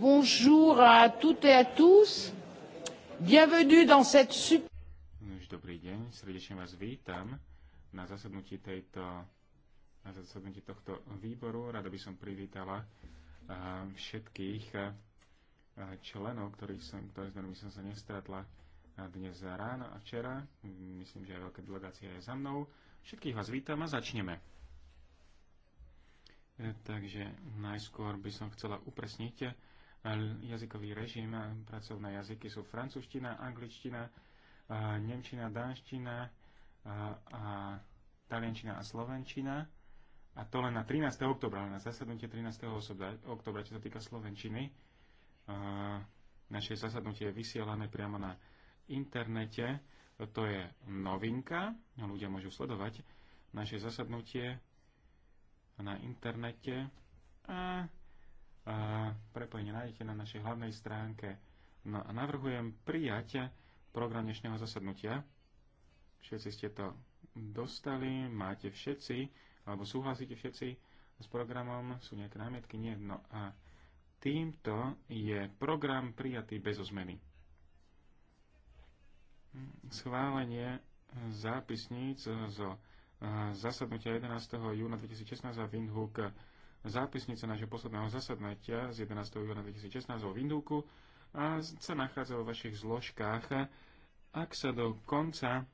Bonjour à toutes et à tous. Bienvenue dans cette super... Dobrý deň, srdečne vás vítam na zasadnutí, tejto, na zasadnutí tohto výboru. Rada by som privítala eh, všetkých eh, členov, ktorých som, ktorých, som, som sa nestretla eh, dnes ráno a včera. Myslím, že aj veľká delegácia je za mnou. Všetkých vás vítam a začneme. Takže najskôr by som chcela upresniť jazykový režim. Pracovné jazyky sú francúzština, angličtina, nemčina, dánština a taliančina a slovenčina. A to len na 13. oktobra, na zasadnutie 13. oktobra, čo sa týka slovenčiny. Naše zasadnutie je vysielané priamo na internete. To je novinka, ľudia môžu sledovať naše zasadnutie na internete. A a prepojenie nájdete na našej hlavnej stránke. No a navrhujem prijať program dnešného zasadnutia. Všetci ste to dostali, máte všetci, alebo súhlasíte všetci s programom, sú nejaké námietky? Nie. No a týmto je program prijatý bez zmeny. Schválenie zápisníc zo zasadnutia 11. júna 2016 za Windhoek zápisnice nášho posledného zasadnutia z 11. júna 2016 vo Windowku a sa nachádza vo vašich zložkách. Ak sa do konca,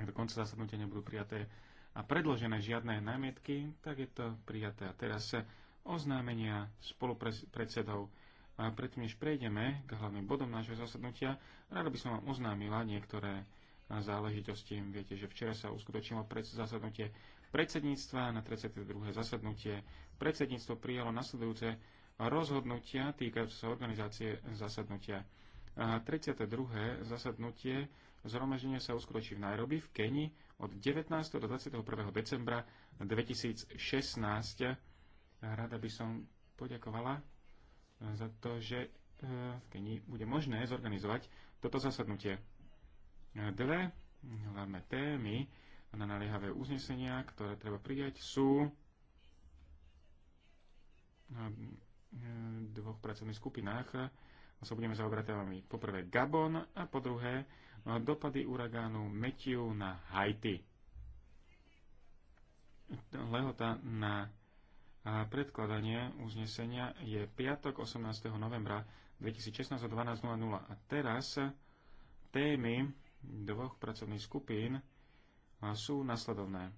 do konca zasadnutia nebudú prijaté a predložené žiadne námietky, tak je to prijaté. A teraz oznámenia spolupredsedov. A predtým, než prejdeme k hlavným bodom nášho zasadnutia, rada by som vám oznámila niektoré záležitosti. Viete, že včera sa uskutočnilo pred zasadnutie predsedníctva na 32. zasadnutie. Predsedníctvo prijalo nasledujúce rozhodnutia týkajúce sa organizácie zasadnutia. 32. zasadnutie zhromaždenia sa uskutoční v Nairobi v Keni od 19. do 21. decembra 2016. Rada by som poďakovala za to, že e, v Keni bude možné zorganizovať toto zasadnutie. Dve hlavné témy na naliehavé uznesenia, ktoré treba prijať, sú na e, dvoch pracovných skupinách. Sa budeme zaobrať témami poprvé Gabon a po druhé no, dopady uragánu metiu na Haiti. Lehota na predkladanie uznesenia je piatok 18. novembra 2016 o 12.00. A teraz témy dvoch pracovných skupín sú nasledovné.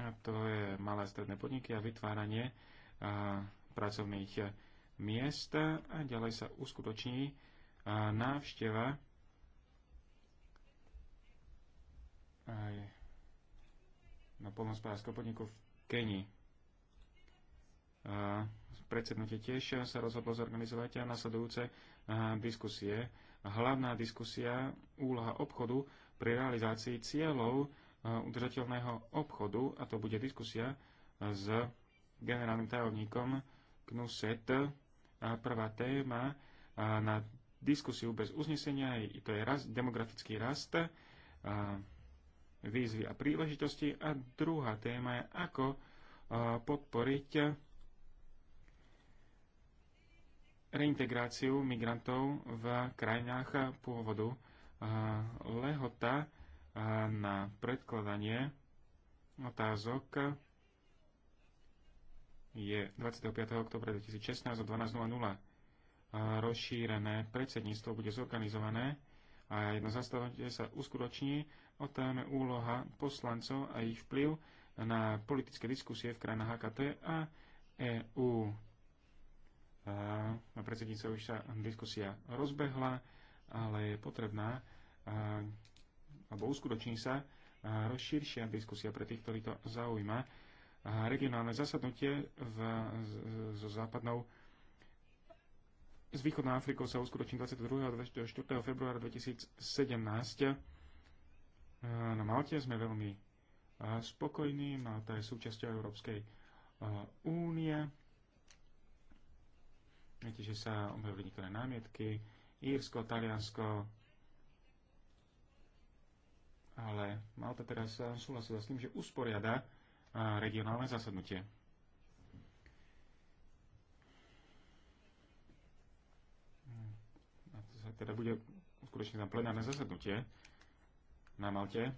A to je malé stredné podniky a vytváranie a, pracovných e, miest a ďalej sa uskutoční a, e, návšteva aj na polnospodárskom podniku v Kenii. Predsednutie tiež sa rozhodlo zorganizovať a nasledujúce a, diskusie hlavná diskusia úloha obchodu pri realizácii cieľov eh, udržateľného obchodu a to bude diskusia s generálnym tajomníkom Knuset. A eh, prvá téma eh, na diskusiu bez uznesenia to je rast, demografický rast, výzvy a príležitosti a druhá téma je ako podporiť reintegráciu migrantov v krajinách pôvodu. Lehota na predkladanie otázok je 25. oktobra 2016 o 12.00. Rozšírené predsedníctvo bude zorganizované a jedno zastavenie sa uskutoční o téme úloha poslancov a ich vplyv na politické diskusie v krajinách HKT a EU na predsednice už sa diskusia rozbehla, ale je potrebná alebo uskutoční sa rozširšia diskusia pre tých, ktorí to zaujíma. Regionálne zasadnutie v, so západnou s východnou Afrikou sa uskutoční 22. a 24. februára 2017. Na Malte sme veľmi spokojní. Malta je súčasťou Európskej únie Viete, že sa objavili niektoré námietky. Írsko, Taliansko, ale Malta teraz súhlasila s tým, že usporiada regionálne zasadnutie. A to sa teda bude skutočne tam plenárne zasadnutie na Malte.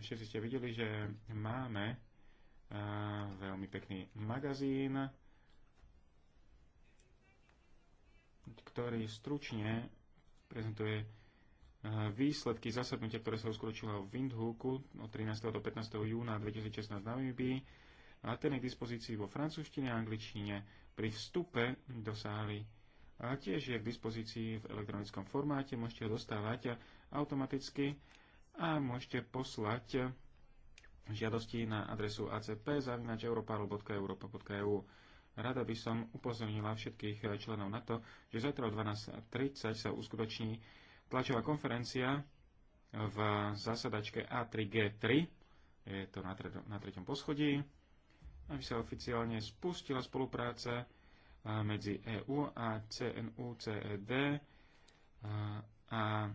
Všetci ste videli, že máme veľmi pekný magazín, ktorý stručne prezentuje eh, výsledky zasadnutia, ktoré sa uskročilo v Windhoeku od 13. do 15. júna 2016 na Namibii a ten je k dispozícii vo francúzštine a angličtine pri vstupe do sály. A tiež je k dispozícii v elektronickom formáte, môžete ho dostávať automaticky a môžete poslať žiadosti na adresu acp.europarl.europa.eu. Rada by som upozornila všetkých členov na to, že zajtra o 12.30 sa uskutoční tlačová konferencia v zasadačke A3G3. Je to na, tre- na treťom poschodí. Aby sa oficiálne spustila spolupráca medzi EU a CNUCED a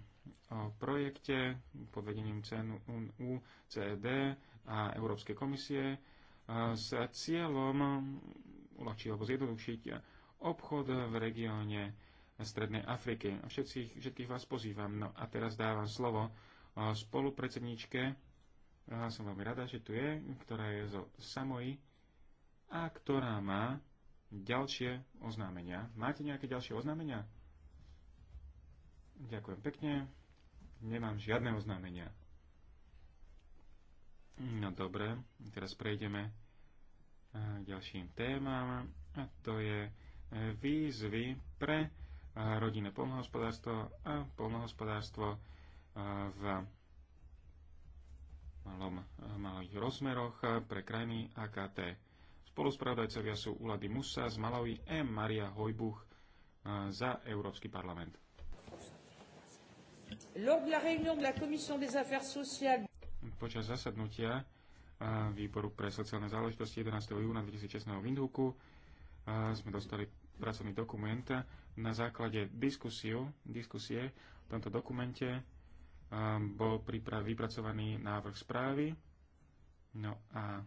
o projekte pod vedením CNUCED a Európskej komisie s cieľom uľahčiť alebo zjednodušiť obchod v regióne Strednej Afriky. Všetkých, všetkých vás pozývam. No a teraz dávam slovo e, spolupredsedničke. E, som veľmi rada, že tu je, ktorá je zo Samoji a ktorá má ďalšie oznámenia. Máte nejaké ďalšie oznámenia? Ďakujem pekne. Nemám žiadne oznámenia. No dobre, teraz prejdeme ďalším témam a to je e, výzvy pre e, rodinné polnohospodárstvo a polnohospodárstvo e, v malom, malých rozmeroch pre krajiny AKT. Spoluspravodajcovia sú Ulady Musa z Malawi a Maria Hojbuch za Európsky parlament. Počas zasadnutia výboru pre sociálne záležitosti 11. júna 2016 v Indúku. Sme dostali pracovný dokument na základe diskusiu, diskusie v tomto dokumente bol priprav vypracovaný návrh správy. No a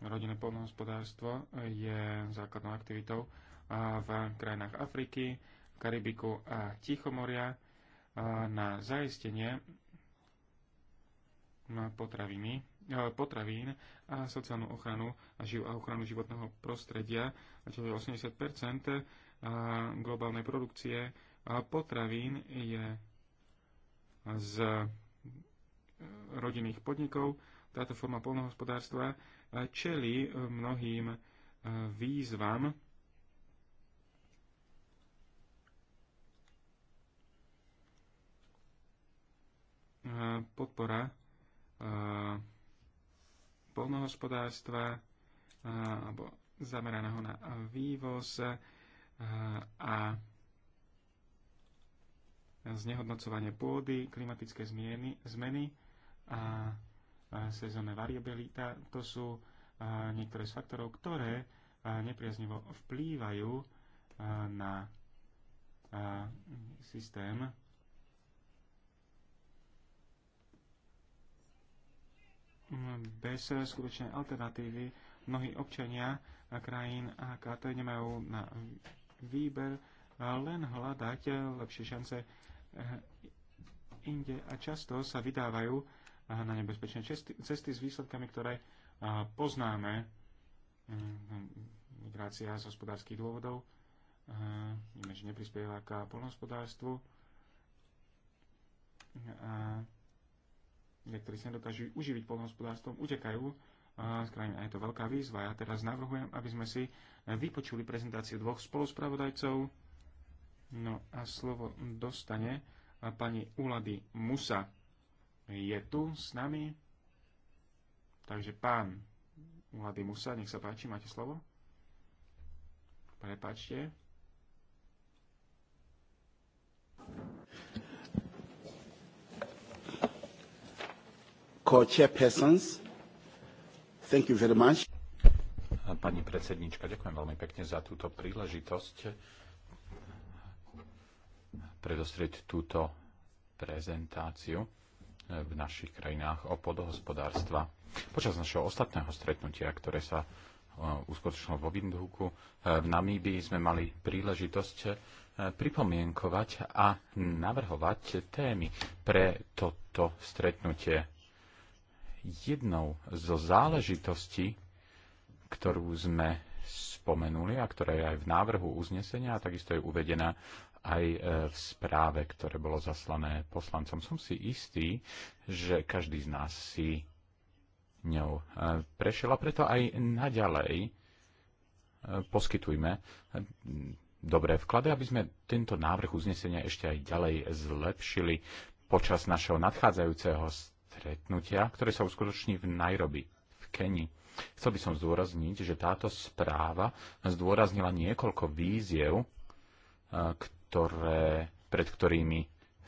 rodinné polnohospodárstvo je základnou aktivitou v krajinách Afriky, Karibiku a Tichomoria na zaistenie potraviny, potravín a sociálnu ochranu a, živ, a ochranu životného prostredia, čo je 80 globálnej produkcie potravín je z e, rodinných podnikov. Táto forma polnohospodárstva e, čeli e, mnohým výzvam, podpora polnohospodárstva alebo zameraného na vývoz a znehodnocovanie pôdy, klimatické zmieny, zmeny a sezónne variabilita. To sú niektoré z faktorov, ktoré nepriaznivo vplývajú na systém Mm, bez skutočnej alternatívy mnohí občania a krajín a KT nemajú na výber len hľadať lepšie šance eh, inde a často sa vydávajú eh, na nebezpečné cesty s výsledkami, ktoré eh, poznáme. Mm, migrácia z hospodárskych dôvodov, vieme, že neprispieva k polnohospodárstvu. A ktorí sa nedokážu uživiť polnohospodárstvom, utekajú z krajiny. A je to veľká výzva. Ja teraz navrhujem, aby sme si vypočuli prezentáciu dvoch spoluspravodajcov. No a slovo dostane pani Ulady Musa. Je tu s nami. Takže pán Ulady Musa, nech sa páči, máte slovo. Prepačte. co-chairpersons. Thank you very much. Pani predsednička, ďakujem veľmi pekne za túto príležitosť predostrieť túto prezentáciu v našich krajinách o podohospodárstva. Počas našeho ostatného stretnutia, ktoré sa e, uskutočnilo vo Windhuku, e, v Namíbii sme mali príležitosť e, pripomienkovať a navrhovať témy pre toto stretnutie. Jednou zo záležitostí, ktorú sme spomenuli a ktorá je aj v návrhu uznesenia a takisto je uvedená aj e, v správe, ktoré bolo zaslané poslancom. Som si istý, že každý z nás si ňou e, prešiel a preto aj naďalej e, poskytujme dobré vklady, aby sme tento návrh uznesenia ešte aj ďalej zlepšili počas našeho nadchádzajúceho stretnutia, ktoré sa uskutoční v Nairobi, v Keni. Chcel by som zdôrazniť, že táto správa zdôraznila niekoľko víziev, e, ktoré, pred ktorými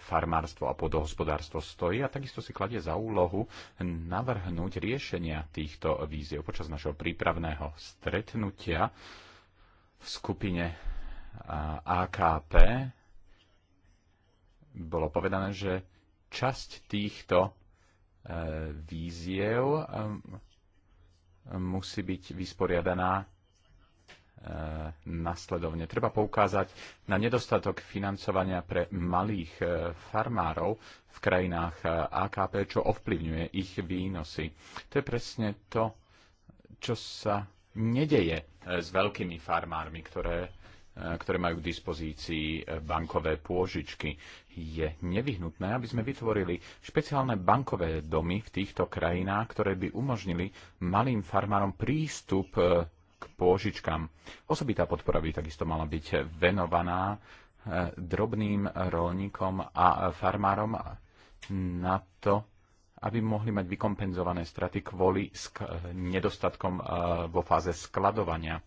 farmárstvo a podohospodárstvo stojí a takisto si kladie za úlohu navrhnúť riešenia týchto víziev počas našho prípravného stretnutia v skupine e, AKP bolo povedané, že časť týchto víziev um, musí byť vysporiadaná uh, nasledovne. Treba poukázať na nedostatok financovania pre malých uh, farmárov v krajinách uh, AKP, čo ovplyvňuje ich výnosy. To je presne to, čo sa nedeje s veľkými farmármi, ktoré ktoré majú k dispozícii e, bankové pôžičky. Je nevyhnutné, aby sme vytvorili špeciálne bankové domy v týchto krajinách, ktoré by umožnili malým farmárom prístup e, k pôžičkám. Osobitá podpora by takisto mala byť venovaná e, drobným rolníkom a farmárom na to, aby mohli mať vykompenzované straty kvôli nedostatkom vo fáze skladovania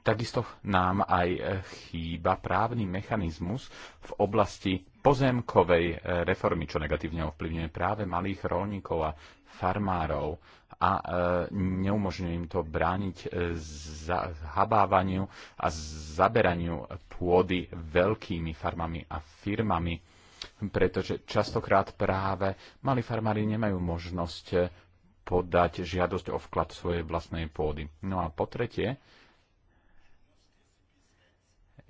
Takisto nám aj e, chýba právny mechanizmus v oblasti pozemkovej e, reformy, čo negatívne ovplyvňuje práve malých rolníkov a farmárov a e, neumožňuje im to brániť zahabávaniu a zaberaniu pôdy veľkými farmami a firmami, pretože častokrát práve malí farmári nemajú možnosť podať žiadosť o vklad svojej vlastnej pôdy. No a po tretie,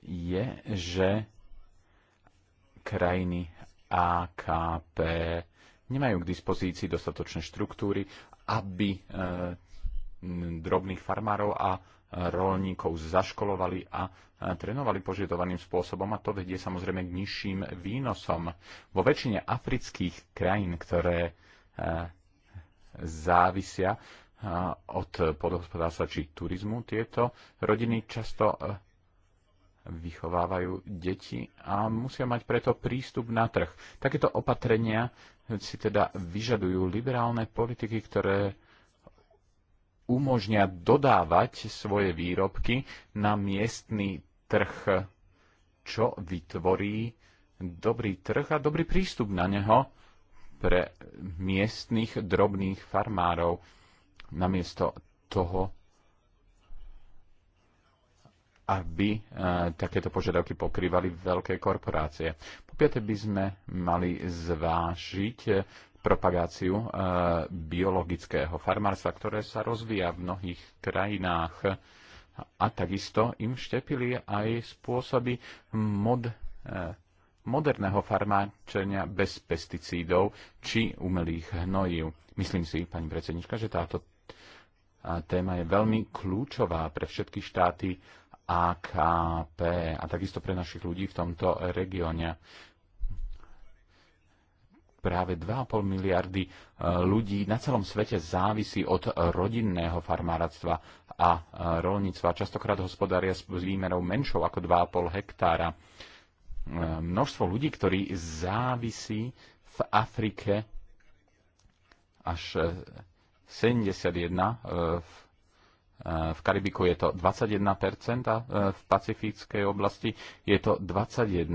je, že krajiny AKP nemajú k dispozícii dostatočné štruktúry, aby e, drobných farmárov a rolníkov zaškolovali a eh, trénovali požiadovaným spôsobom a to vedie samozrejme k nižším výnosom. Vo väčšine afrických krajín, ktoré eh, závisia od podhospodárstva či turizmu, tieto rodiny často vychovávajú deti a musia mať preto prístup na trh. Takéto opatrenia si teda vyžadujú liberálne politiky, ktoré umožnia dodávať svoje výrobky na miestny trh, čo vytvorí dobrý trh a dobrý prístup na neho pre miestnych drobných farmárov namiesto toho, aby e, takéto požiadavky pokrývali veľké korporácie. Po piate by sme mali zvážiť propagáciu e, biologického farmárstva, ktoré sa rozvíja v mnohých krajinách. A takisto im štepili aj spôsoby mod, e, moderného farmáčenia bez pesticídov či umelých hnojív. Myslím si, pani predsednička, že táto téma je veľmi kľúčová pre všetky štáty AKP a takisto pre našich ľudí v tomto regióne. Práve 2,5 miliardy e, ľudí na celom svete závisí od rodinného farmáradstva a e, rolníctva. Častokrát hospodária s výmerou menšou ako 2,5 hektára. E, množstvo ľudí, ktorí závisí v Afrike až 71 v v Karibiku je to 21% a e, v pacifickej oblasti je to 21%.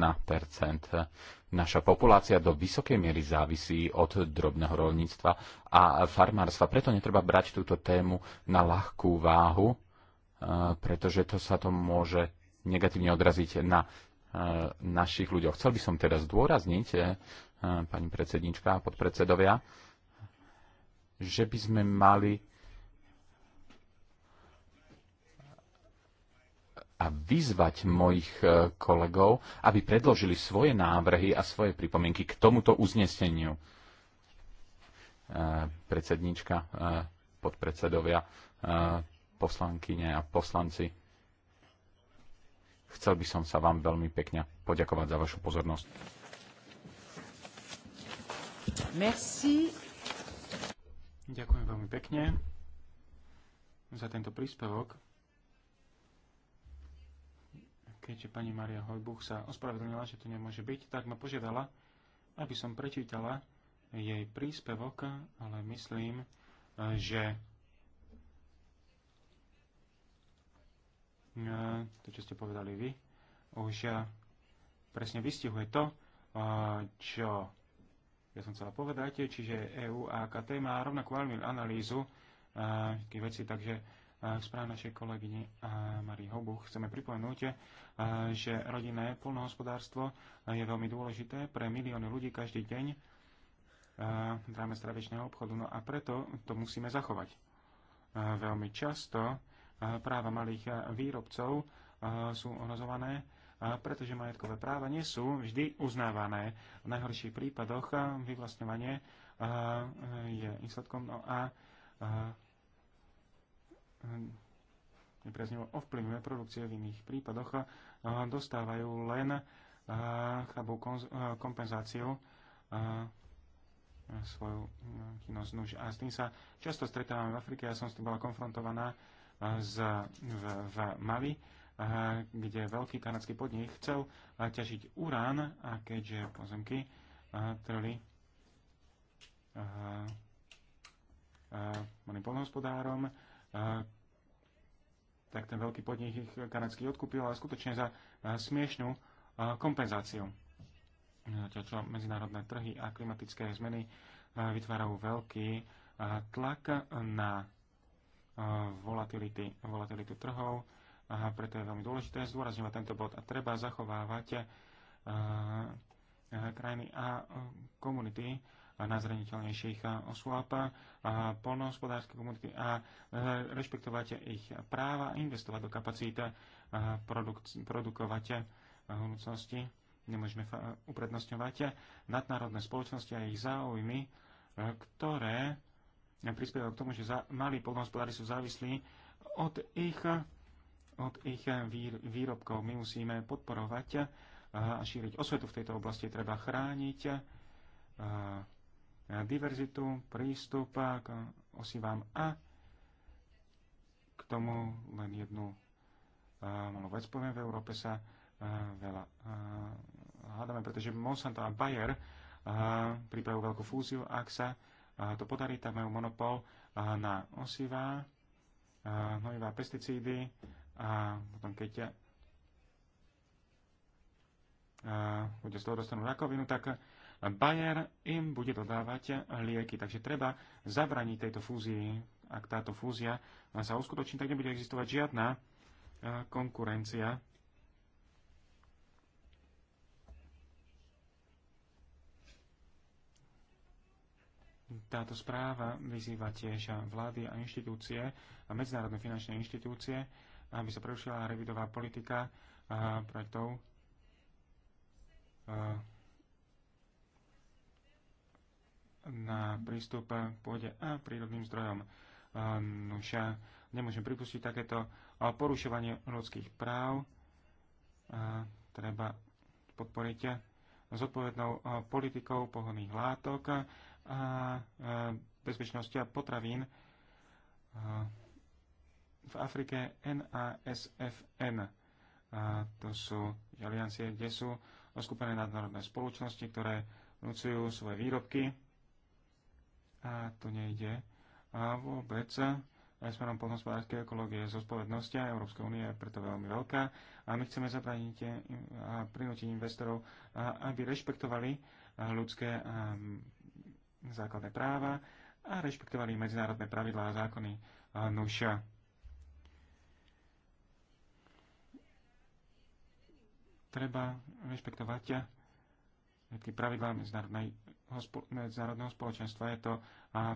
Naša populácia do vysokej miery závisí od drobného rolníctva a farmárstva. Preto netreba brať túto tému na ľahkú váhu, e, pretože to sa to môže negatívne odraziť na e, našich ľuďoch. Chcel by som teda zdôrazniť, pani predsednička a podpredsedovia, že by sme mali a vyzvať mojich e, kolegov, aby predložili svoje návrhy a svoje pripomienky k tomuto uzneseniu. E, predsednička, e, podpredsedovia, poslankyne a poslanci, chcel by som sa vám veľmi pekne poďakovať za vašu pozornosť. Merci. Ďakujem veľmi pekne za tento príspevok. Keďže pani Maria Hojbuch sa ospravedlnila, že to nemôže byť, tak ma požiadala, aby som prečítala jej príspevok, ale myslím, že eh, to, čo ste povedali vy, už eh, presne vystihuje to, eh, čo ja som chcela povedať, čiže EU a AKT má rovnakú analýzu uh, veci. takže správ našej kolegyne Marie Hobuch chceme pripomenúť, že rodinné polnohospodárstvo je veľmi dôležité pre milióny ľudí každý deň v rámci tradičného obchodu. No a preto to musíme zachovať. Veľmi často práva malých výrobcov sú ohrozované pretože majetkové práva nie sú vždy uznávané. V najhorších prípadoch vyvlastňovanie je výsledkom no a nepriaznivo ovplyvňuje produkcie v iných prípadoch, dostávajú len chabú kompenzáciu svoju činnosť. Nuž. A s tým sa často stretávame v Afrike. Ja som s tým bola konfrontovaná z, v, v Mali, kde veľký kanadský podnik chcel ťažiť urán a keďže pozemky trli boli polnohospodárom, tak ten veľký podnik ich kanadský odkúpil, ale skutočne za eh, smiešnú eh, kompenzáciu. Zatiaľ čo medzinárodné trhy a klimatické zmeny eh, vytvárajú veľký tlak na volatility, volatilitu trhov, a preto je veľmi dôležité zdôrazňovať tento bod a treba zachovávať krajiny a komunity najzraniteľnejších osôb a polnohospodárskej komunity a e, rešpektovať ich práva, a investovať do kapacít produkovať hnúcnosti. Nemôžeme uprednostňovať nadnárodné spoločnosti a ich záujmy, e, ktoré prispievajú k tomu, že malí polnohospodári sú závislí od ich, od ich výrobkov. My musíme podporovať a šíriť osvetu v tejto oblasti. Treba chrániť e, diverzitu, prístup k osivám a k tomu len jednu malú vec poviem. V Európe sa veľa hľadáme, pretože Monsanto a Bayer pripravujú veľkú fúziu. Ak sa to podarí, tak majú monopol na osivá, hnojivá, pesticídy a potom keď ľudia z toho dostanú rakovinu, tak Bayer im bude dodávať lieky. Takže treba zabraniť tejto fúzii. Ak táto fúzia sa uskutoční, tak nebude existovať žiadna e, konkurencia. Táto správa vyzýva tiež vlády a inštitúcie a medzinárodné finančné inštitúcie, aby sa prerušila revidová politika projektov na prístup k pôde a prírodným zdrojom. Nuša, nemôžem pripustiť takéto porušovanie ľudských práv. Treba podporiť zodpovednou politikou pohodných látok a a potravín v Afrike NASFN. A to sú aliancie, kde sú oskupené nadnárodné spoločnosti, ktoré vnúcujú svoje výrobky a tu nejde a vôbec aj smerom poľnospodárskej ekológie. Zodpovednosť Európska únie je preto veľmi veľká a my chceme zabrániť a prinútiť investorov, aby rešpektovali ľudské základné práva a rešpektovali medzinárodné pravidlá a zákony NUŠA. Treba rešpektovať všetky pravidlá medzinárodnej medzinárodného spoločenstva. Je to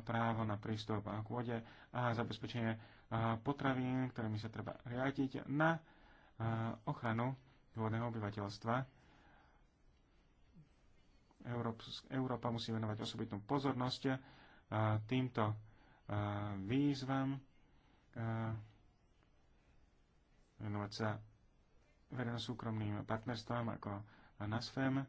právo na prístup k vode a zabezpečenie potravín, ktorými sa treba riadiť na ochranu vodného obyvateľstva. Európa musí venovať osobitnú pozornosť týmto výzvam, venovať sa verejno-súkromným partnerstvám ako NASFEM,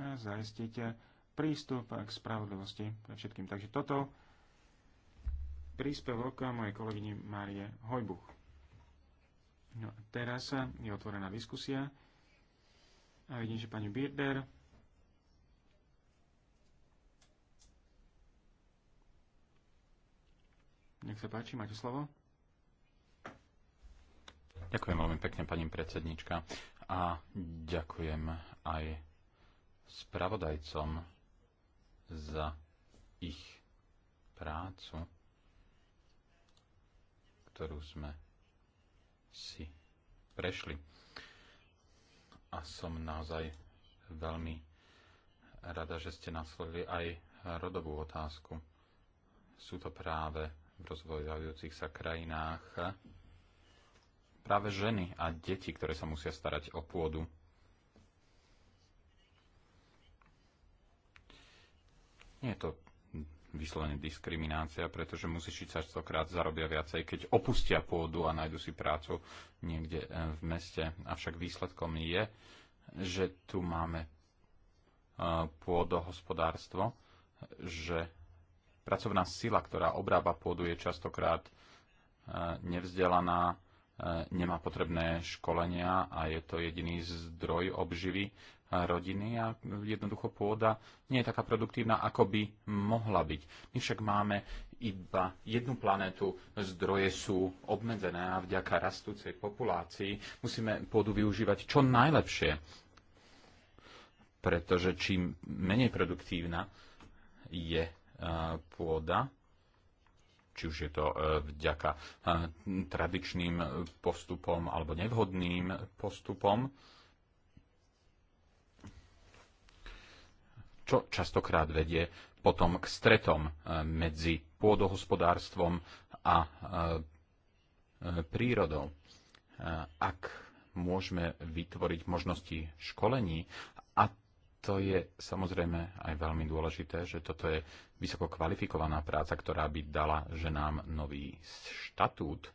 a zaistiť prístup k spravodlivosti pre všetkým. Takže toto príspevok mojej kolegyne Márie Hojbuch. No a teraz je otvorená diskusia a vidím, že pani Birder Nech sa páči, máte slovo. Ďakujem veľmi pekne, pani predsednička. A ďakujem aj spravodajcom za ich prácu, ktorú sme si prešli. A som naozaj veľmi rada, že ste naslovili aj rodovú otázku. Sú to práve v rozvojujúcich sa krajinách práve ženy a deti, ktoré sa musia starať o pôdu Nie je to vyslovene diskriminácia, pretože musiči častokrát zarobia viacej, keď opustia pôdu a nájdu si prácu niekde e, v meste. Avšak výsledkom je, že tu máme e, pôdohospodárstvo, že pracovná sila, ktorá obrába pôdu, je častokrát e, nevzdelaná, nemá potrebné školenia a je to jediný zdroj obživy rodiny a jednoducho pôda nie je taká produktívna, ako by mohla byť. My však máme iba jednu planetu, zdroje sú obmedzené a vďaka rastúcej populácii musíme pôdu využívať čo najlepšie. Pretože čím menej produktívna je e, pôda, či už je to e, vďaka e, tradičným postupom alebo nevhodným postupom, čo častokrát vedie potom k stretom e, medzi pôdohospodárstvom a e, e, prírodou. Ak môžeme vytvoriť možnosti školení, a to je samozrejme aj veľmi dôležité, že toto je vysoko kvalifikovaná práca, ktorá by dala ženám nový štatút,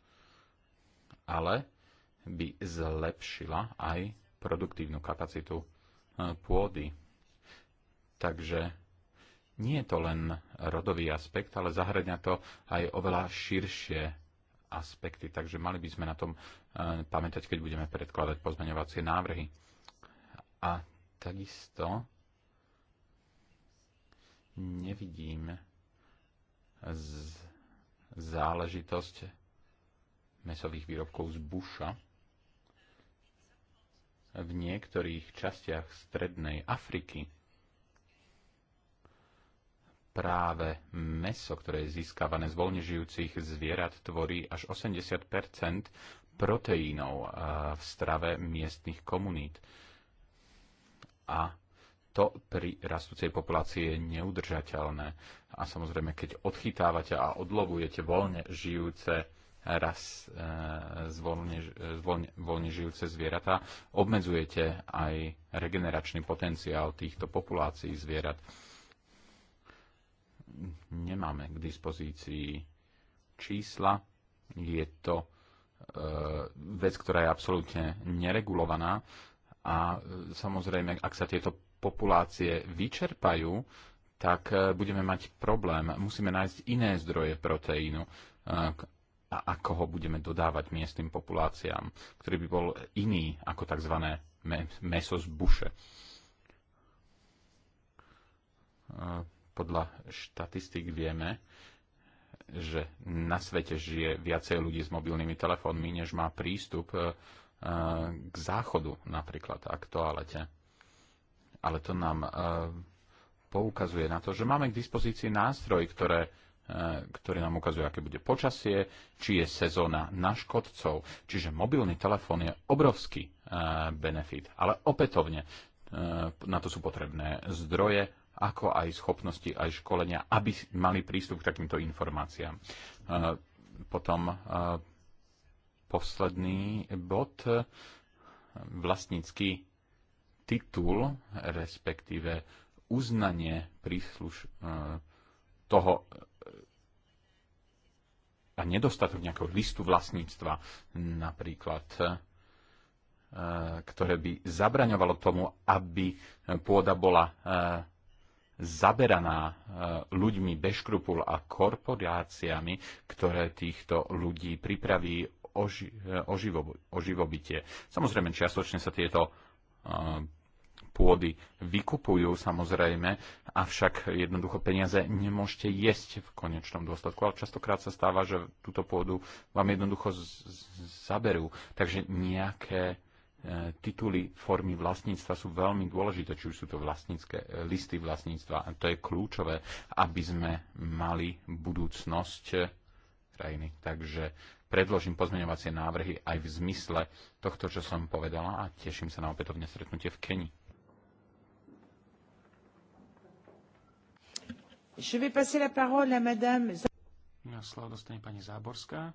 ale by zlepšila aj produktívnu kapacitu pôdy Takže nie je to len rodový aspekt, ale zahrania to aj oveľa širšie aspekty. Takže mali by sme na tom e, pamätať, keď budeme predkladať pozmeňovacie návrhy. A takisto nevidím z záležitosť mesových výrobkov z buša. V niektorých častiach strednej Afriky práve meso, ktoré je získavané z voľne žijúcich zvierat, tvorí až 80 proteínov eh, v strave miestnych komunít. A to pri rastúcej populácii je neudržateľné. A samozrejme, keď odchytávate a odlovujete voľne žijúce raz eh, e, voľne žijúce zvieratá, obmedzujete aj regeneračný potenciál týchto populácií zvierat. E, nemáme k dispozícii čísla. Je to e, vec, ktorá je absolútne neregulovaná a e, samozrejme, ak sa tieto populácie vyčerpajú, tak e, budeme mať problém. Musíme nájsť iné zdroje proteínu a ako ho budeme dodávať miestnym populáciám, ktorý by bol iný ako tzv. meso z buše podľa štatistik vieme, že na svete žije viacej ľudí s mobilnými telefónmi, než má prístup e, e, k záchodu napríklad a k toalete. Ale to nám e, poukazuje na to, že máme k dispozícii nástroj, ktoré, ktorý nám ukazuje, aké bude počasie, či je sezóna na škodcov. Čiže mobilný telefón je obrovský benefit, ale opätovne na to sú potrebné zdroje ako aj schopnosti, aj školenia, aby mali prístup k takýmto informáciám. E, potom e, posledný bod, e, vlastnícky titul, respektíve uznanie prísluš toho a nedostatok nejakého listu vlastníctva napríklad, ktoré by zabraňovalo tomu, aby pôda bola zaberaná e, ľuďmi bez škrupul a korporáciami, ktoré týchto ľudí pripraví o, ži- e, o, živobytie. Samozrejme, čiastočne sa tieto e, pôdy vykupujú samozrejme, avšak jednoducho peniaze nemôžete jesť v konečnom dôsledku. Ale častokrát sa stáva, že túto pôdu vám jednoducho zaberú. Takže nejaké E, tituly formy vlastníctva sú veľmi dôležité, či už sú to vlastnícke, e, listy vlastníctva. A to je kľúčové, aby sme mali budúcnosť e, krajiny. Takže predložím pozmeňovacie návrhy aj v zmysle tohto, čo som povedala a teším sa na opätovne stretnutie v Keni. Je vais passer la parole à madame... Ja, slovo dostane pani Záborská.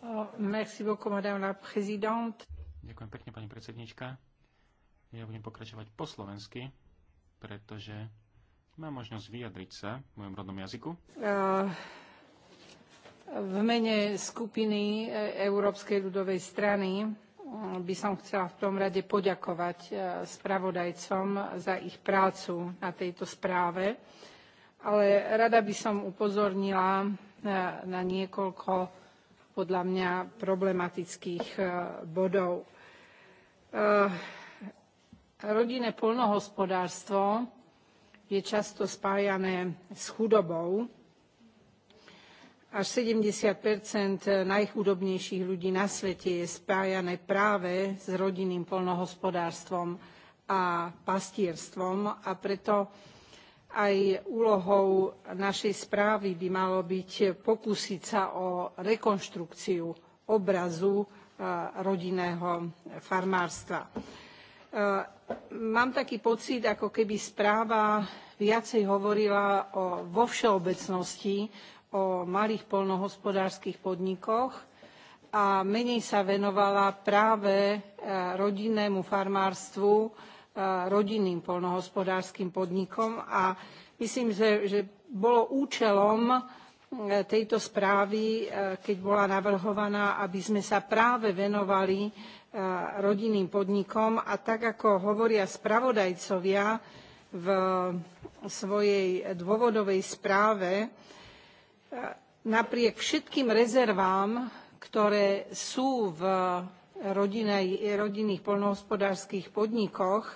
Oh, Ďakujem pekne, pani predsednička. Ja budem pokračovať po slovensky, pretože mám možnosť vyjadriť sa v mojom rodnom jazyku. Eh, v mene skupiny eh, Európskej ľudovej strany mm, by som chcela v tom rade poďakovať eh, spravodajcom za ich prácu na tejto správe, ale rada by som upozornila na, na niekoľko podľa mňa problematických e, bodov. E, rodinné poľnohospodárstvo je často spájané s chudobou. Až 70 najchudobnejších ľudí na svete je spájané práve s rodinným poľnohospodárstvom a pastierstvom a preto aj úlohou našej správy by malo byť pokúsiť sa o rekonštrukciu obrazu e, rodinného farmárstva. E, mám taký pocit, ako keby správa viacej hovorila vo všeobecnosti o malých poľnohospodárskych podnikoch a menej sa venovala práve e, rodinnému farmárstvu, rodinným poľnohospodárskym podnikom a myslím, že, že bolo účelom e, tejto správy, e, keď bola navrhovaná, aby sme sa práve venovali e, rodinným podnikom a tak, ako hovoria spravodajcovia v svojej dôvodovej správe, napriek všetkým rezervám, ktoré sú v rodinných poľnohospodárskych podnikoch,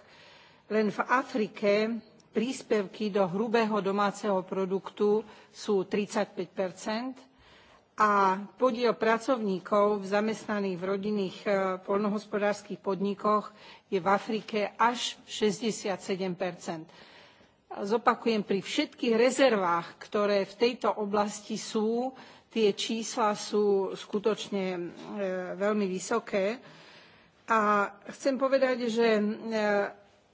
len v Afrike príspevky do hrubého domáceho produktu sú 35 a podiel pracovníkov zamestnaných v rodinných e, poľnohospodárskych podnikoch je v Afrike až 67 Zopakujem, pri všetkých rezervách, ktoré v tejto oblasti sú, tie čísla sú skutočne e, veľmi vysoké. A chcem povedať, že e,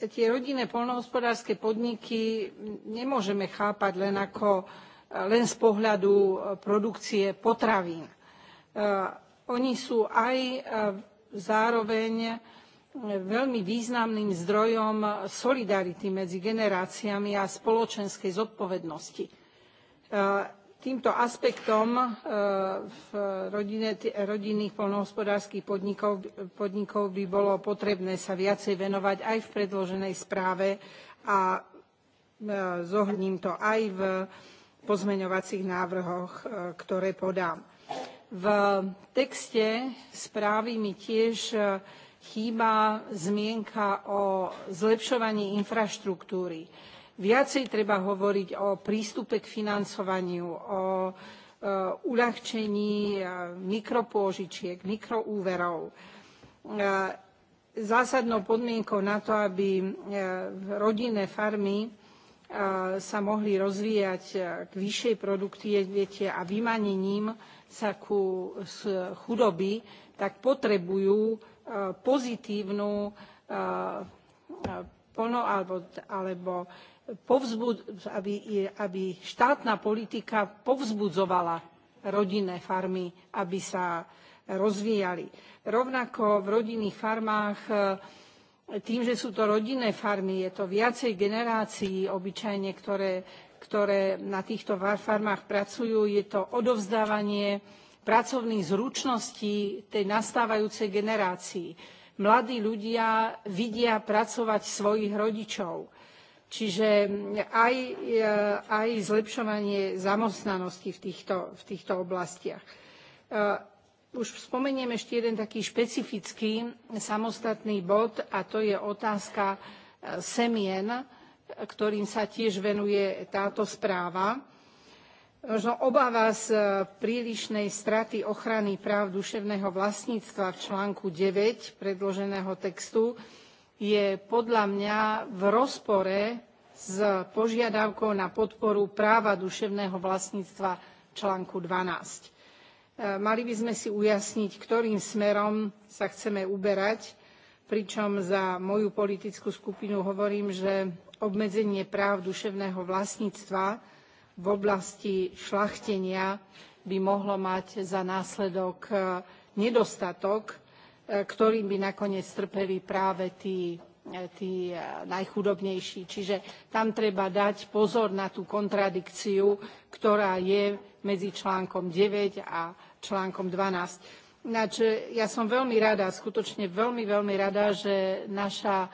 tie rodinné poľnohospodárske podniky nemôžeme chápať len, ako, e, len z pohľadu e, produkcie potravín. E, oni sú aj zároveň veľmi významným zdrojom solidarity medzi generáciami a spoločenskej zodpovednosti týmto aspektom e, rodinných poľnohospodárskych podnikov, podnikov by bolo potrebné sa viacej venovať aj v predloženej správe a e, zohľadním to aj v pozmeňovacích návrhoch, e, ktoré podám. V texte správy mi tiež chýba zmienka o zlepšovaní infraštruktúry Viacej treba hovoriť o prístupe k financovaniu, o e, uľahčení e, mikropôžičiek, mikroúverov. E, zásadnou podmienkou na to, aby rodinné farmy sa mohli rozvíjať k vyššej produktivite a vymanením sa z chudoby, tak potrebujú pozitívnu plno alebo aby, aby štátna politika povzbudzovala rodinné farmy, aby sa rozvíjali. Rovnako v rodinných farmách e, tým, že sú to rodinné farmy, je to viacej generácií obyčajne, ktoré, ktoré na týchto farmách pracujú, je to odovzdávanie pracovných zručností tej nastávajúcej generácii. Mladí ľudia vidia pracovať svojich rodičov Čiže mm, aj, e, aj zlepšovanie zamestnanosti v týchto, v týchto oblastiach. E, už spomeniem ešte jeden taký špecifický samostatný bod a to je otázka e, semien, ktorým sa tiež venuje táto správa. Možno obava z prílišnej straty ochrany práv duševného vlastníctva v článku 9 predloženého textu je podľa mňa v rozpore s požiadavkou na podporu práva duševného vlastníctva článku 12. E, mali by sme si ujasniť, ktorým smerom sa chceme uberať, pričom za moju politickú skupinu hovorím, že obmedzenie práv duševného vlastníctva v oblasti šlachtenia by mohlo mať za následok e, nedostatok ktorým by nakoniec trpeli práve tí, eh, tí eh, najchudobnejší. Čiže tam treba dať pozor na tú kontradikciu, ktorá je medzi článkom 9 a článkom 12. Ináč, eh, ja som veľmi rada, skutočne veľmi, veľmi rada, že naša,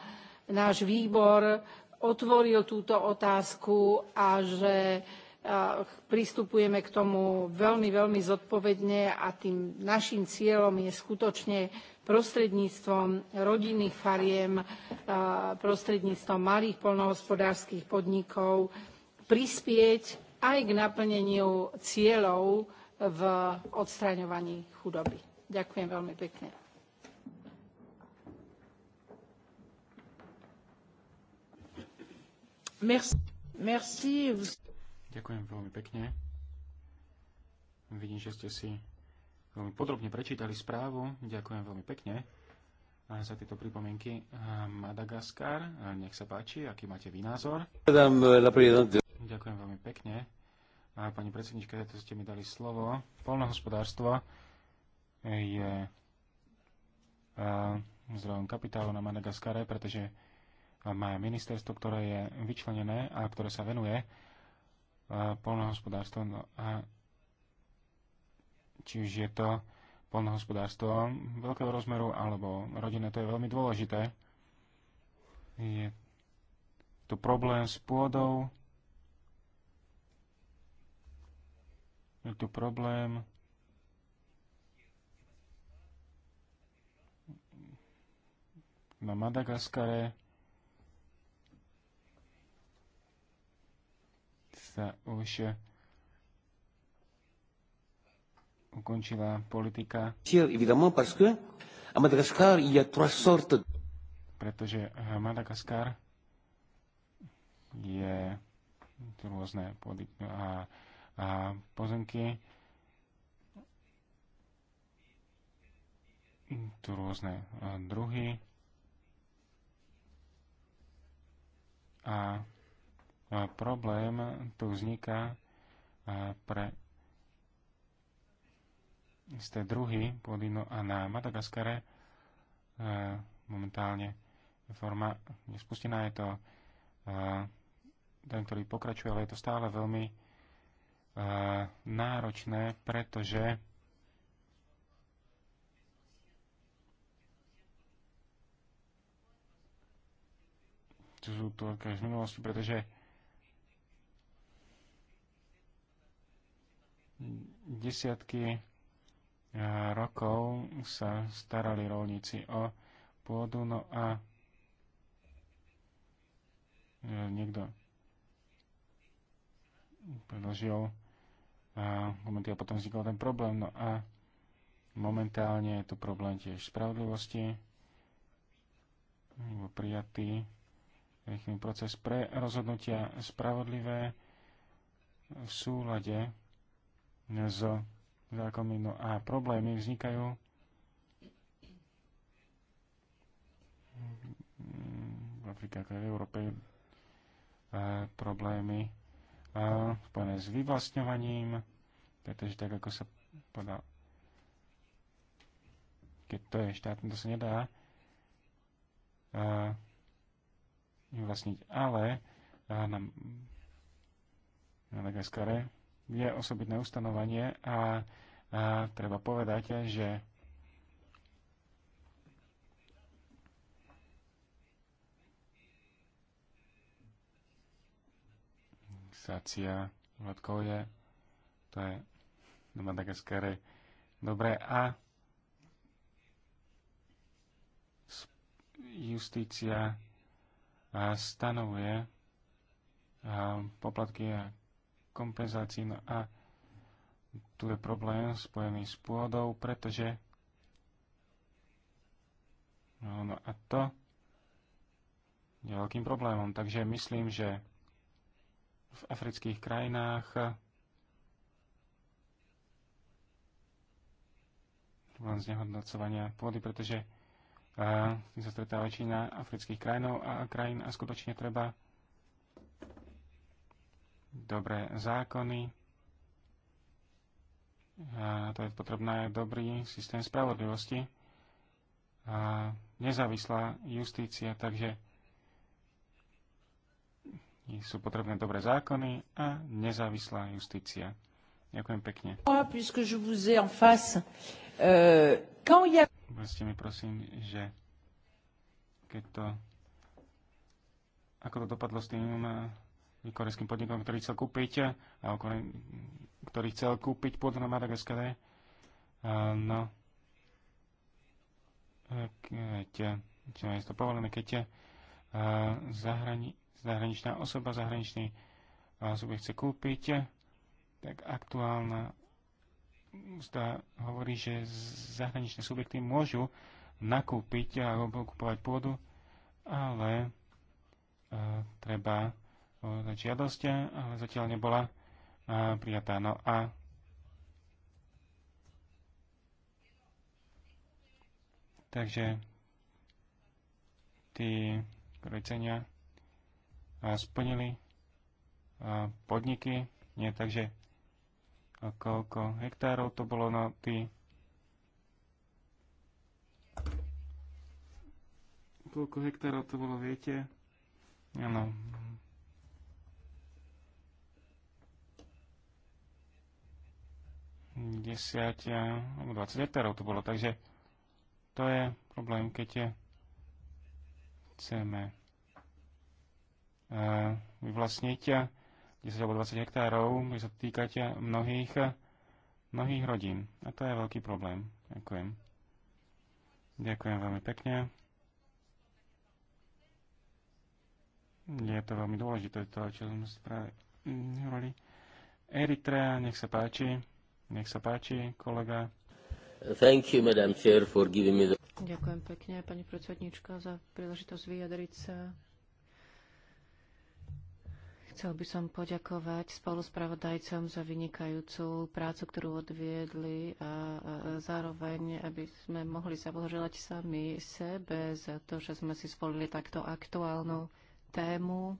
náš výbor otvoril túto otázku a že pristupujeme k tomu veľmi, veľmi zodpovedne a tým našim cieľom je skutočne prostredníctvom rodinných fariem, prostredníctvom malých poľnohospodárskych podnikov prispieť aj k naplneniu cieľov v odstraňovaní chudoby. Ďakujem veľmi pekne. Merci. Ďakujem veľmi pekne. Vidím, že ste si veľmi podrobne prečítali správu. Ďakujem veľmi pekne eh, za tieto pripomienky. Eh, Madagaskar, eh, nech sa páči, aký máte vy názor? Ďakujem veľmi pekne. A pani predsednička, to ste mi dali slovo. Polnohospodárstvo je zdrojom kapitálu na Madagaskare, pretože má ministerstvo, ktoré je vyčlenené a ktoré sa venuje polnohospodárstvu. No a či už je to polnohospodárstvo veľkého rozmeru alebo rodina, to je veľmi dôležité. Je to problém s pôdou, je tu problém na Madagaskare sa už ukončila politika. Pretože eh, Madagaskar je rôzne pôdy a, a pozemky, tu rôzne eh, druhy a eh, problém tu vzniká pre isté druhy pôdy a na Madagaskare e, momentálne forma je je to e, ten, ktorý pokračuje, ale je to stále veľmi e, náročné, pretože to sú to z minulosti, pretože desiatky rokov sa starali rolníci o pôdu, no a e, niekto predložil momenty e, a potom vznikol ten problém. No a momentálne je tu problém tiež spravodlivosti, bol prijatý rýchly proces pre rozhodnutia spravodlivé v súlade s zákonmi. No a problémy vznikajú v Afrike ako v Európe e, problémy e, spojené s vyvlastňovaním, pretože tak ako sa podal, keď to je štátne, to sa nedá a, e, vlastniť, ale na Madagaskare je osobitné ustanovanie a, a treba povedať, že Sácia, Vládkov je, to je na Madagaskare Dobre, a justícia stanovuje poplatky a kompenzácií. No a tu je problém spojený s pôdou, pretože no, no a to je veľkým problémom. Takže myslím, že v afrických krajinách problém znehodnocovania pôdy, pretože uh, sa stretáva väčšina afrických krajinov a krajín a skutočne treba dobré zákony. A to je potrebné dobrý systém spravodlivosti a nezávislá justícia, takže sú potrebné dobré zákony a nezávislá justícia. Ďakujem pekne. Vlastne mi prosím, že keď to, ako to dopadlo s tým korejským podnikom, ktorý chcel kúpiť, eh, ktorý chcel kúpiť pôdu na Madagaskare. Eh, no, eh, keď, čo je to povolené, keď zahrani, zahraničná osoba, zahraničný subjekt chce kúpiť, tak aktuálna ústa hovorí, že zahraničné subjekty môžu nakúpiť alebo kupovať pôdu, ale treba žiadosť, ale zatiaľ nebola prijatá. No a takže tí krecenia splnili podniky, nie takže koľko hektárov to bolo, na no, tí koľko hektárov to bolo, viete? Áno, 10 alebo 20 hektárov to bolo. Takže to je problém, keď je, chceme eh, vyvlastniť 10 alebo 20 hektárov, bude sa týkať mnohých, mnohých rodín. A to je veľký problém. Ďakujem. Ďakujem veľmi pekne. Je to veľmi dôležité, to, čo sme spravili. Eritrea, nech sa páči. Nech sa páči, kolega. Thank you, Madam Chair, for giving me the... Ďakujem pekne, pani predsednička, za príležitosť vyjadriť sa. Chcel by som poďakovať spoluspravodajcom za vynikajúcu prácu, ktorú odviedli a, zároveň, aby sme mohli zablahoželať sami sebe za to, že sme si spolili takto aktuálnu tému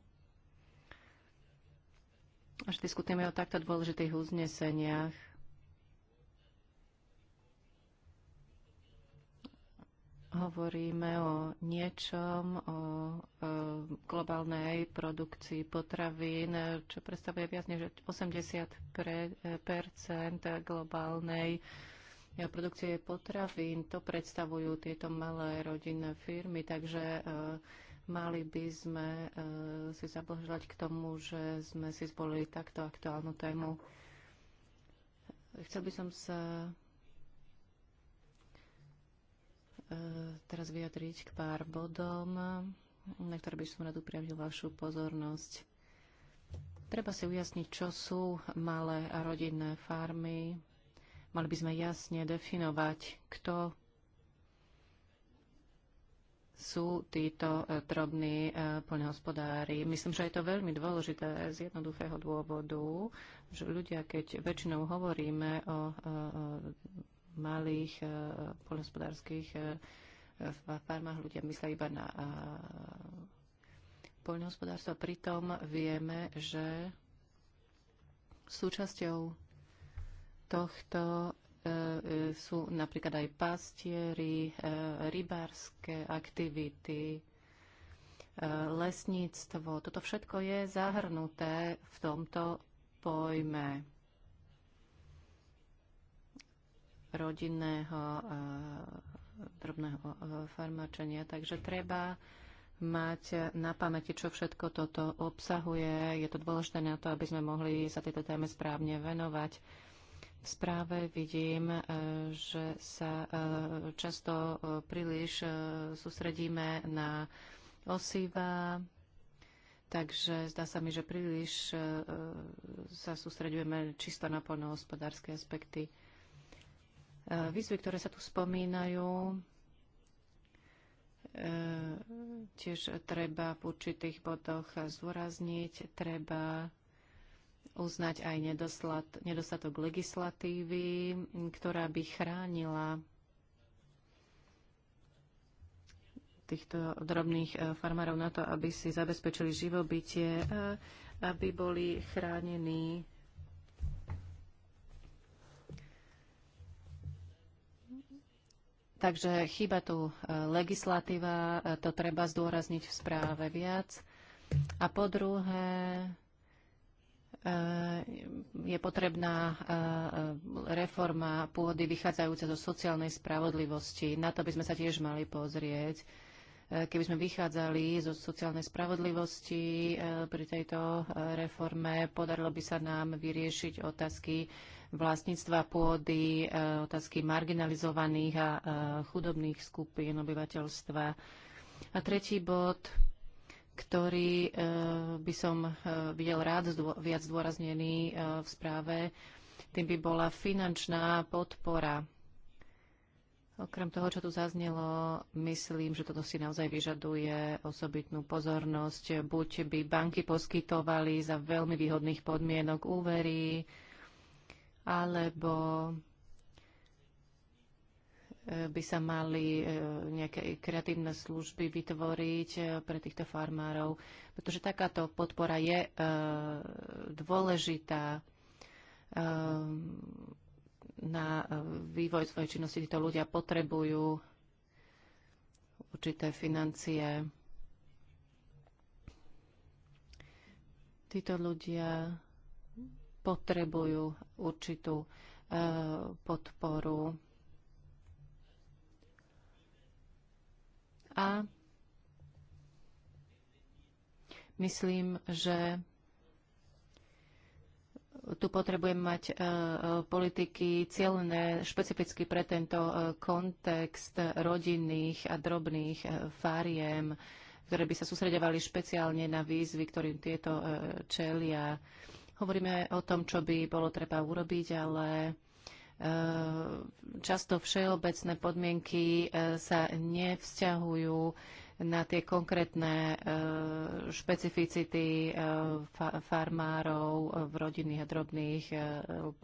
a diskutujeme o takto dôležitých uzneseniach hovoríme o niečom, o e, globálnej produkcii potravín, čo predstavuje viac než 80 e, globálnej e, produkcie potravín. To predstavujú tieto malé rodinné firmy, takže mali by sme si zablažovať k tomu, že sme si zvolili takto aktuálnu tému. Chcel by som sa E, teraz vyjadriť k pár bodom, na ktoré by som rád upriamil vašu pozornosť. Treba si ujasniť, čo sú malé a rodinné farmy. Mali by sme jasne definovať, kto sú títo e, drobní e, poľnohospodári. Myslím, že je to veľmi dôležité z jednoduchého dôvodu, že ľudia, keď väčšinou hovoríme o, o malých eh, poľnohospodárských eh, farmách. Ľudia myslia iba na eh, poľnohospodárstvo. Pritom vieme, že súčasťou tohto sú napríklad aj pastieri, rybárske aktivity, lesníctvo. Toto všetko je zahrnuté v tomto pojme. rodinného e, drobného e, farmačenia. Takže treba mať na pamäti, čo všetko toto obsahuje. Je to dôležité na to, aby sme mohli sa tejto téme správne venovať. V správe vidím, e, že sa často príliš sústredíme na osiva, takže zdá sa mi, že príliš sa sústredujeme čisto na poľnohospodárske aspekty. Výzvy, ktoré sa tu spomínajú, e, tiež treba v určitých bodoch zdôrazniť, treba uznať aj nedostatok legislatívy, ktorá by chránila týchto drobných e, farmárov na to, aby si zabezpečili živobytie, e, aby boli chránení Takže chýba tu e, legislatíva, e, to treba zdôrazniť v správe viac. A po druhé, e, je potrebná reforma pôdy vychádzajúca zo sociálnej spravodlivosti. Na to by sme sa tiež mali pozrieť. Keby sme vychádzali zo sociálnej spravodlivosti pri tejto reforme, podarilo by sa nám vyriešiť otázky vlastníctva pôdy, e, otázky marginalizovaných a e, chudobných skupín obyvateľstva. A tretí bod, ktorý e, by som videl rád viac zdôraznený v správe, tým by bola finančná podpora. Okrem toho, čo tu zaznelo, myslím, že toto si naozaj vyžaduje osobitnú pozornosť. Buď by banky poskytovali za veľmi výhodných podmienok úvery, alebo e, by sa mali e, nejaké kreatívne služby vytvoriť e, pre týchto farmárov, pretože takáto podpora je dôležitá na vývoj svojej činnosti. Títo ľudia potrebujú určité financie. Títo ľudia potrebujú určitú e, podporu. A myslím, že tu potrebujem mať e, politiky cieľné špecificky pre tento e, kontext rodinných a drobných e, fariem, ktoré by sa sústredovali špeciálne na výzvy, ktorým tieto e, čelia. Hovoríme o tom, čo by bolo treba urobiť, ale e, často všeobecné podmienky e, sa nevzťahujú na tie konkrétne e, špecificity farmárov v rodinných a drobných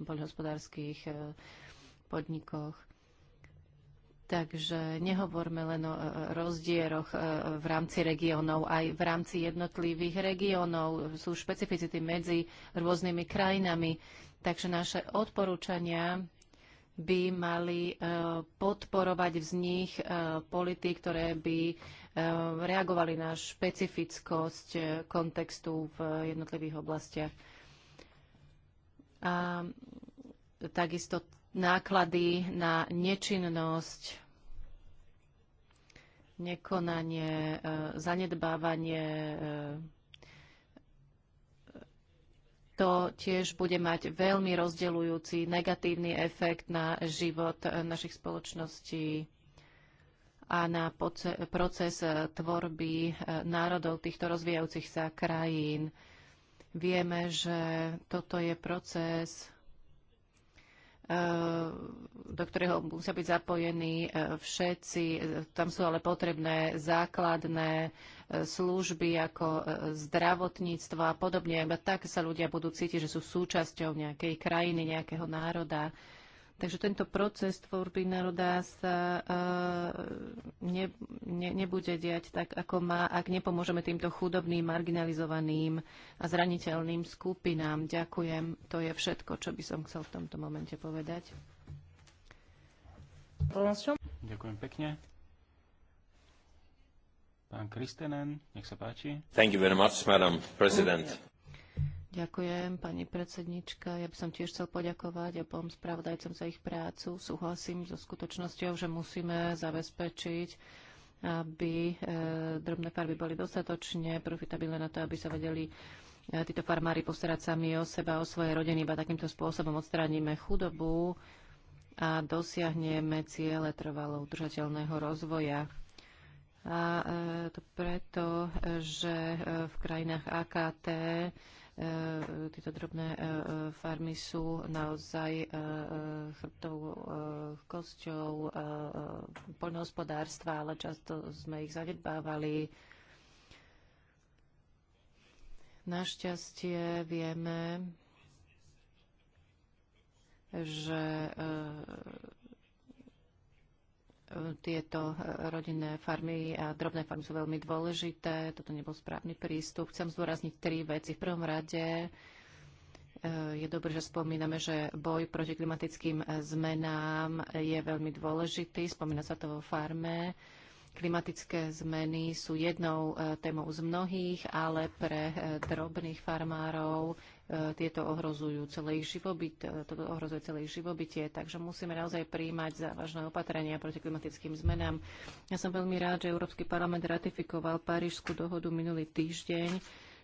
poľnohospodárských podnikoch. Takže nehovorme len o rozdieroch e, e, v rámci regiónov, aj v rámci jednotlivých regiónov sú špecificity medzi rôznymi krajinami. Takže naše odporúčania by mali e, podporovať vznik politik, ktoré by reagovali na špecifickosť kontextu v jednotlivých oblastiach. A takisto náklady na nečinnosť, nekonanie, e, zanedbávanie. E, to tiež bude mať veľmi rozdeľujúci negatívny efekt na život e, našich spoločností a na proces tvorby národov týchto rozvíjajúcich sa krajín. Vieme, že toto je proces, Eh, do ktorého musia byť zapojení eh, všetci. Tam sú ale potrebné základné eh, služby ako zdravotníctvo a podobne. Iba tak sa ľudia budú cítiť, že sú súčasťou nejakej krajiny, nejakého národa. Takže tento proces tvorby národa sa e, ne, ne, nebude diať tak, ako má, ak nepomôžeme týmto chudobným, marginalizovaným a zraniteľným skupinám. Ďakujem. To je všetko, čo by som chcel v tomto momente povedať. Ďakujem pekne. Pán Kristenen, nech sa páči. Thank you very much, Madam President. Ďakujem, pani predsednička. Ja by som tiež chcel poďakovať a obom spravodajcom za ich prácu. Súhlasím so skutočnosťou, že musíme zabezpečiť, aby e, drobné farby boli dostatočne profitabilné na to, aby sa vedeli e, títo farmári postarať sami o seba, o svoje rodiny. Iba takýmto spôsobom odstránime chudobu a dosiahneme ciele trvalo udržateľného rozvoja. A e, to preto, že v krajinách AKT E, tieto drobné e, e, farmy sú naozaj chrbtou kosťou poľnohospodárstva, ale často sme ich zanedbávali. Našťastie vieme, že tieto e, rodinné farmy a drobné farmy sú veľmi dôležité. Toto nebol správny prístup. Chcem zdôrazniť tri veci. V prvom rade e, je dobré, že spomíname, že boj proti klimatickým e, zmenám je veľmi dôležitý. Spomína sa to vo farme. Klimatické zmeny sú jednou témou z mnohých, ale pre drobných farmárov E, tieto ohrozujú celé ich živobyt, toto e, ohrozuje celé ich živobytie, takže musíme naozaj príjmať závažné opatrenia proti klimatickým zmenám. Ja som veľmi rád, že Európsky parlament ratifikoval Parížskú dohodu minulý týždeň,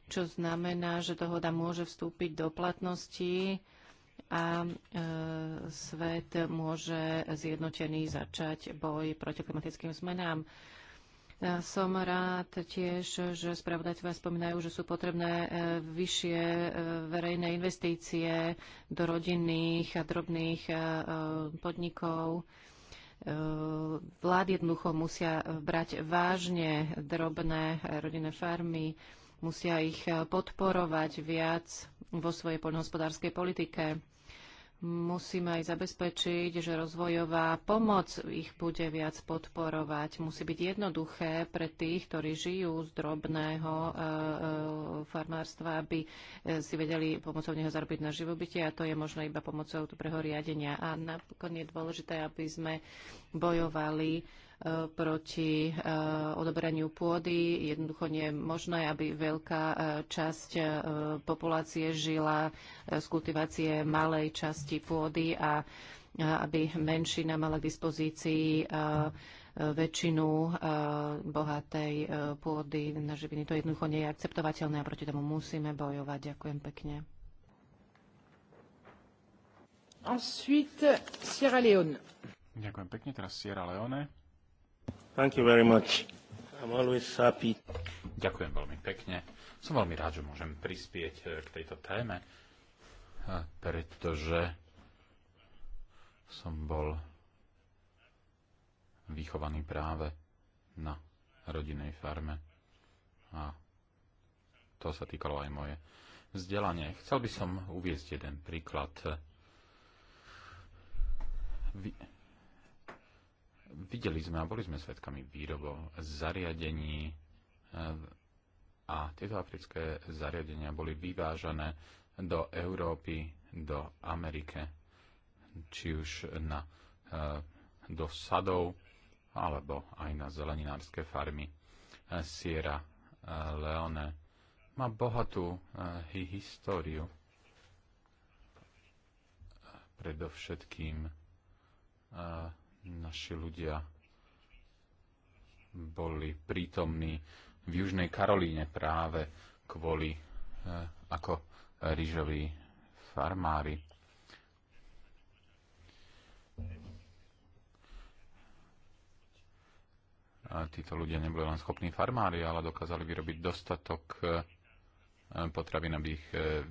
čo znamená, že dohoda môže vstúpiť do platnosti a e, svet môže zjednotený začať boj proti klimatickým zmenám. Ja som rád tiež, že spravodajcovia spomínajú, že sú potrebné e, vyššie e, verejné investície do rodinných a drobných e, podnikov. Vlády jednoducho musia brať vážne drobné rodinné farmy, musia ich podporovať viac vo svojej poľnohospodárskej politike Musíme aj zabezpečiť, že rozvojová pomoc ich bude viac podporovať. Musí byť jednoduché pre tých, ktorí žijú z drobného e, e, farmárstva, aby e, si vedeli pomocou neho zarobiť na živobytie a to je možné iba pomocou dobrého riadenia. A napokon je dôležité, aby sme bojovali E, proti e, odoberaniu pôdy. Jednoducho nie je možné, aby veľká e, časť populácie žila z kultivácie malej časti pôdy a aby menšina mala k dispozícii väčšinu bohatej pôdy na živiny. To jednoducho nie je akceptovateľné a proti tomu musíme bojovať. Ďakujem pekne. Ensuite, Sierra Leone. Ďakujem pekne, teraz Sierra Leone. Thank you very much. I'm always happy. Ďakujem veľmi pekne. Som veľmi rád, že môžem prispieť e, k tejto téme, e, pretože som bol vychovaný práve na rodinnej farme. A to sa týkalo aj moje vzdelanie. Chcel by som uviezť jeden príklad. E, Videli sme a boli sme svetkami výrobov zariadení e, a tieto africké zariadenia boli vyvážané do Európy, do Amerike, či už na, e, do sadov alebo aj na zeleninárske farmy. E, Sierra Leone má bohatú históriu predovšetkým naši ľudia boli prítomní v Južnej Karolíne práve kvôli eh, ako rýžoví farmári. A títo ľudia neboli len schopní farmári, ale dokázali vyrobiť dostatok eh, potravín, aby ich eh,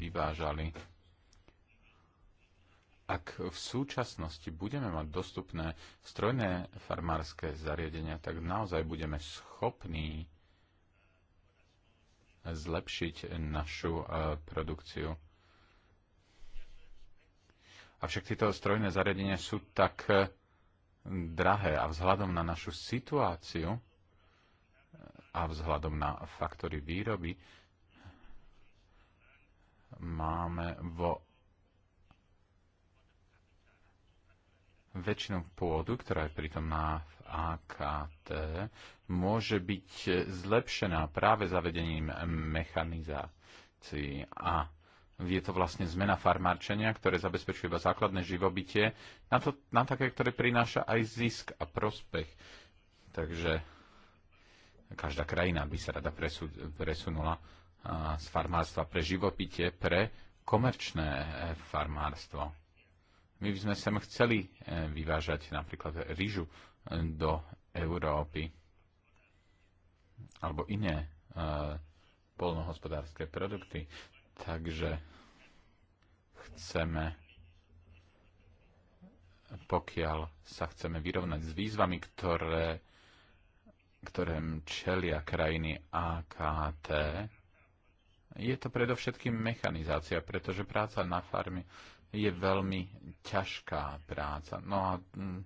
vyvážali ak v súčasnosti budeme mať dostupné strojné farmárske zariadenia, tak naozaj budeme schopní zlepšiť našu e, produkciu. Avšak tieto strojné zariadenia sú tak e, drahé a vzhľadom na našu situáciu e, a vzhľadom na faktory výroby máme vo väčšinou pôdu, ktorá je pritom na AKT, môže byť zlepšená práve zavedením mechanizácií a je to vlastne zmena farmárčenia, ktoré zabezpečuje iba základné živobytie, na, to, na také, ktoré prináša aj zisk a prospech. Takže každá krajina by sa rada presu, presunula z farmárstva pre živobytie pre komerčné e, farmárstvo my by sme sem chceli eh, vyvážať napríklad rýžu eh, do Európy alebo iné eh, polnohospodárske produkty. Takže chceme, pokiaľ sa chceme vyrovnať s výzvami, ktoré, ktorým čelia krajiny AKT, je to predovšetkým mechanizácia, pretože práca na farmy je veľmi ťažká práca. No a mm,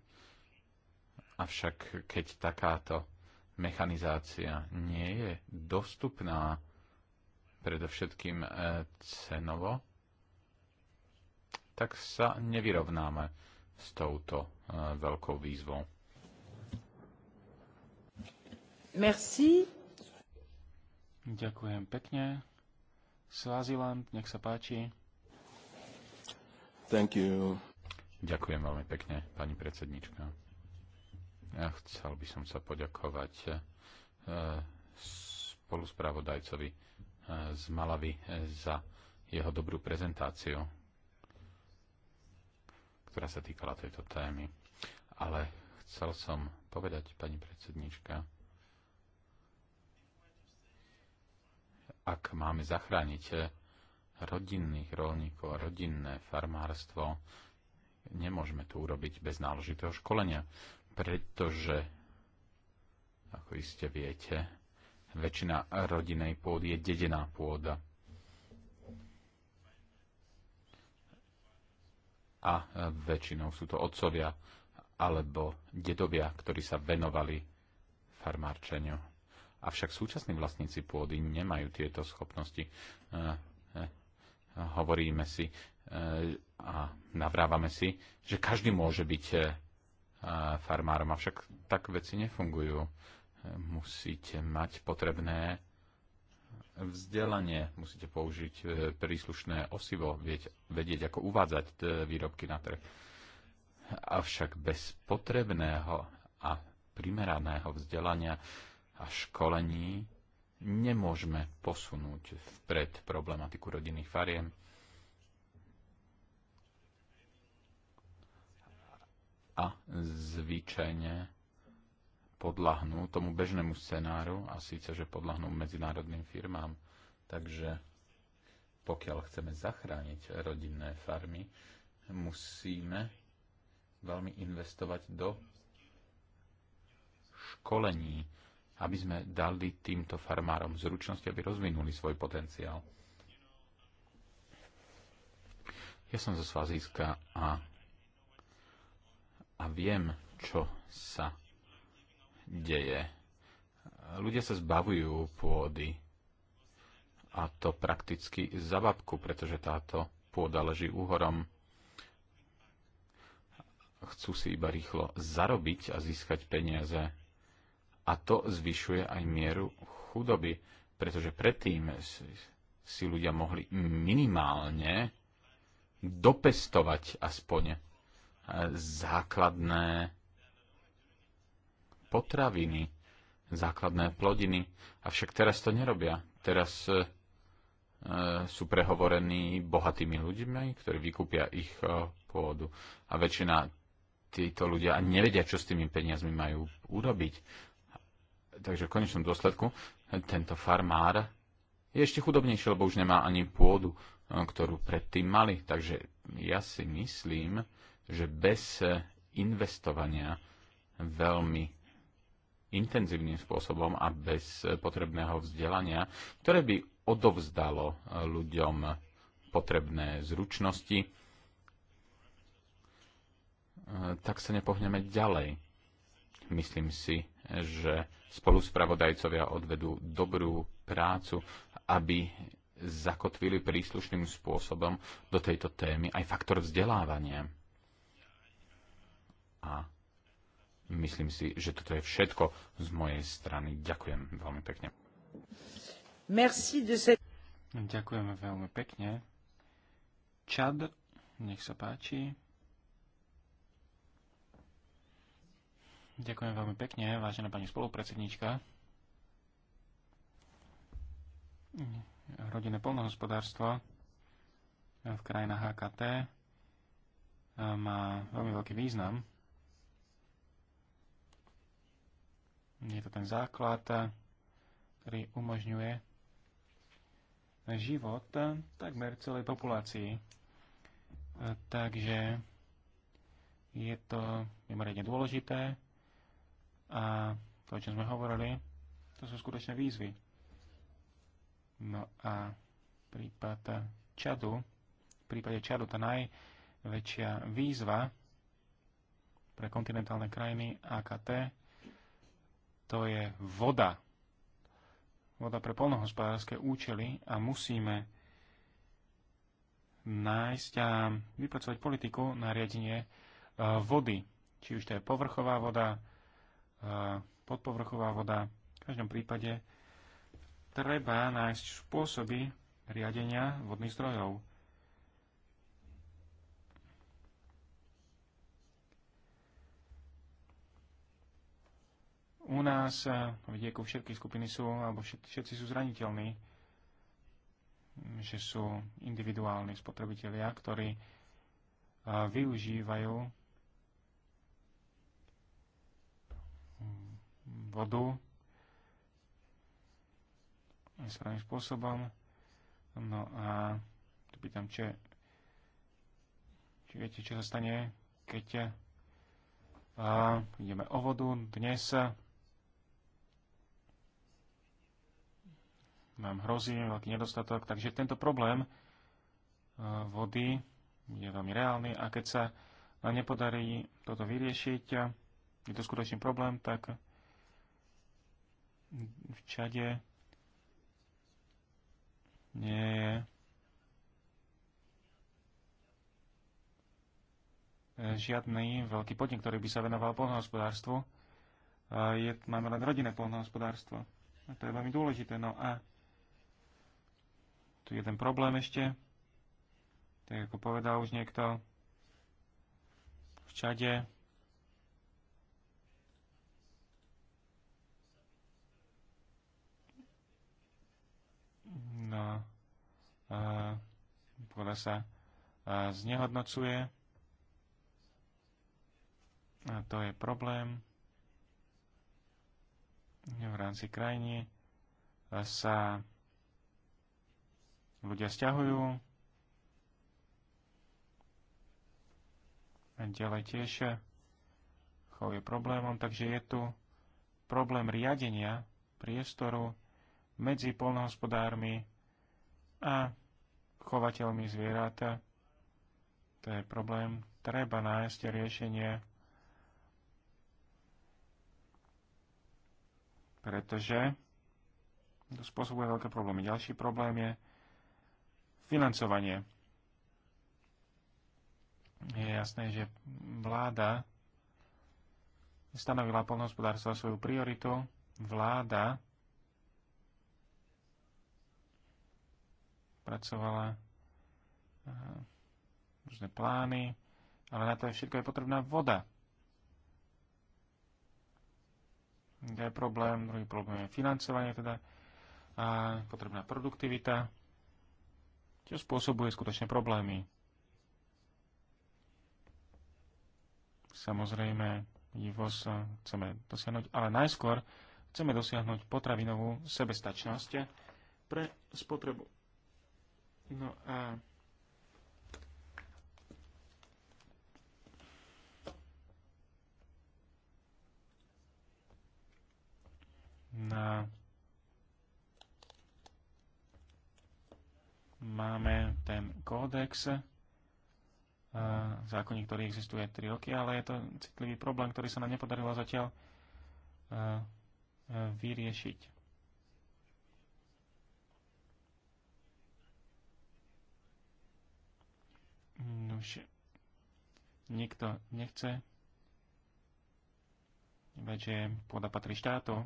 avšak keď takáto mechanizácia nie je dostupná predovšetkým e, cenovo, tak sa nevyrovnáme s touto e, veľkou výzvou. Merci. Ďakujem pekne. Svaziland, nech sa páči. Thank you. Ďakujem veľmi pekne, pani predsednička. Ja chcel by som sa poďakovať eh, spoluspravodajcovi eh, z Malavy eh, za jeho dobrú prezentáciu, ktorá sa týkala tejto témy. Ale chcel som povedať, pani predsednička, ak máme zachrániť rodinných rolníkov a rodinné farmárstvo nemôžeme tu urobiť bez náležitého školenia, pretože, ako iste viete, väčšina rodinej pôdy je dedená pôda. A väčšinou sú to otcovia alebo dedovia, ktorí sa venovali farmárčeniu. Avšak súčasní vlastníci pôdy nemajú tieto schopnosti hovoríme si eh, a navrávame si, že každý môže byť eh, farmárom, avšak tak veci nefungujú. Musíte mať potrebné vzdelanie, musíte použiť eh, príslušné osivo, vedieť, ako uvádzať výrobky na trh. Avšak bez potrebného a primeraného vzdelania a školení nemôžeme posunúť vpred problematiku rodinných fariem. A zvyčajne podlahnú tomu bežnému scenáru a síce, že podlahnú medzinárodným firmám. Takže pokiaľ chceme zachrániť rodinné farmy, musíme veľmi investovať do školení aby sme dali týmto farmárom zručnosti, aby rozvinuli svoj potenciál. Ja som zo Svazíska a, a viem, čo sa deje. Ľudia sa zbavujú pôdy a to prakticky za babku, pretože táto pôda leží úhorom. Chcú si iba rýchlo zarobiť a získať peniaze a to zvyšuje aj mieru chudoby, pretože predtým si ľudia mohli minimálne dopestovať aspoň eh, základné potraviny, základné plodiny. Avšak teraz to nerobia. Teraz e, sú prehovorení bohatými ľuďmi, ktorí vykúpia ich e, pôdu. A väčšina títo ľudia nevedia, čo s tými peniazmi majú urobiť. Takže v konečnom dôsledku eh, tento farmár je ešte chudobnejší, lebo už nemá ani pôdu, eh, ktorú predtým mali. Takže ja si myslím, že bez eh, investovania veľmi intenzívnym spôsobom a bez potrebného vzdelania, ktoré by odovzdalo ľuďom potrebné zručnosti, tak sa nepohneme ďalej. Myslím si, že spoluspravodajcovia odvedú dobrú prácu, aby zakotvili príslušným spôsobom do tejto témy aj faktor vzdelávania. A myslím si, že toto je všetko z mojej strany. Ďakujem veľmi pekne. Merci de se... Ďakujeme veľmi pekne. Čad, nech sa páči. Ďakujem veľmi pekne, vážená pani spolupredsednička. Rodinné polnohospodárstvo v krajinách HKT eh, má veľmi veľký význam. Je to ten základ, eh, ktorý umožňuje život eh, takmer celej populácii. Takže je to mimoriadne dôležité a to, o čom sme hovorili, to sú skutočné výzvy. No a prípad Čadu, v prípade Čadu tá najväčšia výzva pre kontinentálne krajiny AKT, to je voda. Voda pre polnohospodárske účely a musíme nájsť a vypracovať politiku na riadenie e, vody. Či už to je povrchová voda, podpovrchová voda. V každom prípade treba nájsť spôsoby riadenia vodných zdrojov. U nás eh, v dieku všetky skupiny sú, alebo všetci sú zraniteľní, že sú individuálni spotrebitelia, ktorí eh, využívajú vodu svojím spôsobom. No a tu pýtam, či, či viete, čo sa stane, keď a, eh, ideme o vodu dnes. Mám hrozí veľký nedostatok, takže tento problém eh, vody je veľmi reálny a keď sa nepodarí toto vyriešiť, je to skutočný problém, tak v Čade nie je e, žiadny veľký podnik, ktorý by sa venoval poľnohospodárstvu. Je, máme len rodinné poľnohospodárstvo. A to je veľmi dôležité. No a tu je ten problém ešte. Tak ako povedal už niekto v Čade, no, a, sa znehodnocuje a to je problém v rámci krajiny sa ľudia stiahujú a ďalej tiež chov je problémom, takže je tu problém riadenia priestoru medzi polnohospodármi a chovateľmi zvieratá To je problém. Treba nájsť riešenie, pretože to spôsobuje veľké problémy. Ďalší problém je financovanie. Je jasné, že vláda stanovila polnohospodárstvo svoju prioritu. Vláda pracovala rôzne plány, ale na to je všetko je potrebná voda. To je problém, druhý problém je financovanie teda a potrebná produktivita, čo spôsobuje skutočne problémy. Samozrejme, vývoz chceme dosiahnuť, ale najskôr chceme dosiahnuť potravinovú sebestačnosť pre spotrebu No a na máme ten kódex, e, zákonník, ktorý existuje 3 roky, ale je to citlivý problém, ktorý sa nám nepodarilo zatiaľ e, e, vyriešiť. už nikto nechce. Veď, že pôda patrí štátu,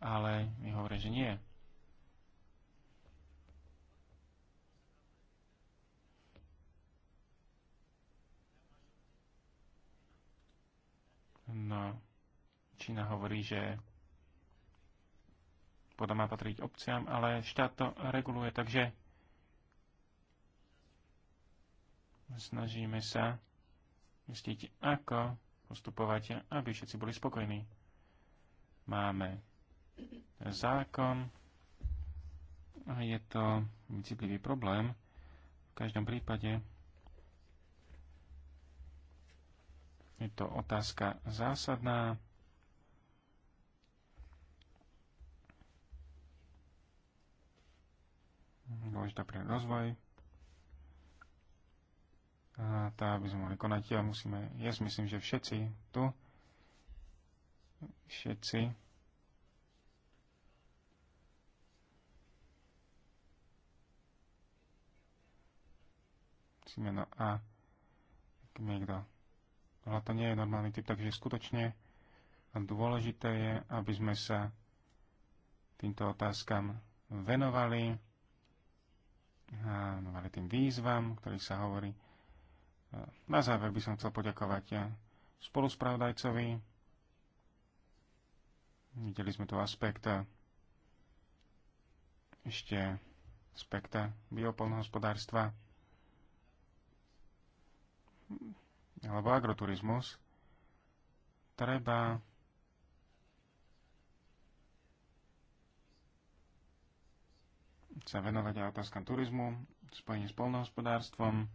ale mi hovorí, že nie. No, Čína hovorí, že pôda má patriť obciam, ale štát to reguluje, takže Snažíme sa zistiť, ako postupovať, aby všetci boli spokojní. Máme zákon a je to citlivý problém. V každom prípade je to otázka zásadná. dôležitá pre rozvoj tá by sme mohli konať Ja musíme, ja si myslím, že všetci tu, všetci musíme, no a niekto. Ale to nie je normálny typ, takže skutočne dôležité je, aby sme sa týmto otázkam venovali, a venovali tým výzvam, ktorých sa hovorí na záver by som chcel poďakovať eh, spoluspravodajcovi. Videli sme tu aspekta eh, ešte aspekta eh, biopolnohospodárstva alebo agroturizmus. Treba sa venovať aj otázkam turizmu, spojenie s polnohospodárstvom,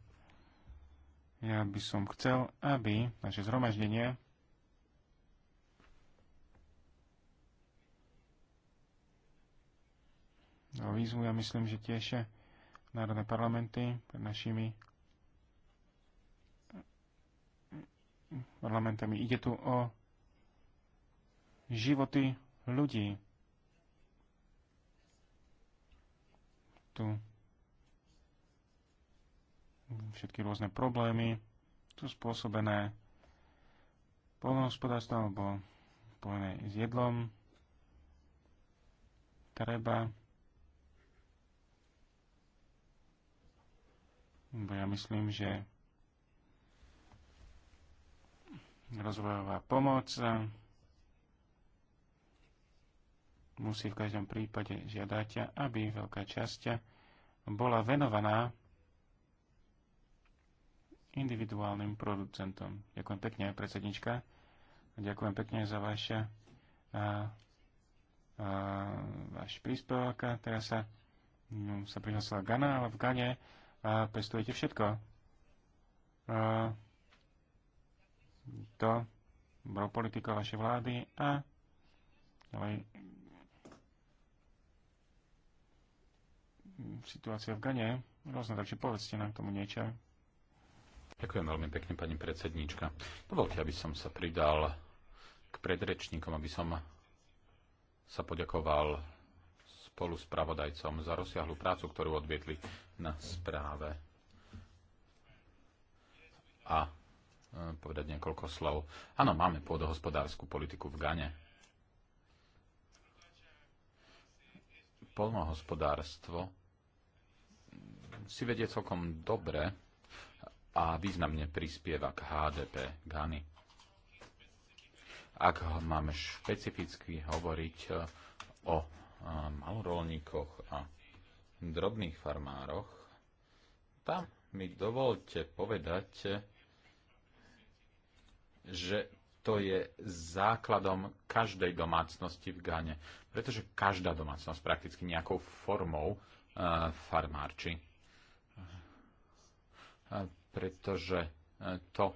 ja by som chcel, aby naše zhromaždenie o výzvu, ja myslím, že tiež národné parlamenty pred našimi parlamentami. Ide tu o životy ľudí. Tu všetky rôzne problémy sú spôsobené polnohospodárstvom alebo spojené s jedlom. Treba bo ja myslím, že rozvojová pomoc musí v každom prípade žiadať, aby veľká časť bola venovaná individuálnym producentom. Ďakujem pekne, predsednička. Ďakujem pekne za vaše, a, a, váš príspevok. Teraz sa, no, sa prihlasila Gana, ale v Gane a pestujete všetko. A, to bolo politika vašej vlády a ale situácia v Gane Rôzne, takže povedzte nám k tomu niečo. Ďakujem veľmi pekne, pani predsedníčka. Dovolte, aby som sa pridal k predrečníkom, aby som sa poďakoval spolu s pravodajcom za rozsiahlu prácu, ktorú odvietli na správe. A e, povedať niekoľko slov. Áno, máme pôdohospodárskú politiku v Gane. Polnohospodárstvo si vedie celkom dobre a významne prispieva k HDP Gany. Ak máme špecificky hovoriť e, o e, malorolníkoch a drobných farmároch, tam mi dovolte povedať, e, že to je základom každej domácnosti v Gane, pretože každá domácnosť prakticky nejakou formou farmárči pretože e, to e,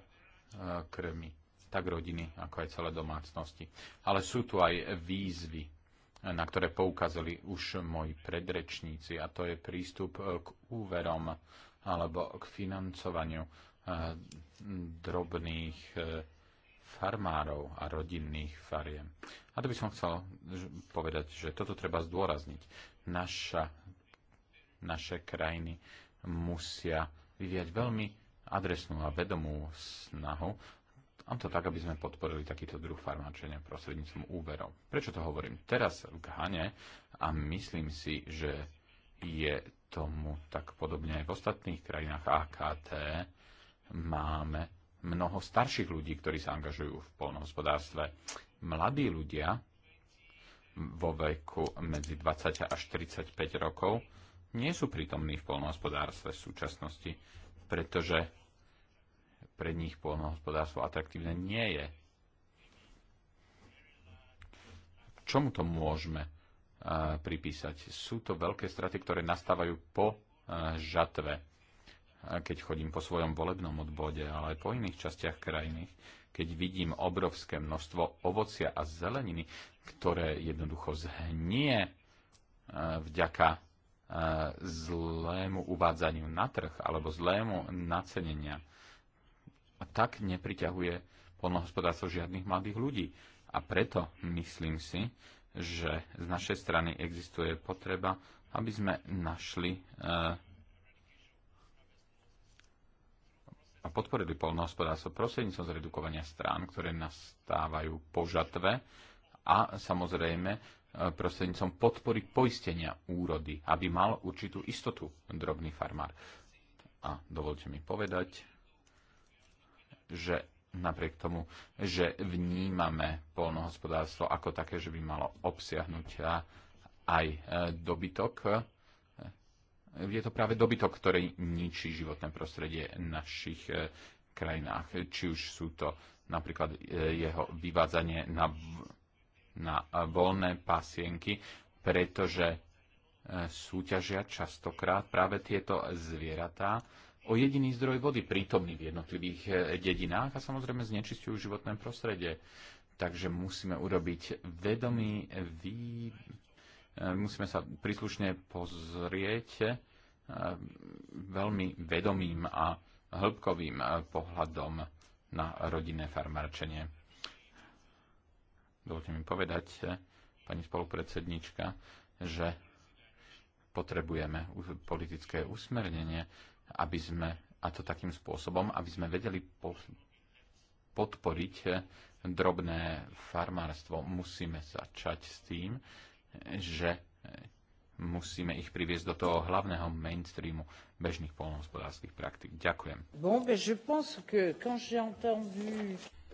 krmi tak rodiny, ako aj celé domácnosti. Ale sú tu aj výzvy, e, na ktoré poukázali už moji predrečníci, a to je prístup k úverom alebo k financovaniu drobných farmárov a rodinných fariem. A to by som chcel povedať, že toto treba zdôrazniť. Naša, naše krajiny musia vyvíjať veľmi adresnú a vedomú snahu, a to tak, aby sme podporili takýto druh farmáčenia prostredníctvom úverov. Prečo to hovorím? Teraz v Ghane a myslím si, že je tomu tak podobne aj v ostatných krajinách AKT, máme mnoho starších ľudí, ktorí sa angažujú v polnohospodárstve. Mladí ľudia vo veku medzi 20 až 35 rokov nie sú prítomní v polnohospodárstve v súčasnosti, pretože pre nich poľnohospodárstvo atraktívne nie je. Čomu to môžeme pripísať? Sú to veľké straty, ktoré nastávajú po žatve, keď chodím po svojom volebnom odbode, ale aj po iných častiach krajiny, keď vidím obrovské množstvo ovocia a zeleniny, ktoré jednoducho zhnie vďaka zlému uvádzaniu na trh alebo zlému naceneniu a tak nepriťahuje polnohospodárstvo žiadnych mladých ľudí. A preto myslím si, že z našej strany existuje potreba, aby sme našli eh, a podporili polnohospodárstvo prostredníctvom zredukovania strán, ktoré nastávajú po žatve a samozrejme eh, prostrednícom podpory poistenia úrody, aby mal určitú istotu drobný farmár. A dovolte mi povedať, že napriek tomu, že vnímame polnohospodárstvo ako také, že by malo obsiahnuť aj e, dobytok, e, je to práve dobytok, ktorý ničí životné prostredie našich e, krajinách. Či už sú to napríklad jeho vyvádzanie na, na voľné pasienky, pretože súťažia častokrát práve tieto zvieratá o jediný zdroj vody prítomný v jednotlivých e, dedinách a samozrejme znečistujú životné prostredie. Takže musíme urobiť vedomý vý... E, musíme sa príslušne pozrieť e, veľmi vedomým a hĺbkovým pohľadom na rodinné farmárčenie. Dovolte mi povedať, pani spolupredsednička, že potrebujeme politické usmernenie, aby sme, a to takým spôsobom, aby sme vedeli podporiť eh, drobné farmárstvo. Musíme začať s tým, že eh, musíme ich priviesť do toho hlavného mainstreamu bežných polnohospodárských praktik. Ďakujem. No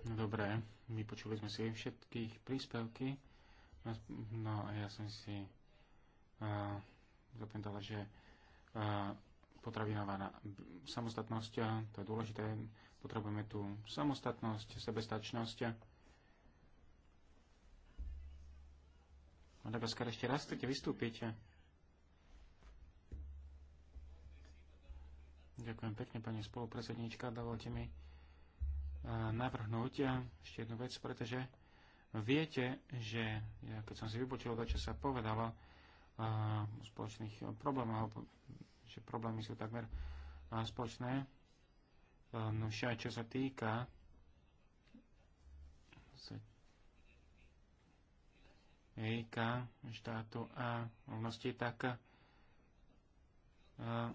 Dobre, vypočuli sme si všetkých príspevky. No, no ja som si uh, eh, zapendala, že uh, potravinová samostatnosť, to je dôležité, potrebujeme tu samostatnosť, sebestačnosť. Madagaskar, ešte raz chcete vystúpiť? Ďakujem pekne, pani spolupredsedníčka. Dovolte mi navrhnúť ešte jednu vec, pretože viete, že ja, keď som si vypočul čo sa povedalo o spoločných problémoch, že problémy sú takmer spoločné. Ehm, no čo sa týka EIK štátu a rovnosti, tak ehm,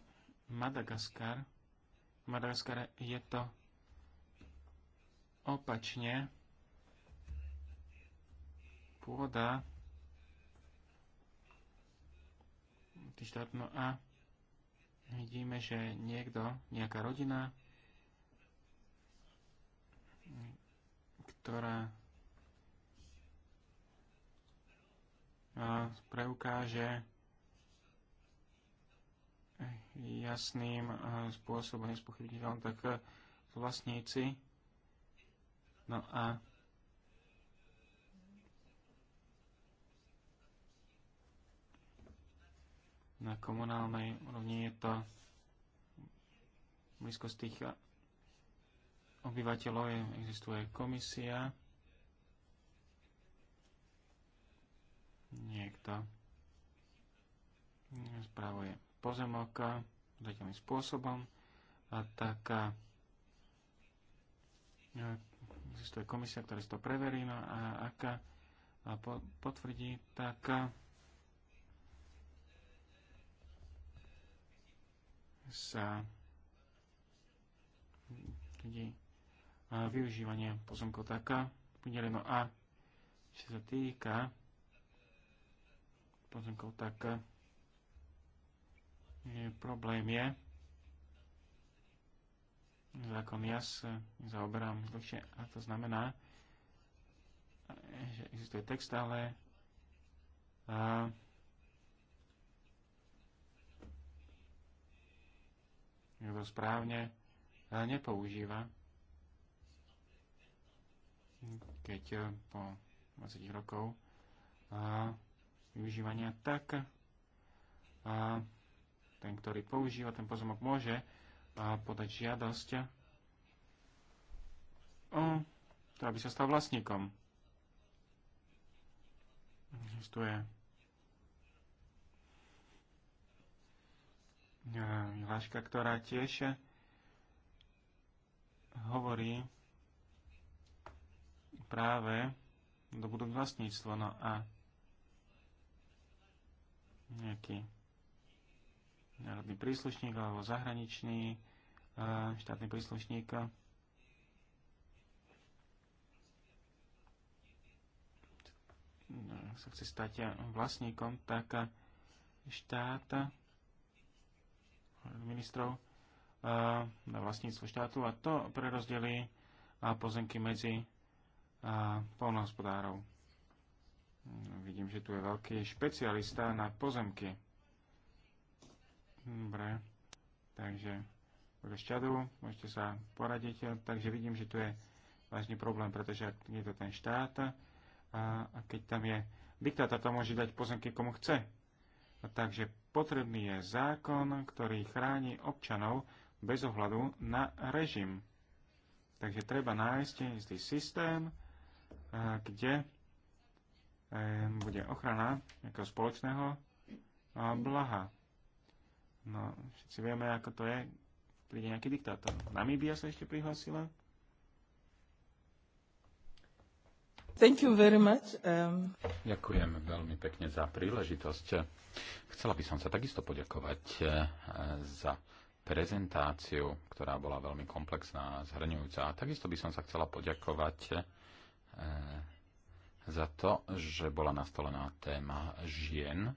Madagaskar Madagaskar je to opačne pôda tých štátno a vidíme, že niekto, nejaká rodina, ktorá preukáže jasným spôsobom nespochybniteľným, tak vlastníci. No a na komunálnej úrovni je to blízkosť tých obyvateľov, je, existuje komisia, niekto spravuje pozemok zatiaľným spôsobom, a tak e, existuje komisia, ktorá si to preverí, no a aká a potvrdí, tak sa tedy využívanie pozemkov taká, udeleno no A, čo sa týka pozemkov taká, problém je, zákon ja sa zaoberám dlhšie a to znamená, že existuje text, ale a, to správne nepoužíva. Keď eh, po 20 rokov a, eh, využívania tak a, eh, ten, ktorý používa ten pozemok, môže a, podať žiadosť, o, to, aby sa stal vlastníkom. Existuje Váška, ehm, ktorá tiež hovorí práve do budúk vlastníctvo. No a nejaký národný príslušník alebo zahraničný ehm, štátny príslušník ehm, sa chce stať vlastníkom, tak štáta ministrov eh, na vlastníctvo štátu a to prerozdelí eh, pozemky medzi eh, polnohospodárov. Vidím, že tu je veľký špecialista na pozemky. Dobre, takže podľa šťadu môžete sa poradiť. Takže vidím, že tu je vážny problém, pretože ak je to ten štát a, keď tam je diktátor, to môže dať pozemky komu chce. takže Potrebný je zákon, ktorý chráni občanov bez ohľadu na režim. Takže treba nájsť istý systém, eh, kde eh, bude ochrana nejakého spoločného eh, blaha. No, všetci vieme, ako to je. Príde nejaký diktátor. Namíbia sa ešte prihlásila. Thank you very much. Um... Ďakujem veľmi pekne za príležitosť. Chcela by som sa takisto poďakovať eh, za prezentáciu, ktorá bola veľmi komplexná a zhrňujúca. A takisto by som sa chcela poďakovať eh, za to, že bola nastolená téma žien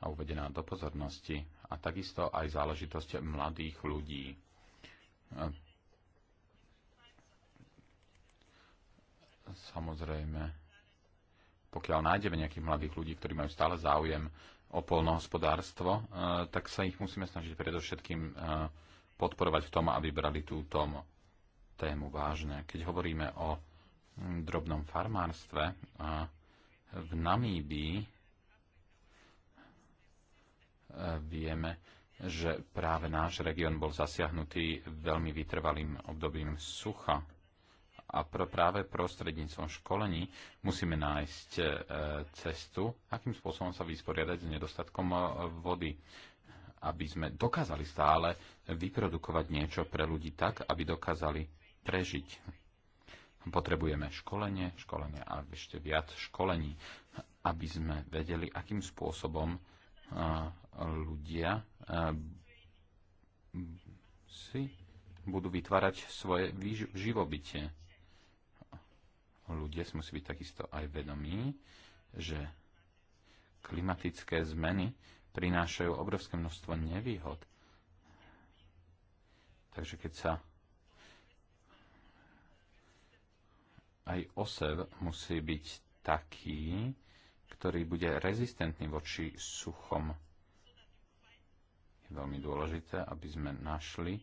a uvedená do pozornosti a takisto aj záležitosť mladých ľudí samozrejme, pokiaľ nájdeme nejakých mladých ľudí, ktorí majú stále záujem o polnohospodárstvo, eh, tak sa ich musíme snažiť predovšetkým eh, podporovať v tom, aby brali túto tému vážne. Keď hovoríme o hm, drobnom farmárstve, v Namíbii eh, vieme, že práve náš región bol zasiahnutý veľmi vytrvalým obdobím sucha a pr- práve prostredníctvom školení musíme nájsť e, cestu, akým spôsobom sa vysporiadať s nedostatkom e, vody aby sme dokázali stále vyprodukovať niečo pre ľudí tak, aby dokázali prežiť. Potrebujeme školenie, školenie a ešte viac školení, aby sme vedeli, akým spôsobom e, ľudia si budú vytvárať svoje živobytie ľudia si musí byť takisto aj vedomí, že klimatické zmeny prinášajú obrovské množstvo nevýhod. Takže keď sa aj osev musí byť taký, ktorý bude rezistentný voči suchom. Je veľmi dôležité, aby sme našli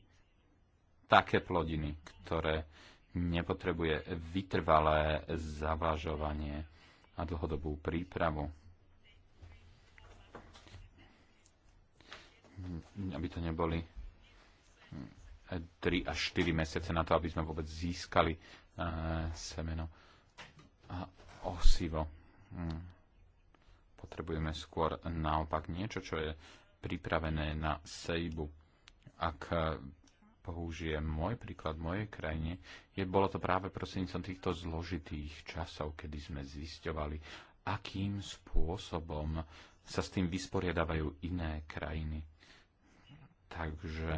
také plodiny, ktoré nepotrebuje vytrvalé zavažovanie a dlhodobú prípravu. Aby to neboli 3 až 4 mesiace na to, aby sme vôbec získali eh, semeno a osivo. Hm. Potrebujeme skôr naopak niečo, čo je pripravené na sejbu. Ak použijem môj príklad mojej krajine, je, bolo to práve prostredníctvom týchto zložitých časov, kedy sme zisťovali, akým spôsobom sa s tým vysporiadavajú iné krajiny. Takže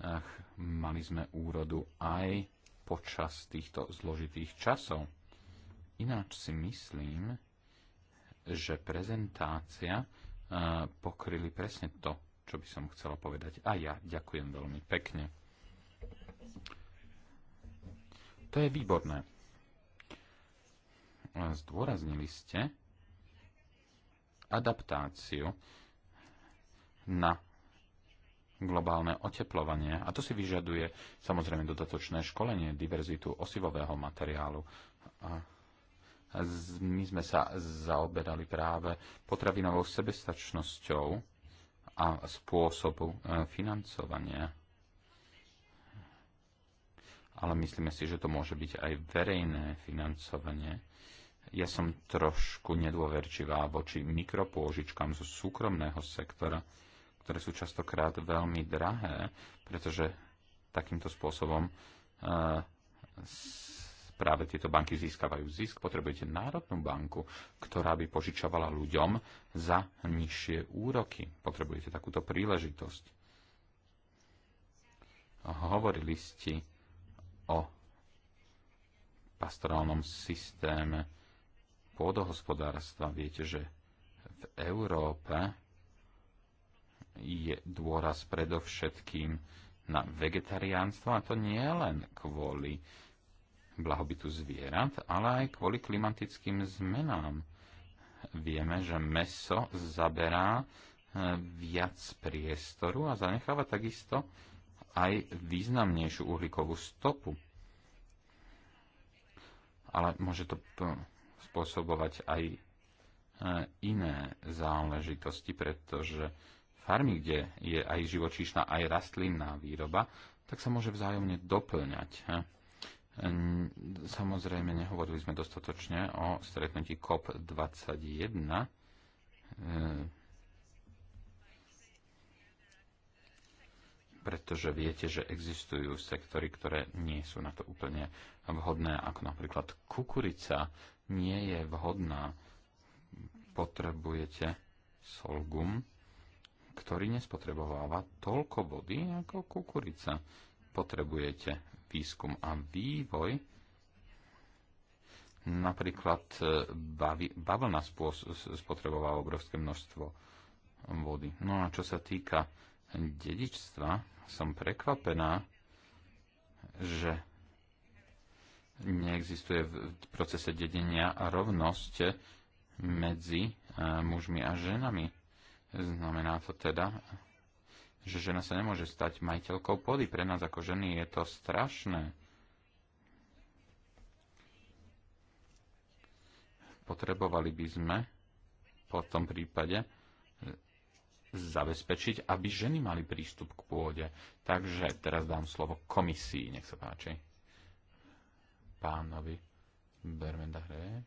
ach, mali sme úrodu aj počas týchto zložitých časov. Ináč si myslím, že prezentácia eh, pokryli presne to, čo by som chcela povedať. A ja ďakujem veľmi pekne. To je výborné. Zdôraznili ste adaptáciu na globálne oteplovanie a to si vyžaduje samozrejme dodatočné školenie, diverzitu osivového materiálu. A my sme sa zaoberali práve potravinovou sebestačnosťou a spôsobu e, financovania. Ale myslíme si, že to môže byť aj verejné financovanie. Ja som trošku nedôverčivá voči mikropôžičkám zo súkromného sektora, ktoré sú častokrát veľmi drahé, pretože takýmto spôsobom sa e, práve tieto banky získavajú zisk, potrebujete národnú banku, ktorá by požičovala ľuďom za nižšie úroky. Potrebujete takúto príležitosť. Hovorili ste o pastorálnom systéme pôdohospodárstva. Viete, že v Európe je dôraz predovšetkým na vegetariánstvo a to nie len kvôli blahobytu zvierat, ale aj kvôli klimatickým zmenám. Vieme, že meso zaberá e, viac priestoru a zanecháva takisto aj významnejšiu uhlíkovú stopu. Ale môže to spôsobovať aj e, iné záležitosti, pretože farmy, kde je aj živočíšna, aj rastlinná výroba, tak sa môže vzájomne doplňať. E. Ehm, samozrejme, nehovorili sme dostatočne o stretnutí COP21. Ehm, pretože viete, že existujú sektory, ktoré nie sú na to úplne vhodné, ako napríklad kukurica nie je vhodná. Potrebujete solgum, ktorý nespotrebováva toľko vody ako kukurica. Potrebujete výskum a vývoj. Napríklad e, bavlna spotrebovala obrovské množstvo vody. No a čo sa týka dedičstva, som prekvapená, že neexistuje v procese dedenia rovnosť medzi e, mužmi a ženami. Znamená to teda, že žena sa nemôže stať majiteľkou pôdy. Pre nás ako ženy je to strašné. Potrebovali by sme po tom prípade zabezpečiť, aby ženy mali prístup k pôde. Takže teraz dám slovo komisii, nech sa páči. Pánovi Bermendahre,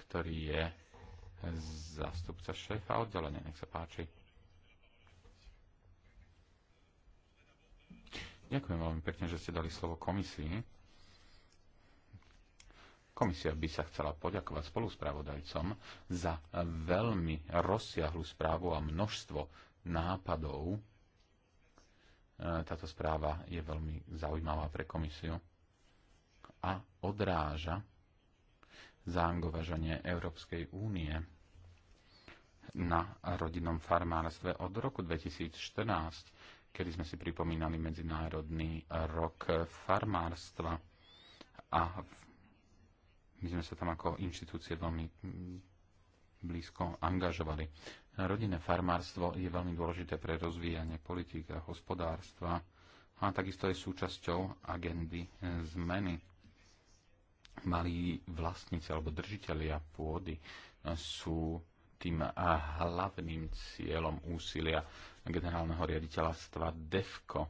ktorý je zástupca šéfa oddelenia, nech sa páči. Ďakujem veľmi pekne, že ste dali slovo komisii. Komisia by sa chcela poďakovať spoluspravodajcom za veľmi rozsiahlu správu a množstvo nápadov. E, táto správa je veľmi zaujímavá pre komisiu a odráža zaangovažanie Európskej únie na rodinnom farmárstve od roku 2014 kedy sme si pripomínali Medzinárodný rok farmárstva a my sme sa tam ako inštitúcie veľmi blízko angažovali. Rodinné farmárstvo je veľmi dôležité pre rozvíjanie politik a hospodárstva a takisto je súčasťou agendy zmeny. Malí vlastníci alebo držiteľia pôdy sú tým hlavným cieľom úsilia generálneho riaditeľstva DEFCO.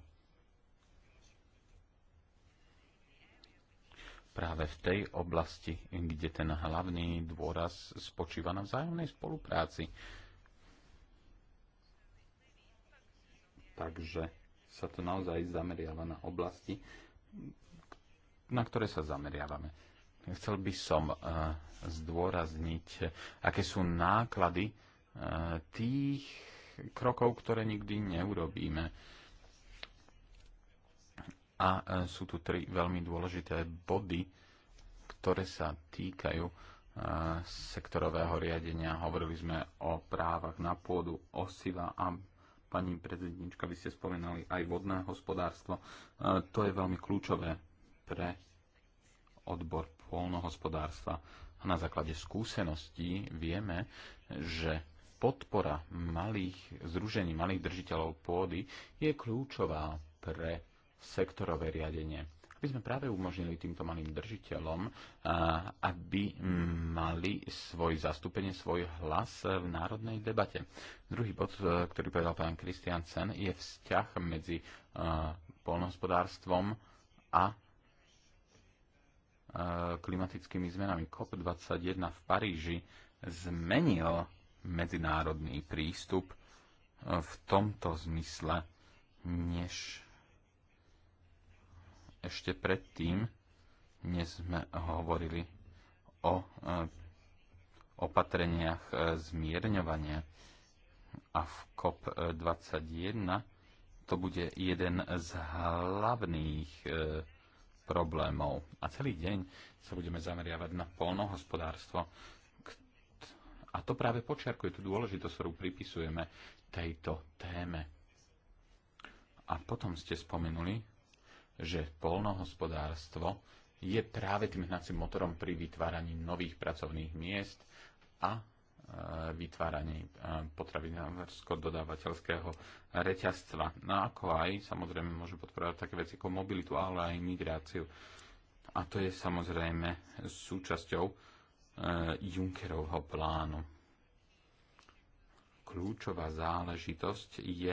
Práve v tej oblasti, kde ten hlavný dôraz spočíva na vzájomnej spolupráci. Takže sa to naozaj zameriava na oblasti, na ktoré sa zameriavame Chcel by som eh, zdôrazniť, aké sú náklady eh, tých krokov, ktoré nikdy neurobíme. A eh, sú tu tri veľmi dôležité body, ktoré sa týkajú sektorového riadenia. Hovorili sme o právach na pôdu, osila a pani prezidentička, vy ste spomenali aj vodné hospodárstvo. To je veľmi kľúčové pre odbor polnohospodárstva. A na základe skúseností vieme, že podpora malých združení, malých držiteľov pôdy je kľúčová pre sektorové riadenie. Aby sme práve umožnili týmto malým držiteľom, aby mali svoj zastúpenie, svoj hlas v národnej debate. Druhý bod, e, ktorý povedal pán Sen, je vzťah medzi e, polnohospodárstvom a klimatickými zmenami. COP21 v Paríži zmenil medzinárodný prístup e, v tomto zmysle, než ešte predtým, než sme hovorili o e, opatreniach e, zmierňovania. A v COP21 to bude jeden z hlavných problémov. A celý deň sa budeme zameriavať na polnohospodárstvo. A to práve počiarkuje tú dôležitosť, ktorú pripisujeme tejto téme. A potom ste spomenuli, že polnohospodárstvo je práve tým hnacím motorom pri vytváraní nových pracovných miest a E, vytváraní e, potravinársko-dodávateľského reťazstva. No ako aj, samozrejme, môžeme podporovať také veci ako mobilitu, ale aj migráciu. A to je samozrejme súčasťou e, Junckerovho plánu. Kľúčová záležitosť je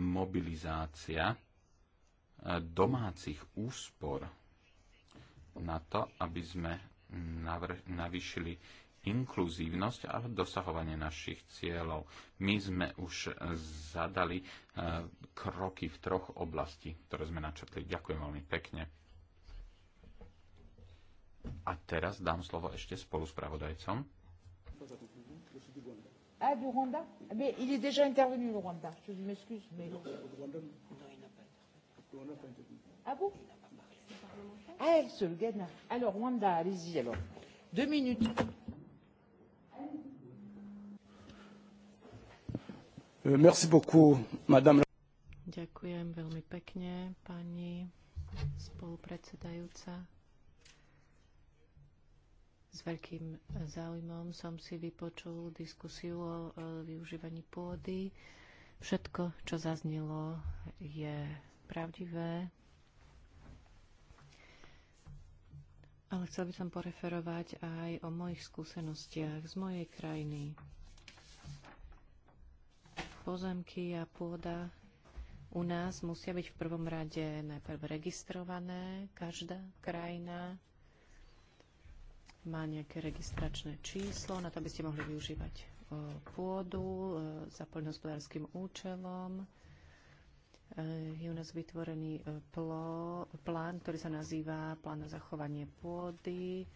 mobilizácia domácich úspor na to, aby sme navýšili inkluzívnosť a dosahovanie našich cieľov. My sme už zadali eh, kroky v troch oblasti, ktoré sme načrtli. Ďakujem veľmi pekne. A teraz dám slovo ešte spolu s pravodajcom. Ah, du Rwanda eh, Mais il est déjà intervenu, le Rwanda. Je m'excuse, mais... Non, il n'a pas intervenu. Ah bon Ah, elle se le gagne. Alors, Rwanda, allez-y, alors. Deux minutes. Euh, merci beaucoup, madame. Ďakujem veľmi pekne, pani spolupredsedajúca. S veľkým záujmom som si vypočul diskusiu o e, využívaní pôdy. Všetko, čo zaznelo, je pravdivé. Ale chcel by som poreferovať aj o mojich skúsenostiach z mojej krajiny. Pozemky a pôda u nás musia byť v prvom rade najprv registrované. Každá krajina má nejaké registračné číslo na to, aby ste mohli využívať e, pôdu e, za poľnohospodárským účelom. E, je u nás vytvorený plo, plán, ktorý sa nazýva plán na zachovanie pôdy.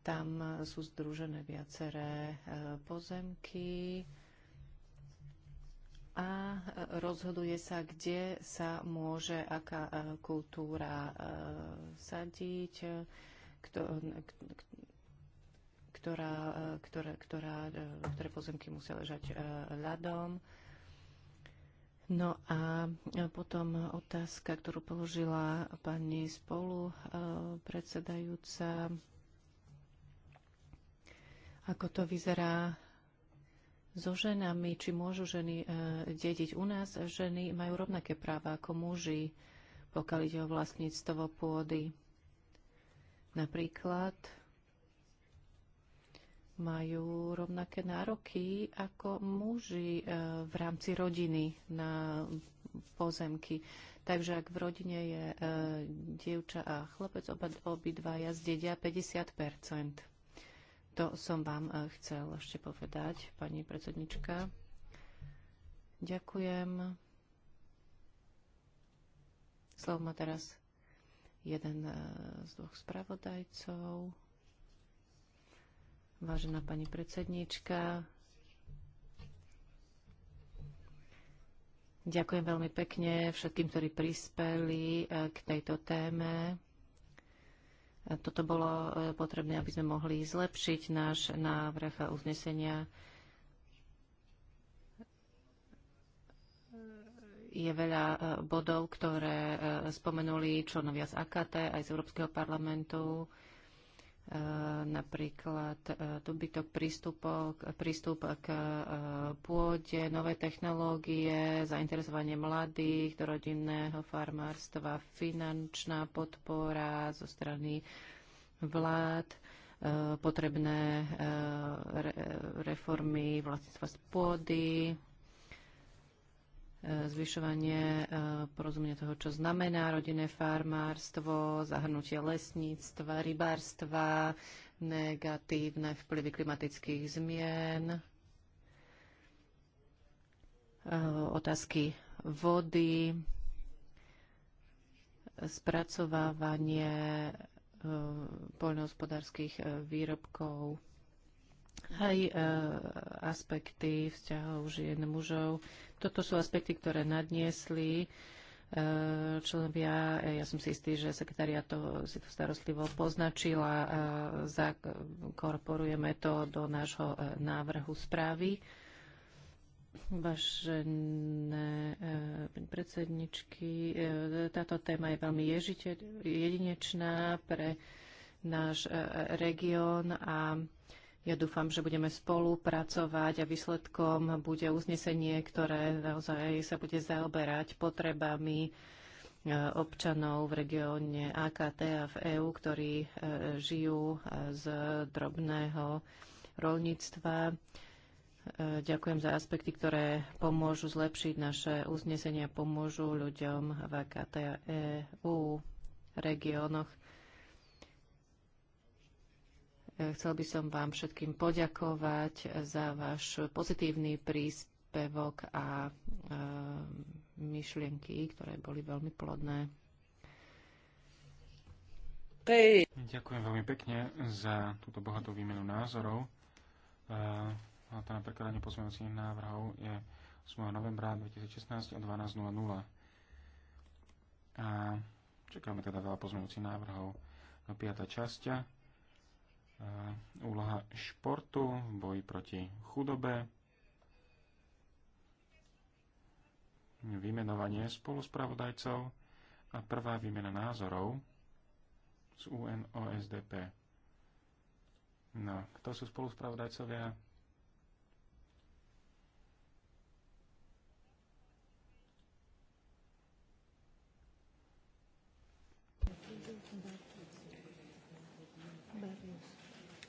tam sú združené viaceré pozemky a rozhoduje sa, kde sa môže aká e, kultúra e, sadiť, e, ktorá, ktoré, ktorá, ktoré pozemky musia ležať ľadom. No a potom otázka, ktorú položila pani spolu predsedajúca. Ako to vyzerá so ženami, či môžu ženy e, dediť u nás. Ženy majú rovnaké práva ako muži, pokiaľ ide o vlastníctvo pôdy. Napríklad majú rovnaké nároky ako muži e, v rámci rodiny na pozemky. Takže ak v rodine je e, dievča a chlapec, obidvaja obid zdedia 50 to som vám e, chcel ešte povedať, pani predsednička. Ďakujem. Slovo má teraz jeden e, z dvoch spravodajcov. Vážená pani predsednička, Ďakujem veľmi pekne všetkým, ktorí prispeli e, k tejto téme. Toto bolo e, potrebné, aby sme mohli zlepšiť náš návrh uznesenia. Je veľa e, bodov, ktoré e, spomenuli členovia z AKT aj z Európskeho parlamentu Eh, napríklad dobytok eh, prístup k eh, pôde, nové technológie, zainteresovanie mladých do rodinného farmárstva, finančná podpora zo strany vlád, potrebné reformy vlastníctva z pôdy, E, zvyšovanie e, porozumenia toho, čo znamená rodinné farmárstvo, zahrnutie lesníctva, rybárstva, negatívne vplyvy klimatických zmien, e, otázky vody, spracovávanie poľnohospodárskych výrobkov aj uh, aspekty vzťahov žien mužov. Toto sú aspekty, ktoré nadniesli e, členovia. E, ja som si istý, že sekretária to si to starostlivo poznačila. a zakorporujeme to do nášho návrhu správy. Vážené predsedničky, táto téma je veľmi ježite, jedinečná pre náš región a ja dúfam, že budeme spolupracovať a výsledkom bude uznesenie, ktoré naozaj sa bude zaoberať potrebami e, občanov v regióne AKT a v EÚ, ktorí e, žijú e, z drobného rolníctva. Ďakujem za aspekty, ktoré pomôžu zlepšiť naše uznesenia, pomôžu ľuďom v AKT a EÚ regiónoch. Chcel by som vám všetkým poďakovať za váš pozitívny príspevok a e, myšlienky, ktoré boli veľmi plodné. Ďakujem veľmi pekne za túto bohatú výmenu názorov. E, a to na prekladanie pozmeňovacích návrhov je 8. novembra 2016 o 12.00. A čakáme teda veľa pozmeňovacích návrhov. do no, 5. časť Eh, úloha športu v boji proti chudobe, vymenovanie spoluspravodajcov a prvá výmena názorov z UNOSDP. No, kto sú spoluspravodajcovia?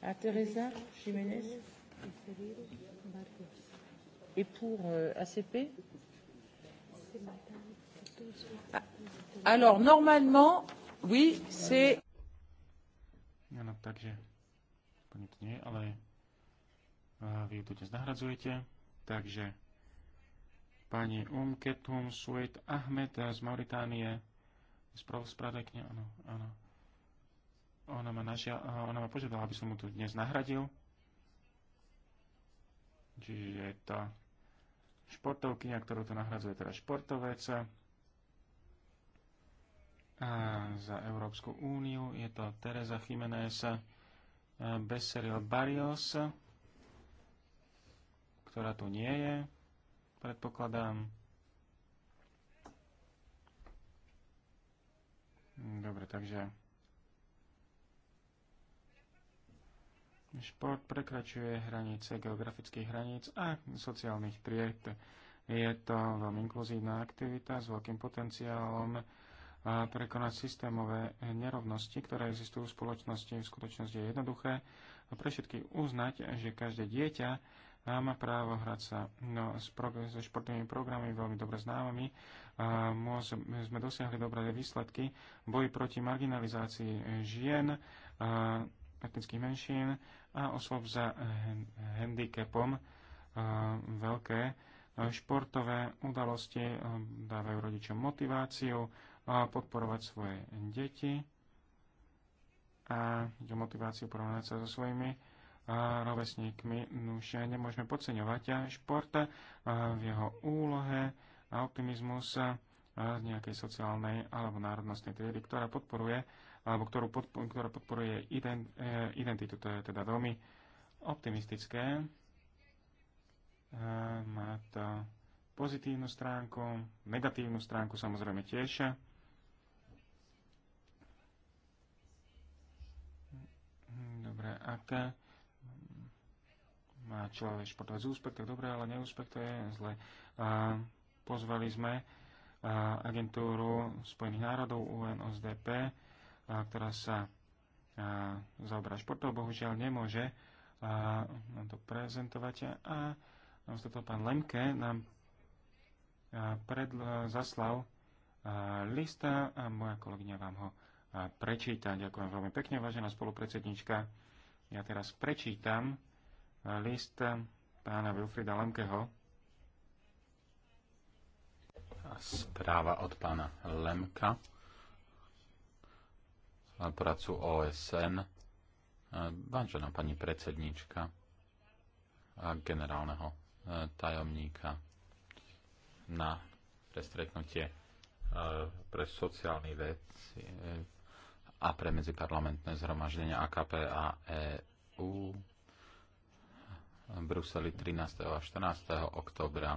à Teresa Jiménez et pour euh, ACP Alors normalement, oui, c'est. Áno, takže plniť nie, ale a vy ju tu dnes nahradzujete. Takže pani Umketum Suet Ahmed z Mauritánie, spravospradekne, áno, áno. Ona ma, našia, ona ma požiadala, aby som mu tu dnes nahradil. Čiže je to športovkyňa, ktorú to nahradzuje teda športovec. A za Európsku úniu je to Teresa Jiménez e, Becerril Barrios, ktorá tu nie je, predpokladám. Dobre, takže Šport prekračuje hranice geografických hraníc a sociálnych tried. Je to veľmi inkluzívna aktivita s veľkým potenciálom prekonať systémové nerovnosti, ktoré existujú v spoločnosti. V skutočnosti je jednoduché pre všetky uznať, že každé dieťa má právo hrať sa no, s prog- so športovými programmi veľmi dobre známymi. Môž, sme dosiahli dobré výsledky Boj proti marginalizácii žien, a, etnických menšín a osôb za handicapom e, veľké e, športové udalosti e, dávajú rodičom motiváciu podporovať svoje deti a motiváciu porovnať sa so svojimi rovesníkmi. No už nemôžeme podceňovať šport v jeho úlohe a optimizmus z nejakej sociálnej alebo národnostnej triedy, ktorá podporuje alebo ktorú podpo- ktorá podporuje ident- eh, identitu. To je teda veľmi optimistické. Eh, má to pozitívnu stránku, negatívnu stránku samozrejme tiež. Dobre, aké má človek športovec úspech, tak dobre, ale neúspech to je zle. E, pozvali sme eh, agentúru Spojených národov UNOSDP, ktorá sa zaoberá športov, bohužiaľ nemôže nám to prezentovať. A namiesto to pán Lemke nám pred, zaslal lista a moja kolegyňa vám ho prečíta. Ďakujem veľmi pekne, vážená spolupredsednička. Ja teraz prečítam list pána Wilfrida Lemkeho. Správa od pána Lemka prácu OSN, vážená pani predsedníčka a generálneho e, tajomníka na prestretnutie e, pre sociálne veci e, a pre medziparlamentné zhromaždenie AKP a EU v Bruseli 13. a 14. oktobra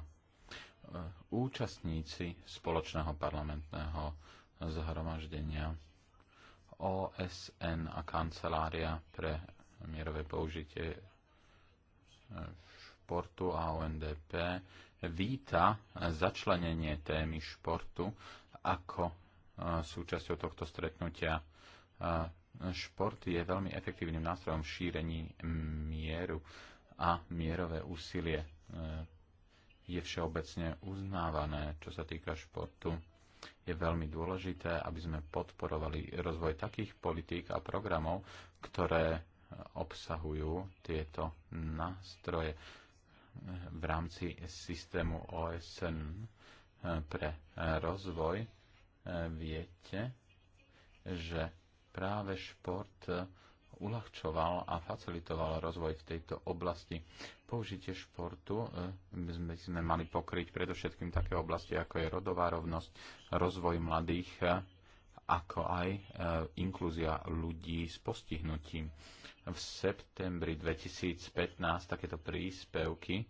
účastníci spoločného parlamentného zhromaždenia OSN a kancelária pre mierové použitie športu eh, a ONDP víta začlenenie témy športu ako eh, súčasťou tohto stretnutia. Eh, šport je veľmi efektívnym nástrojom v šírení mieru a mierové úsilie je všeobecne uznávané, čo sa týka športu je veľmi dôležité, aby sme podporovali rozvoj takých politík a programov, ktoré obsahujú tieto nástroje v rámci systému OSN pre rozvoj. Viete, že práve šport uľahčoval a facilitoval rozvoj v tejto oblasti. Použitie športu by e, sme mali pokryť predovšetkým také oblasti, ako je rodová rovnosť, rozvoj mladých, e, ako aj e, inklúzia ľudí s postihnutím. V septembri 2015 takéto príspevky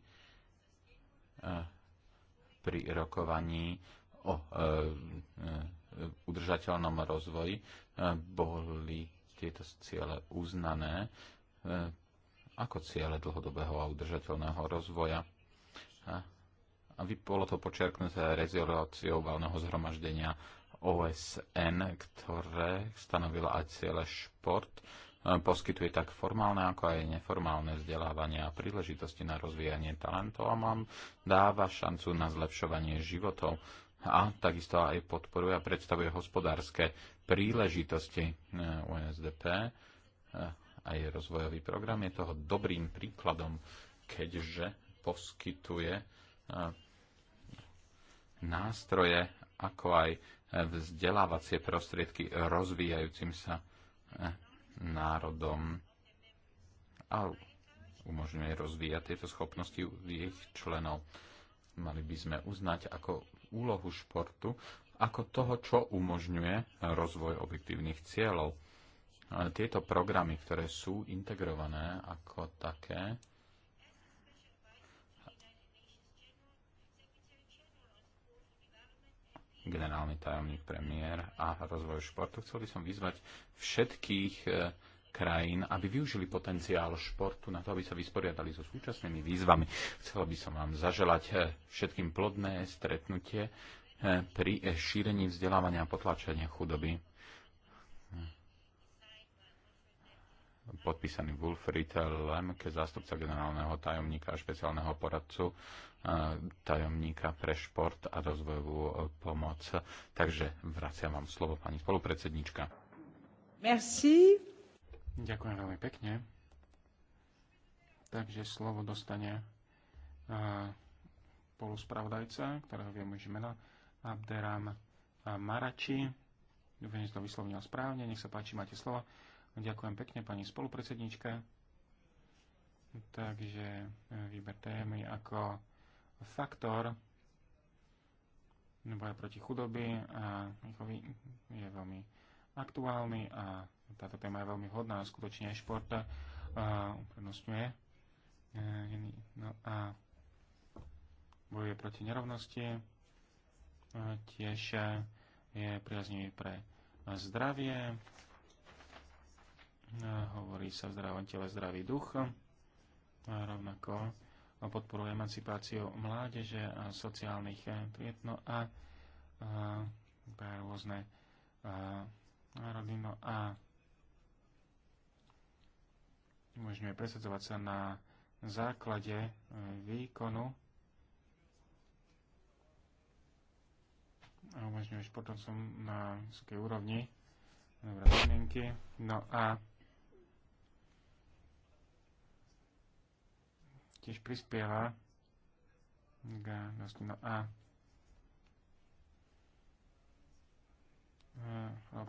pri rokovaní o udržateľnom rozvoji boli tieto ciele uznané e, ako ciele dlhodobého a udržateľného rozvoja. A bolo to počiarknuté rezoláciou valného zhromaždenia OSN, ktoré stanovila aj ciele šport, e, poskytuje tak formálne ako aj neformálne vzdelávanie a príležitosti na rozvíjanie talentov a mám dáva šancu na zlepšovanie životov a takisto aj podporuje a predstavuje hospodárske príležitosti e, UNSDP e, aj rozvojový program. Je toho dobrým príkladom, keďže poskytuje e, nástroje, ako aj vzdelávacie prostriedky rozvíjajúcim sa národom a umožňuje rozvíjať tieto schopnosti ich členov. Mali by sme uznať ako úlohu športu ako toho, čo umožňuje rozvoj objektívnych cieľov. Tieto programy, ktoré sú integrované ako také, generálny tajomník premiér a rozvoj športu. Chcel by som vyzvať všetkých eh, krajín, aby využili potenciál športu na to, aby sa vysporiadali so súčasnými výzvami. Chcela by som vám zaželať eh, všetkým plodné stretnutie eh, pri eh, šírení vzdelávania a potlačenia chudoby. Hm. Podpísaný Wilfried Lemke, zástupca generálneho tajomníka a špeciálneho poradcu tajomníka pre šport a rozvojovú pomoc. Takže vraciam vám slovo, pani spolupredsednička. Merci. Ďakujem veľmi pekne. Takže slovo dostane poluspravodajca, ktorého viem už mena, Abderam Marači. Dúfam, že to vyslovnil správne. Nech sa páči, máte slovo. Ďakujem pekne pani spolupredsedničke. Takže e, výber témy ako faktor boja proti chudoby a je veľmi aktuálny a táto téma je veľmi hodná a skutočne aj šport eh, uprednostňuje. Eh, no a bojuje proti nerovnosti, eh, tiež je priaznivý pre zdravie, hovorí sa v zdravom tele zdravý duch, a rovnako podporuje emancipáciu mládeže a sociálnych tried, no a, a, a rôzne a, národy, no a umožňuje presadzovať sa na základe eh, výkonu a umožňuje športovcom na vysokej úrovni dobré podmienky. No a tiež prispieva k no a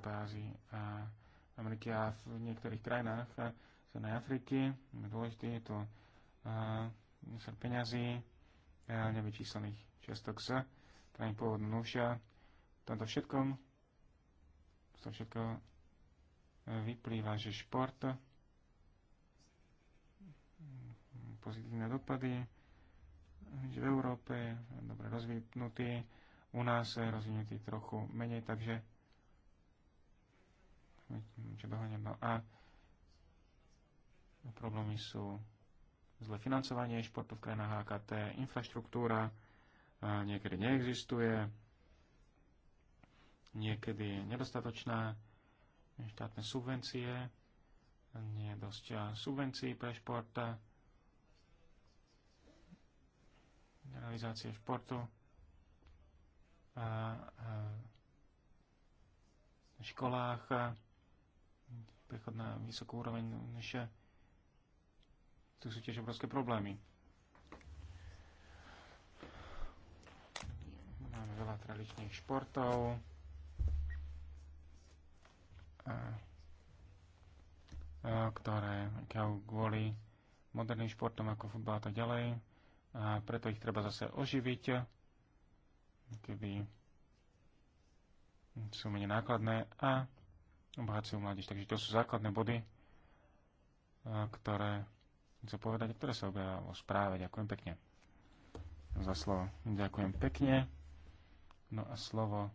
v Ázii a Ameriky a v niektorých krajinách Severnej Afriky. Dôležité je to sa peňazí, nevyčíslených čiastok z krajín pôvodu nuša. Toto všetkom, to všetko vyplýva, že šport pozitívne dopady, že v Európe je dobre rozvinutý, u nás je rozvinutý trochu menej, takže čo ho nemal. a problémy sú zle financovanie športu v krajinách HKT, infraštruktúra niekedy neexistuje, niekedy je nedostatočná, štátne subvencie, nie je dosť subvencií pre šport, realizácie športu a, a v školách prechod na vysokú úroveň, než tu sú tiež obrovské problémy. Máme veľa tradičných športov. A, a, ktoré kvôli moderným športom ako futbal a tak ďalej. A preto ich treba zase oživiť, keby sú menej nákladné a obohacujú mládež. Takže to sú základné body, e, ktoré chcem povedať, ktoré sa objavia vo správe. Ďakujem pekne za slovo. Ďakujem pekne. No a slovo e,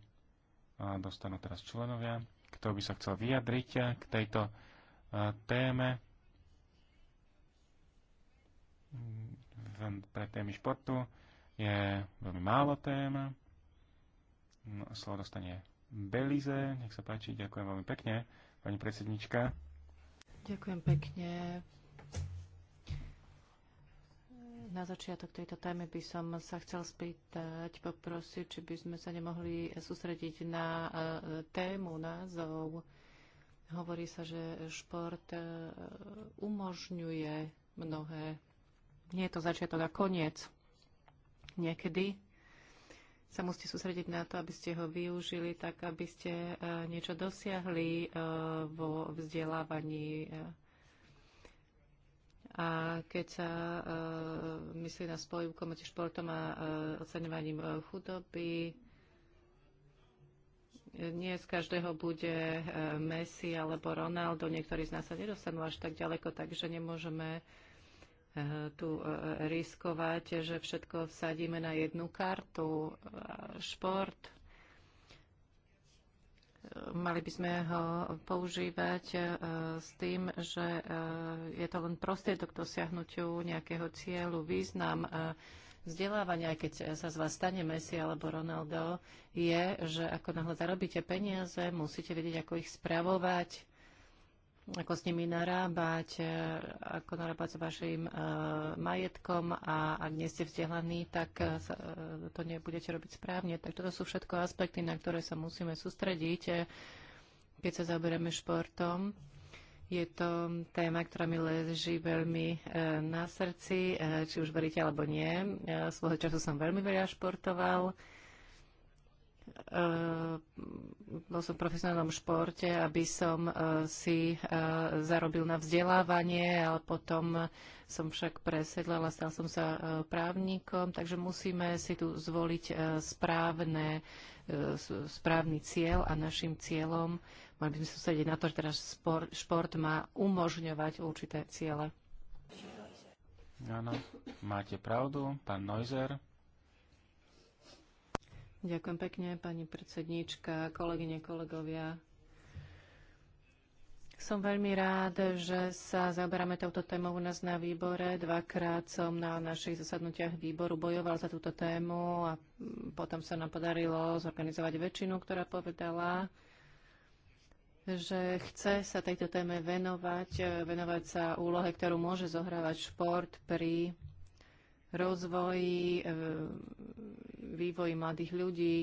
dostanú teraz členovia. Kto by sa chcel vyjadriť k tejto e, téme pre témy športu je veľmi málo téma, No a slovo dostane Belize. Nech sa páči, ďakujem veľmi pekne, pani predsednička. Ďakujem pekne. Na začiatok tejto témy by som sa chcel spýtať, poprosiť, či by sme sa nemohli sústrediť na e, tému, názov. Hovorí sa, že šport e, umožňuje mnohé. Nie je to začiatok a koniec. Niekedy sa musíte sústrediť na to, aby ste ho využili tak, aby ste e, niečo dosiahli e, vo vzdelávaní. E, a keď sa myslí na spojivku medzi športom a oceňovaním chudoby, nie z každého bude Messi alebo Ronaldo, niektorí z nás sa nedostanú až tak ďaleko, takže nemôžeme uh, tu e, e, riskovať, že všetko vsadíme na jednu kartu, šport. E, mali by sme ho používať s tým, že je to len prostriedok k dosiahnutiu nejakého cieľu, význam vzdelávania, keď sa z vás stane Messi alebo Ronaldo, je, že ako náhle zarobíte peniaze, musíte vedieť, ako ich spravovať, ako s nimi narábať, e, ako narábať s vašim e, majetkom a ak nie ste vzdelaní, tak e, e, to nebudete robiť správne. Tak toto sú všetko aspekty, na ktoré sa musíme sústrediť, e, keď sa zaoberáme športom. Je to téma, ktorá mi leží veľmi e, na srdci, či už veríte alebo nie. Svojho času som veľmi veľa športoval Eh, bol som v profesionálnom športe, aby som eh, si eh, zarobil na vzdelávanie, ale potom som však a stal som sa právnikom, takže musíme si tu zvoliť správne, správny cieľ a našim cieľom mali by sme sústrediť na to, že teraz šport má umožňovať určité ciele. Áno, máte pravdu, pán Neuser. Ďakujem pekne, pani predsedníčka, kolegyne, kolegovia. Som veľmi rád, že sa zaoberáme touto témou u nás na výbore. Dvakrát som na našich zasadnutiach výboru bojoval za túto tému a potom sa nám podarilo zorganizovať väčšinu, ktorá povedala, že chce sa tejto téme venovať, venovať sa úlohe, ktorú môže zohrávať šport pri rozvoj, e, vývoji mladých ľudí,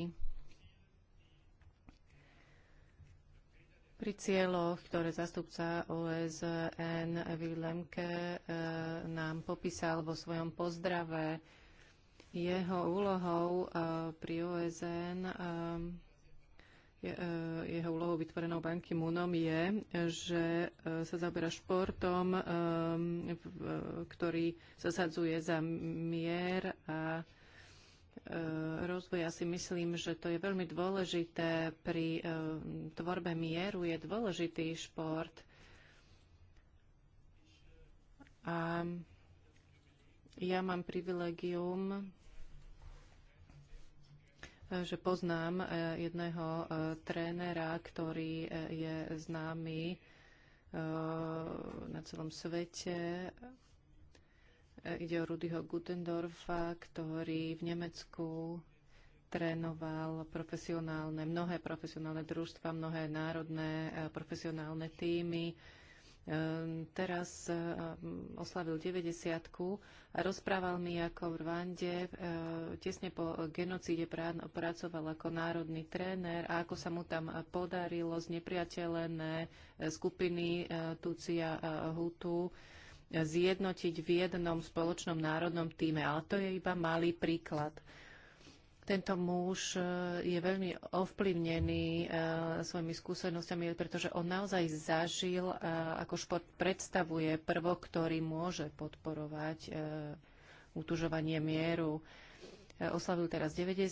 pri cieľoch, ktoré zastupca OSN Evy Lemke e, nám popísal vo svojom pozdrave. Jeho úlohou e, pri OSN E, jeho úlohou vytvorenou banky Munom je, že e, sa zaoberá športom, e, ktorý zasadzuje za mier a rozvoj. Ja si myslím, že to je veľmi dôležité pri tvorbe mieru. Je dôležitý šport. A ja mám privilegium že poznám e, jedného e, trénera, ktorý e, je známy na celom svete. Ide o Rudyho Gutendorfa, ktorý v Nemecku trénoval profesionálne, mnohé profesionálne družstva, mnohé národné profesionálne týmy Ehm, teraz ehm, oslavil 90 a rozprával mi, ako v Rwande ehm, tesne po genocíde pracoval ako národný tréner a ako sa mu tam eh, podarilo znepriateľené eh, skupiny eh, Tucia Hutu zjednotiť v jednom spoločnom národnom týme. Ale to je iba malý príklad. Tento muž e, je veľmi ovplyvnený e, svojimi skúsenostiami, pretože on naozaj zažil, e, ako šport predstavuje prvok, ktorý môže podporovať utužovanie mieru. Oslavil teraz 90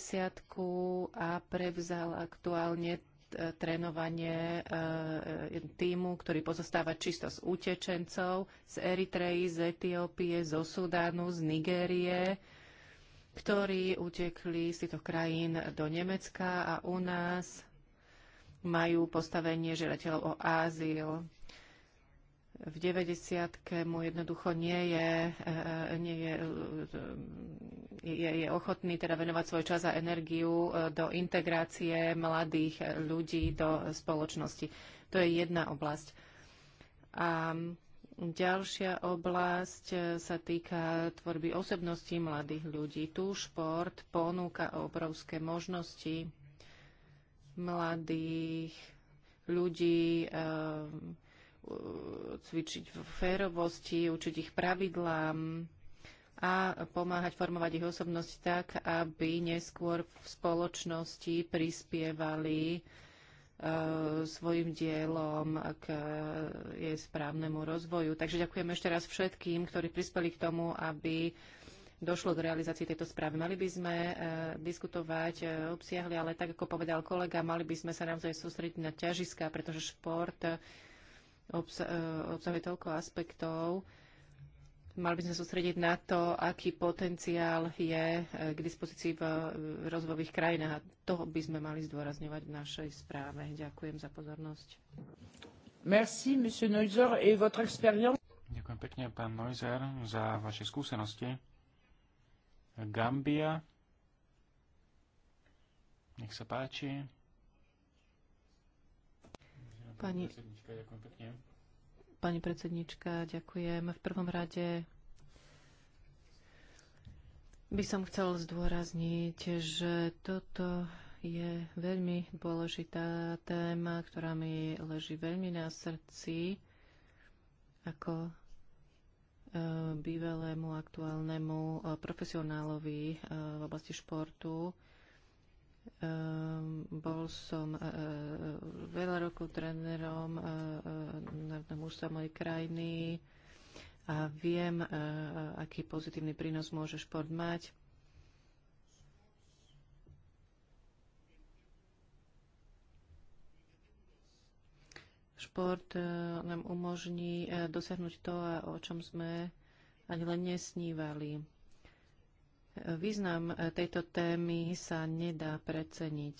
a prevzal aktuálne trénovanie týmu, ktorý pozostáva čisto z utečencov z Eritreji, z Etiópie, zo Sudánu, z Nigérie ktorí utekli z týchto krajín do Nemecka a u nás majú postavenie žiadateľov o azyl. V 90 mu jednoducho nie je, e, nie je, e, je, je ochotný teda venovať svoj čas a energiu e, do integrácie mladých ľudí do spoločnosti. To je jedna oblasť. A Ďalšia oblasť e, sa týka tvorby osobností mladých ľudí. Tu šport ponúka obrovské možnosti mladých ľudí e, cvičiť v férovosti, učiť ich pravidlám a pomáhať formovať ich osobnosť tak, aby neskôr v spoločnosti prispievali E, svojim dielom k e, jej správnemu rozvoju. Takže ďakujem ešte raz všetkým, ktorí prispeli k tomu, aby došlo k realizácii tejto správy. Mali by sme e, diskutovať obsiahli, ale tak ako povedal kolega, mali by sme sa naozaj sústrediť na ťažiska, pretože šport obsa- obsahuje toľko aspektov, Mali by sme sústrediť na to, aký potenciál je eh, k dispozícii eh, v rozvojových krajinách. A toho by sme mali zdôrazňovať v našej správe. Ďakujem za pozornosť. Merci, monsieur Neuser, et votre expérience. Ďakujem pekne, pán Neuser, za vaše skúsenosti. Gambia. Nech sa páči. Pani... Ďakujem pekne pani predsednička, ďakujem. V prvom rade by som chcel zdôrazniť, že toto je veľmi dôležitá téma, ktorá mi leží veľmi na srdci ako e, bývalému aktuálnemu e, profesionálovi e, v oblasti športu. Ehm, bol som e, e, veľa rokov trénerom e, na mužstva mojej krajiny a viem, aký pozitívny prínos môže šport mať. Šport nám umožní dosiahnuť to, o čom sme ani len nesnívali. Význam e, tejto témy sa nedá preceniť.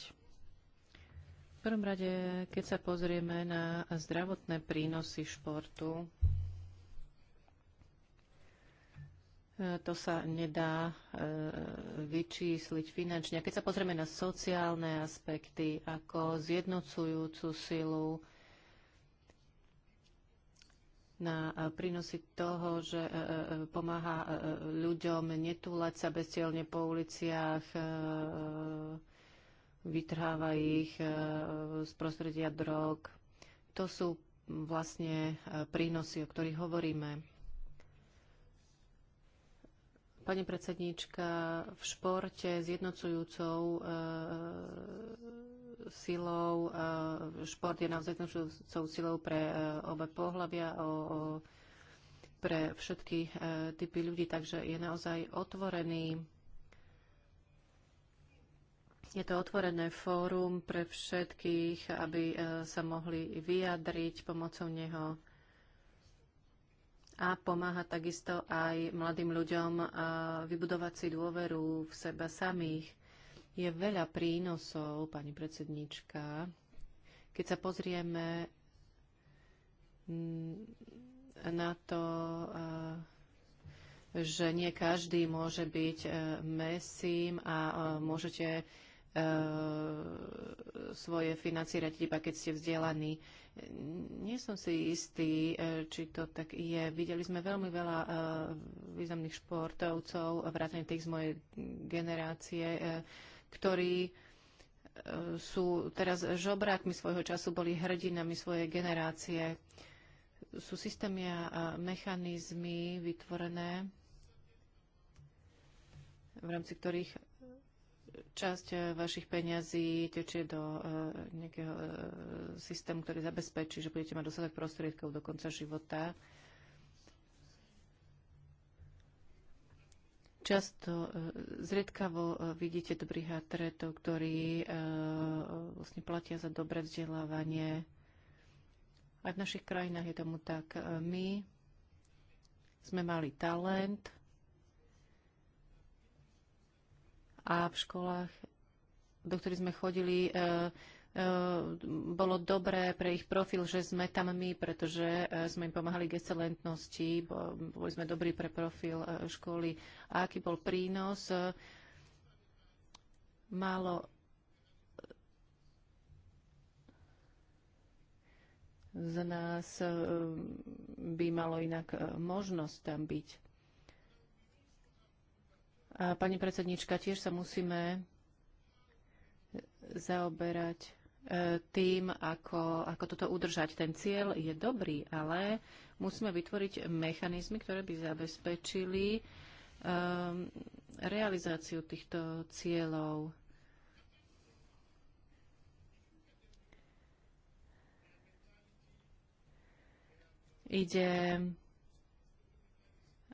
V prvom rade, keď sa pozrieme na zdravotné prínosy športu, e, to sa nedá e, vyčísliť finančne. A keď sa pozrieme na sociálne aspekty, ako zjednocujúcu silu, na e, prínosy toho, že e, e, pomáha ľuďom netúlať sa bezcielne po uliciach, vytrháva ich z prostredia drog. To sú vlastne prínosy, o ktorých hovoríme pani predsedníčka, v športe zjednocujúcou e, silou, e, šport je naozaj jednocujúcou silou pre e, obe pohľavia, o, o, pre všetky e, typy ľudí, takže je naozaj otvorený. Je to otvorené fórum pre všetkých, aby e, sa mohli vyjadriť pomocou neho a pomáha takisto aj mladým ľuďom vybudovať si dôveru v seba samých. Je veľa prínosov, pani predsednička. Keď sa pozrieme mm, na to, že nie každý môže byť e, mesím a e, môžete E, svoje financie radiť iba keď ste vzdelaní. Nie som si istý, e, či to tak je. Videli sme veľmi veľa e, významných športovcov, vrátane tých z mojej generácie, ktorí sú teraz žobrákmi svojho času, boli hrdinami svojej generácie. Sú systémy a mechanizmy vytvorené, v rámci ktorých časť e, vašich peňazí tečie do e, nejakého e, systému, ktorý zabezpečí, že budete mať dostatok prostriedkov do konca života. Často zriedkavo vidíte dobrých atretov, ktorí vlastne platia za dobré vzdelávanie. Aj v našich krajinách je tomu tak. My sme mali talent, a v školách, do ktorých sme chodili, e, e, bolo dobré pre ich profil, že sme tam my, pretože e, sme im pomáhali k excelentnosti, boli sme dobrí pre profil školy. A aký bol prínos? Málo z nás by malo inak možnosť tam byť. A pani predsednička, tiež sa musíme zaoberať e, tým, ako, ako toto udržať. Ten cieľ je dobrý, ale musíme vytvoriť mechanizmy, ktoré by zabezpečili um, realizáciu týchto cieľov. Ide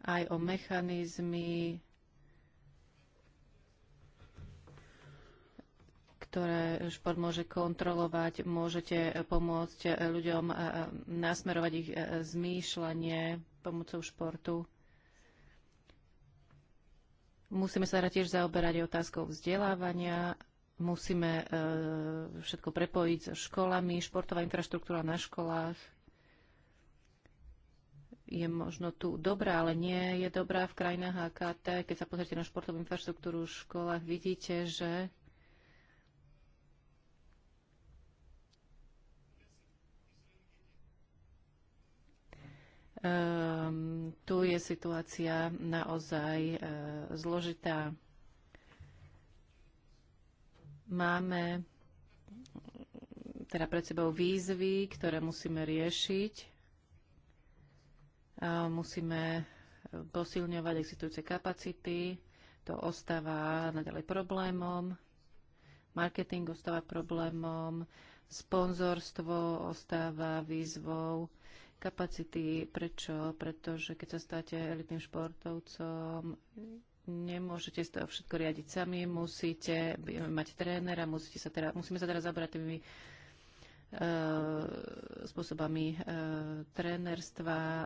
aj o mechanizmy ktoré šport môže kontrolovať, môžete pomôcť eh, ľuďom eh, eh, nasmerovať ich zmýšľanie pomocou športu. Musíme sa tiež zaoberať otázkou vzdelávania, musíme všetko prepojiť s školami, športová infraštruktúra na školách, je možno tu dobrá, ale nie je dobrá v krajinách AKT. Keď sa pozrite na športovú infraštruktúru v školách, vidíte, že Um, tu je situácia naozaj uh, zložitá. Máme teda pred sebou výzvy, ktoré musíme riešiť. Musíme posilňovať existujúce kapacity. To ostáva nadalej problémom. Marketing ostáva problémom. Sponzorstvo ostáva výzvou kapacity. Prečo? Pretože keď sa státe elitným športovcom, nemôžete z toho všetko riadiť sami, musíte mať trénera, musíte sa teraz, musíme sa teraz zabrať tými e, spôsobami e, trénerstva, e,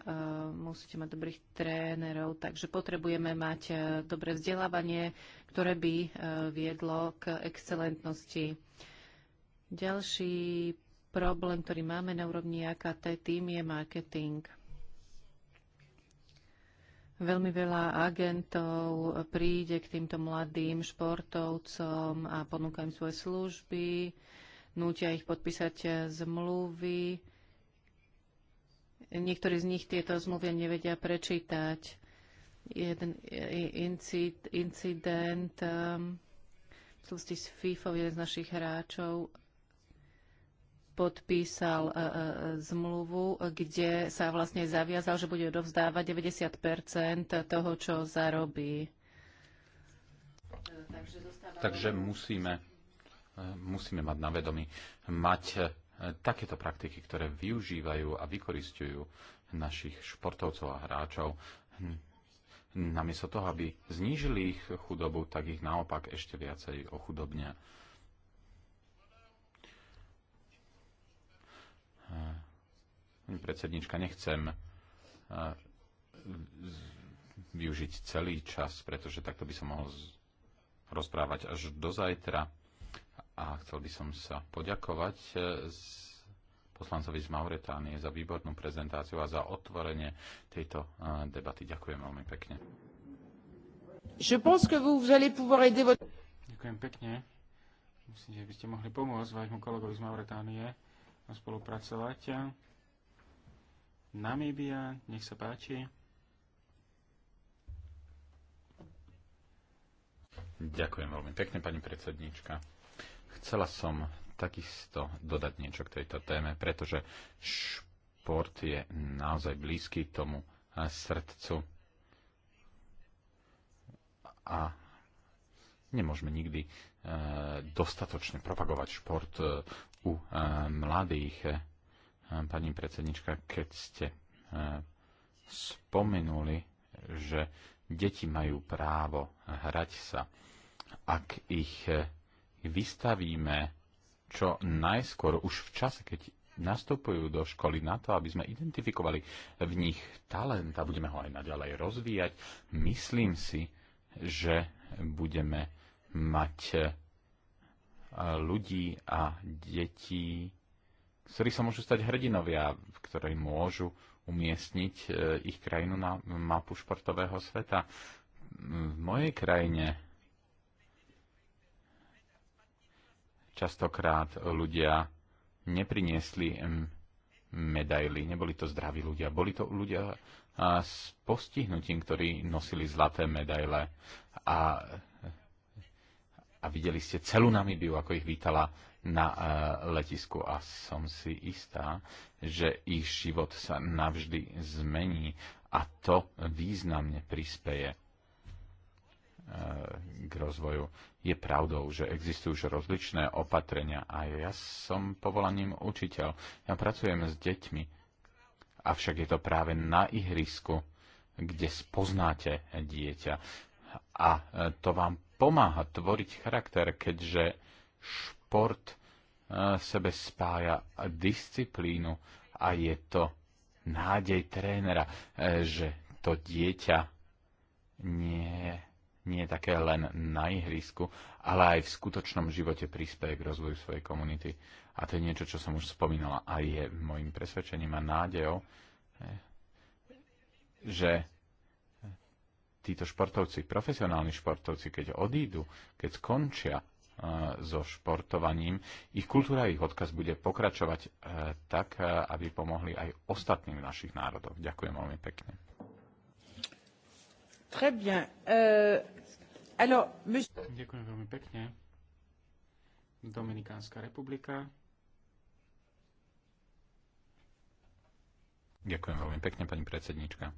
musíte mať dobrých trénerov, takže potrebujeme mať e, dobré vzdelávanie, ktoré by e, viedlo k excelentnosti. Ďalší problém, ktorý máme na úrovni AKT, tým je marketing. Veľmi veľa agentov príde k týmto mladým športovcom a ponúka im svoje služby, nútia ich podpísať zmluvy. Niektorí z nich tieto zmluvy nevedia prečítať. Jeden incident um, v súvislosti s FIFO, jeden z našich hráčov, podpísal e, e, zmluvu, kde sa vlastne zaviazal, že bude odovzdávať 90 toho, čo zarobí. E, takže musíme, musíme mať na vedomí, mať takéto praktiky, ktoré využívajú a vykoristujú našich športovcov a hráčov. Namiesto toho, aby znížili ich chudobu, tak ich naopak ešte viacej ochudobnia. Pani Predsednička, nechcem využiť celý čas, pretože takto by som mohol rozprávať až do zajtra. A chcel by som sa poďakovať e, poslancovi z Mauretánie za výbornú prezentáciu a za otvorenie tejto e, debaty. Ďakujem veľmi pekne. Je pense que vous, vous allez pouvoir aider votre... Ďakujem pekne. Myslím, že by ste mohli pomôcť vášmu kolegovi z Mauretánie spolupracovať. Namíbia, nech sa páči. Ďakujem veľmi pekne, pani predsedníčka. Chcela som takisto dodať niečo k tejto téme, pretože šport je naozaj blízky tomu eh, srdcu. A nemôžeme nikdy dostatočne propagovať šport e, u e, mladých. E, pani predsednička, keď ste spomenuli, že deti majú právo hrať sa, ak ich vystavíme čo najskôr už v čase, keď nastupujú do školy na to, aby sme identifikovali v nich talent a budeme ho aj naďalej rozvíjať, myslím si, že budeme mať eh, ľudí a detí, ktorí sa môžu stať hrdinovia, ktorí môžu umiestniť eh, ich krajinu na mapu športového sveta. Mm, v mojej krajine častokrát ľudia nepriniesli medaily. Neboli to zdraví ľudia, boli to ľudia eh, s postihnutím, ktorí nosili zlaté medaile. A a videli ste celú Namibiu, ako ich vítala na e, letisku a som si istá, že ich život sa navždy zmení a to významne prispeje e, k rozvoju. Je pravdou, že existujú už rozličné opatrenia a ja som povolaním učiteľ. Ja pracujem s deťmi, avšak je to práve na ihrisku, kde spoznáte dieťa a e, to vám pomáha tvoriť charakter, keďže šport eh, sebe spája disciplínu a je to nádej trénera, eh, že to dieťa nie, nie je také len na ihrisku, ale aj v skutočnom živote prispieje k rozvoju svojej komunity. A to je niečo, čo som už spomínala a je môjim presvedčením a nádejou, eh, že títo športovci, profesionálni športovci, keď odídu, keď skončia e, so športovaním. Ich kultúra, ich odkaz bude pokračovať e, tak, e, aby pomohli aj ostatným našich národov. Ďakujem veľmi pekne. Très bien. Uh, alors, Ďakujem veľmi pekne. Dominikánska republika. Ďakujem veľmi pekne, pani predsednička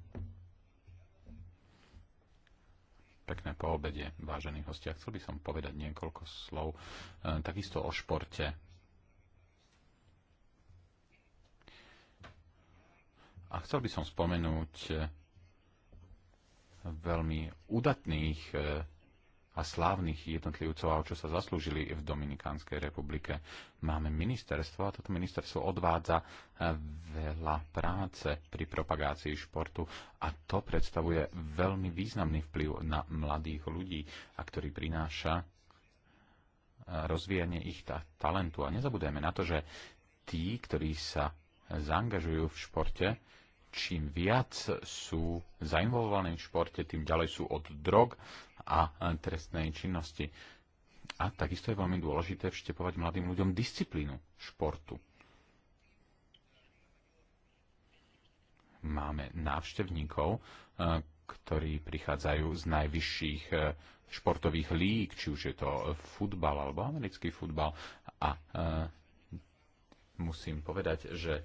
pekné poobedie, vážení hostia. Chcel by som povedať niekoľko slov e, takisto o športe. A chcel by som spomenúť e, veľmi udatných e, a slávnych jednotlivcov, čo sa zaslúžili v Dominikánskej republike. Máme ministerstvo a toto ministerstvo odvádza eh, veľa práce pri propagácii športu a to predstavuje veľmi významný vplyv na mladých ľudí, a ktorý prináša eh, rozvíjanie ich ta- talentu. A nezabudujeme na to, že tí, ktorí sa zaangažujú v športe, čím viac sú zainvolvovaní v športe, tým ďalej sú od drog, a trestnej činnosti. A takisto je veľmi dôležité vštepovať mladým ľuďom disciplínu športu. Máme návštevníkov, e, ktorí prichádzajú z najvyšších e, športových líg, či už je to futbal alebo americký futbal. A e, musím povedať, že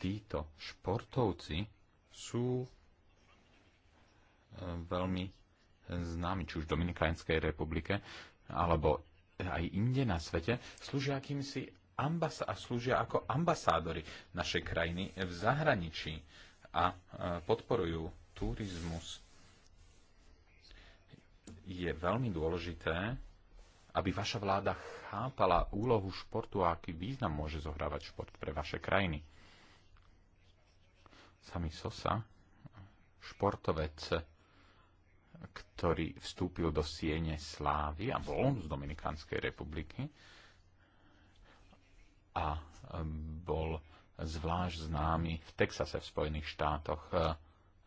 títo športovci sú veľmi známi, či už v Dominikánskej republike, alebo aj inde na svete, slúžia akýmsi ambasa- a slúžia ako ambasádory našej krajiny v zahraničí a e, podporujú turizmus. Je veľmi dôležité, aby vaša vláda chápala úlohu športu a aký význam môže zohrávať šport pre vaše krajiny. Sami Sosa, športovec ktorý vstúpil do Siene Slávy a bol z Dominikánskej republiky a e, bol zvlášť známy v Texase v Spojených štátoch e,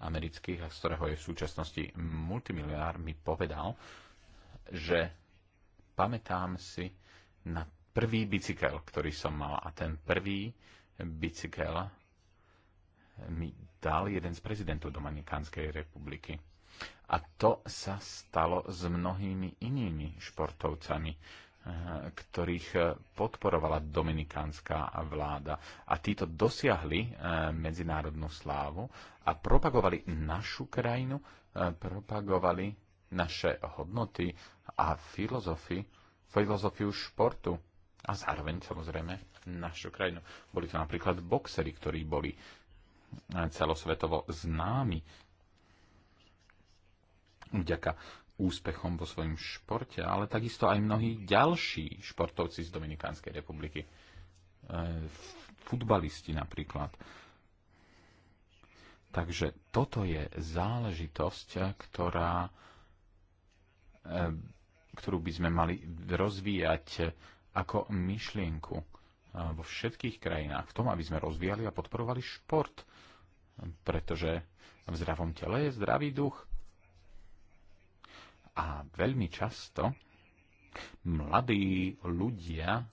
amerických, z ktorého je v súčasnosti multimiliár, mi povedal, že pamätám si na prvý bicykel, ktorý som mal. A ten prvý bicykel mi dal jeden z prezidentov Dominikánskej republiky. A to sa stalo s mnohými inými športovcami, eh, ktorých eh, podporovala dominikánska vláda. A títo dosiahli eh, medzinárodnú slávu a propagovali našu krajinu, propagovali naše hodnoty a filozofii, filozofiu športu a zároveň samozrejme našu krajinu. Boli to napríklad boxery, ktorí boli celosvetovo známi vďaka úspechom vo svojom športe, ale takisto aj mnohí ďalší športovci z Dominikánskej republiky. E, futbalisti napríklad. Takže toto je záležitosť, ktorá, e, ktorú by sme mali rozvíjať ako myšlienku e, vo všetkých krajinách v tom, aby sme rozvíjali a podporovali šport, pretože v zdravom tele je zdravý duch a veľmi často mladí ľudia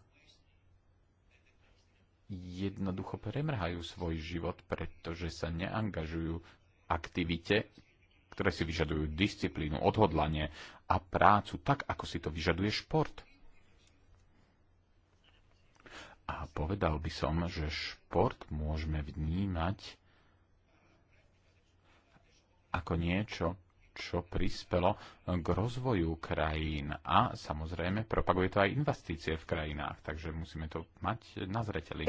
jednoducho premrhajú svoj život, pretože sa neangažujú v aktivite, ktoré si vyžadujú disciplínu, odhodlanie a prácu tak, ako si to vyžaduje šport. A povedal by som, že šport môžeme vnímať ako niečo, čo prispelo k rozvoju krajín a samozrejme propaguje to aj investície v krajinách, takže musíme to mať na zreteli.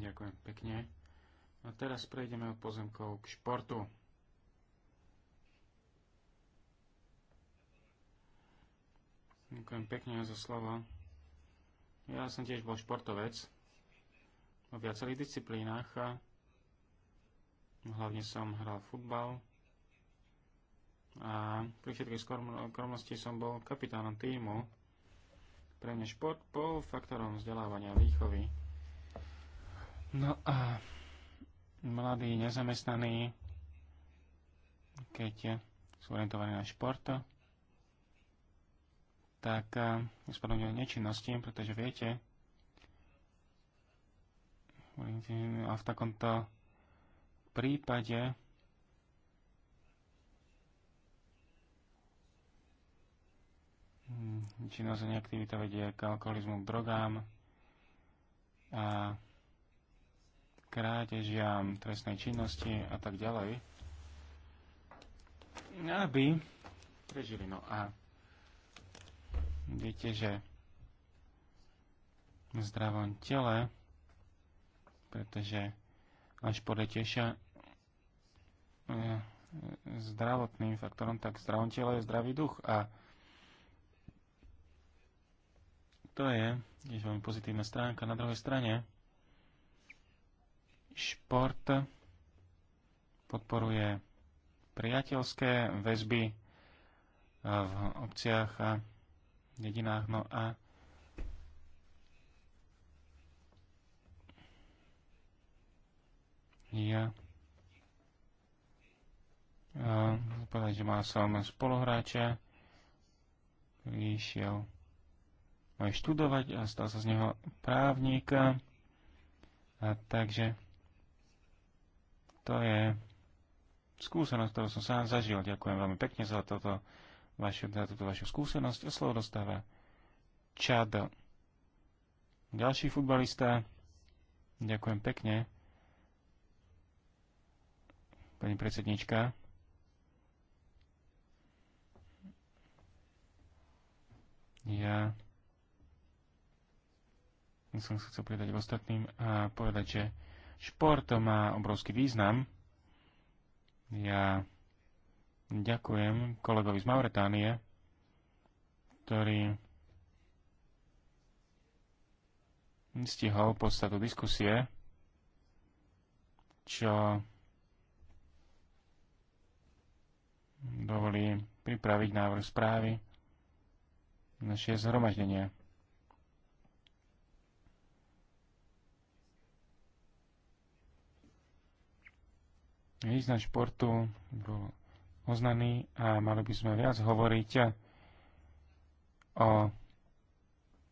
Ďakujem pekne. A teraz prejdeme od pozemkov k športu. Ďakujem pekne za slovo. Ja som tiež bol športovec vo viacerých disciplínach a Hlavne som hral futbal. A pri všetkej skromnosti som bol kapitánom týmu. Pre mňa šport bol faktorom vzdelávania výchovy. No a mladí nezamestnaní, keď sú orientovaní na šport, tak e, spadnú nečinnosti, pretože viete, a v takomto prípade mm, činnosť a neaktivita vedie k alkoholizmu, drogám a krádežiam, trestnej činnosti a tak ďalej, aby prežili. No a viete, že v zdravom tele, pretože až podľa E, zdravotným faktorom, tak zdravom telo je zdravý duch. A to je tiež veľmi pozitívna stránka. Na druhej strane šport podporuje priateľské väzby e, v obciach a dedinách. No a ja povedať, že mal som spoluhráča, ktorý išiel aj študovať a stal sa z neho právnika. A takže to je skúsenosť, ktorú som sám zažil. Ďakujem veľmi pekne za, toto, vašu, za túto vašu skúsenosť. A slovo dostáva Čado. Ďalší futbalista. Ďakujem pekne. Pani predsednička. Ja som sa chcel povedať ostatným a povedať, že šport má obrovský význam. Ja ďakujem kolegovi z Mauretánie, ktorý stihol podstatu diskusie, čo dovolí pripraviť návrh správy naše zhromaždenie. na športu bol oznaný a mali by sme viac hovoriť o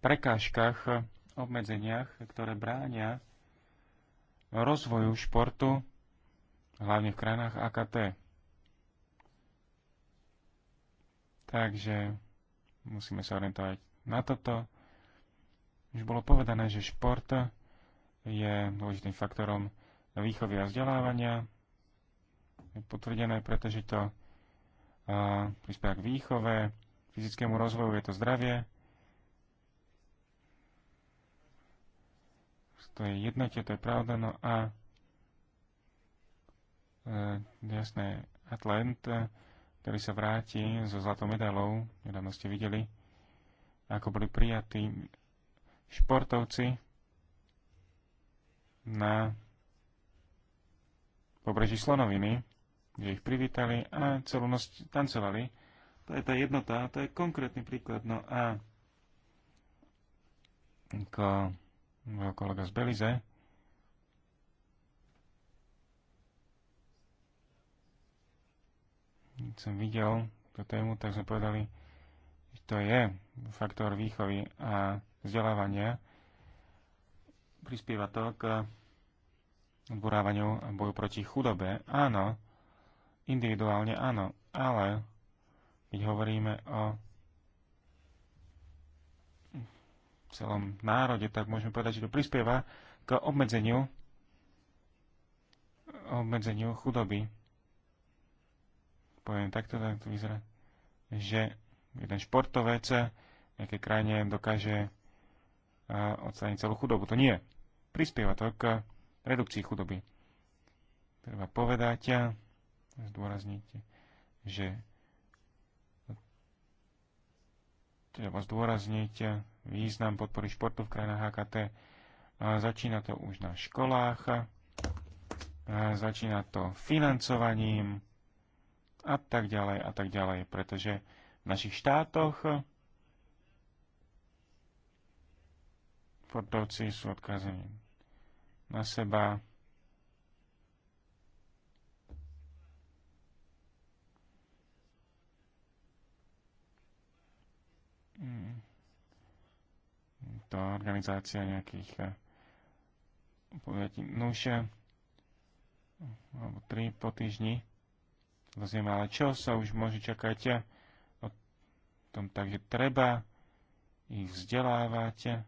prekážkach, obmedzeniach, ktoré bránia rozvoju športu, hlavne v krajinách AKT. Takže Musíme sa orientovať na toto. Už bolo povedané, že šport je dôležitým faktorom výchovy a vzdelávania. Je potvrdené, pretože to prispieva k výchove, fyzickému rozvoju, je to zdravie. To je jednotie, to je pravda, no a e, jasné, Atlant, ktorý sa vráti so zlatou medalou, nedávno ste videli, ako boli prijatí športovci na pobreží Slonoviny, kde ich privítali a celú noc tancovali. To je tá jednota, to je konkrétny príklad. No a ako môj kolega z Belize, som videl tú tému, tak sme povedali, že to je faktor výchovy a vzdelávania. Prispieva to k odburávaniu a boju proti chudobe. Áno, individuálne áno, ale keď hovoríme o celom národe, tak môžeme povedať, že to prispieva k obmedzeniu obmedzeniu chudoby poviem takto, tak to vyzerá, že jeden športovec v nejakej krajine dokáže e, odstrániť celú chudobu. To nie. Prispieva to k redukcii chudoby. Treba povedať a zdôrazniť, že treba zdôrazniť význam podpory športu v krajinách HKT. E, začína to už na školách, e, začína to financovaním, a tak ďalej a tak ďalej, pretože v našich štátoch sportovci sú odkazení na seba, to organizácia nejakých eh, povedatí nuše alebo tri po týždni Zaznieme, ale čo sa už môže čakať o tom, takže treba ich vzdelávať,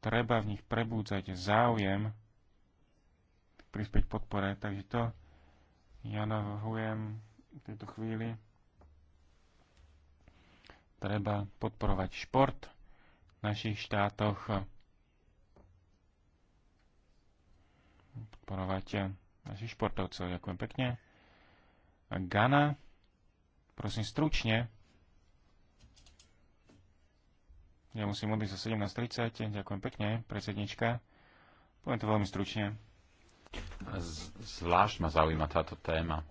treba v nich prebúdzať záujem, prispieť podpore, takže to ja navrhujem v tejto chvíli. Treba podporovať šport v našich štátoch, podporovať našich športovcov. Ďakujem pekne. Gana. Prosím, stručne. Ja musím odísť za 17.30. Ďakujem pekne, predsednička. Poviem to veľmi stručne. Z, zvlášť ma zaujíma táto téma,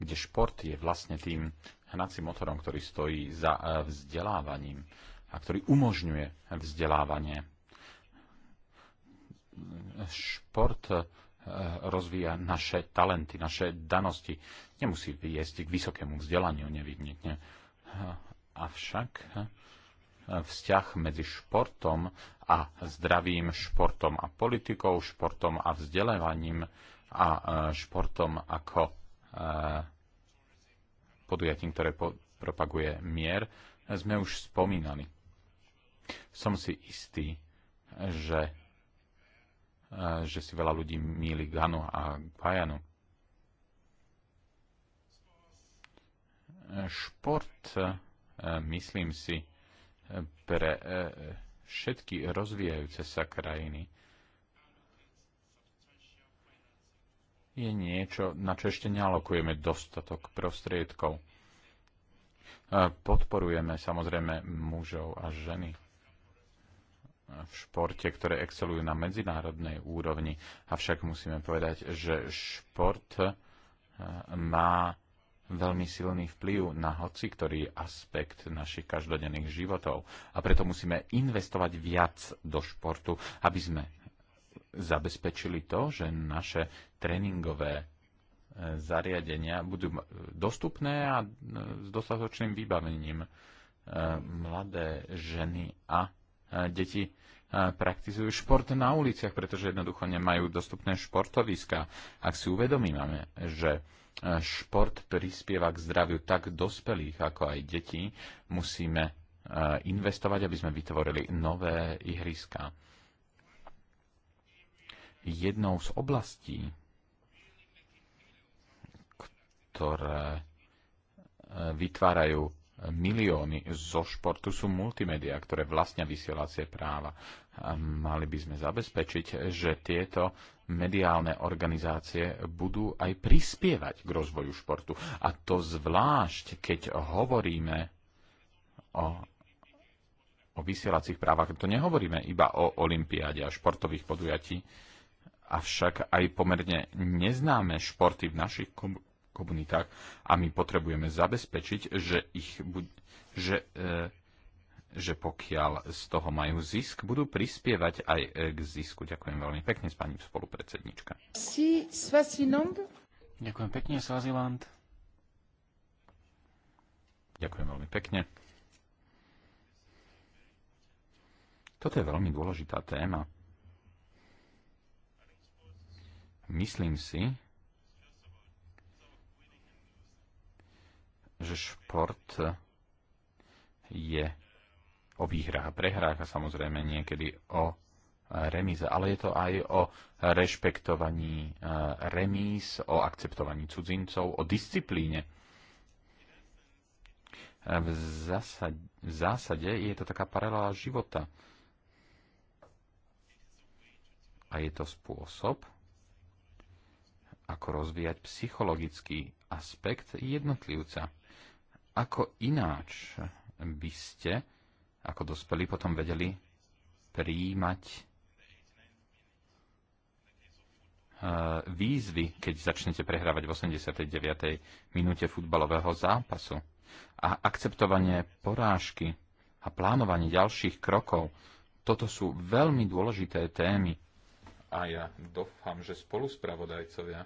kde šport je vlastne tým hnacím motorom, ktorý stojí za e, vzdelávaním a ktorý umožňuje vzdelávanie. Šport Eh, rozvíja naše talenty, naše danosti. Nemusí viesť k vysokému vzdelaniu nevyhnutne. Eh, avšak eh, vzťah medzi športom a zdravým športom a politikou, športom a vzdelávaním a športom ako podujatím, ktoré propaguje mier, sme už spomínali. Som si istý, že že si veľa ľudí míli ganu a k Pajanu. Šport, e, myslím si, pre e, všetky rozvíjajúce sa krajiny je niečo, na čo ešte nealokujeme dostatok prostriedkov. E, podporujeme samozrejme mužov a ženy v športe, ktoré excelujú na medzinárodnej úrovni. Avšak musíme povedať, že šport eh, má veľmi silný vplyv na hoci ktorý aspekt našich každodenných životov. A preto musíme investovať viac do športu, aby sme zabezpečili to, že naše tréningové eh, zariadenia budú eh, dostupné a s dostatočným vybavením. Mladé ženy a deti praktizujú šport na uliciach, pretože jednoducho nemajú dostupné športoviska. Ak si uvedomíme, že e, šport prispieva k zdraviu tak dospelých, ako aj detí, musíme e, investovať, aby sme vytvorili nové ihriska. Jednou z oblastí, ktoré e, vytvárajú milióny zo športu sú multimédia, ktoré vlastnia vysielacie práva. Mali by sme zabezpečiť, že tieto mediálne organizácie budú aj prispievať k rozvoju športu. A to zvlášť, keď hovoríme o o vysielacích právach. To nehovoríme iba o olimpiáde a športových podujatí, avšak aj pomerne neznáme športy v našich komunitách a my potrebujeme zabezpečiť, že ich že, e, že pokiaľ z toho majú zisk, budú prispievať aj e, k zisku. Ďakujem veľmi pekne, pani spolupredsednička. Si, Ďakujem pekne, Svaziland. Ďakujem veľmi pekne. Toto je veľmi dôležitá téma. Myslím si, že šport je o výhrách a prehrách a samozrejme niekedy o remíze, ale je to aj o rešpektovaní e, remíz, o akceptovaní cudzincov, o disciplíne. E, v zásade, v zásade je to taká paralela života. A je to spôsob, ako rozvíjať psychologický aspekt jednotlivca. Ako ináč by ste, ako dospelí, potom vedeli príjmať e, výzvy, keď začnete prehrávať v 89. minúte futbalového zápasu a akceptovanie porážky a plánovanie ďalších krokov. Toto sú veľmi dôležité témy a ja dúfam, že spoluspravodajcovia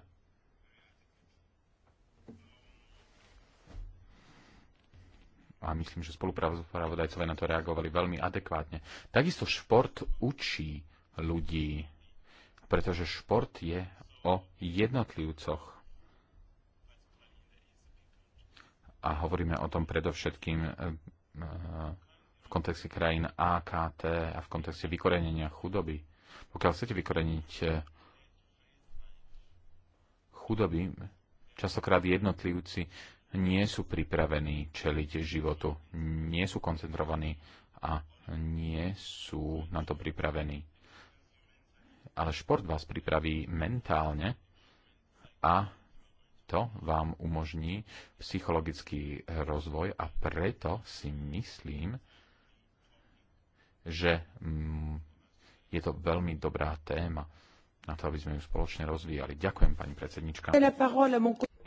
a myslím, že spolupravodajcovia na to reagovali veľmi adekvátne. Takisto šport učí ľudí, pretože šport je o jednotlivcoch. A hovoríme o tom predovšetkým eh, v kontexte krajín AKT a v kontexte vykorenenia chudoby. Pokiaľ chcete vykoreniť eh, chudoby, častokrát jednotlivci nie sú pripravení čeliť životu, nie sú koncentrovaní a nie sú na to pripravení. Ale šport vás pripraví mentálne a to vám umožní psychologický rozvoj a preto si myslím, že mm, je to veľmi dobrá téma na to, aby sme ju spoločne rozvíjali. Ďakujem, pani predsednička.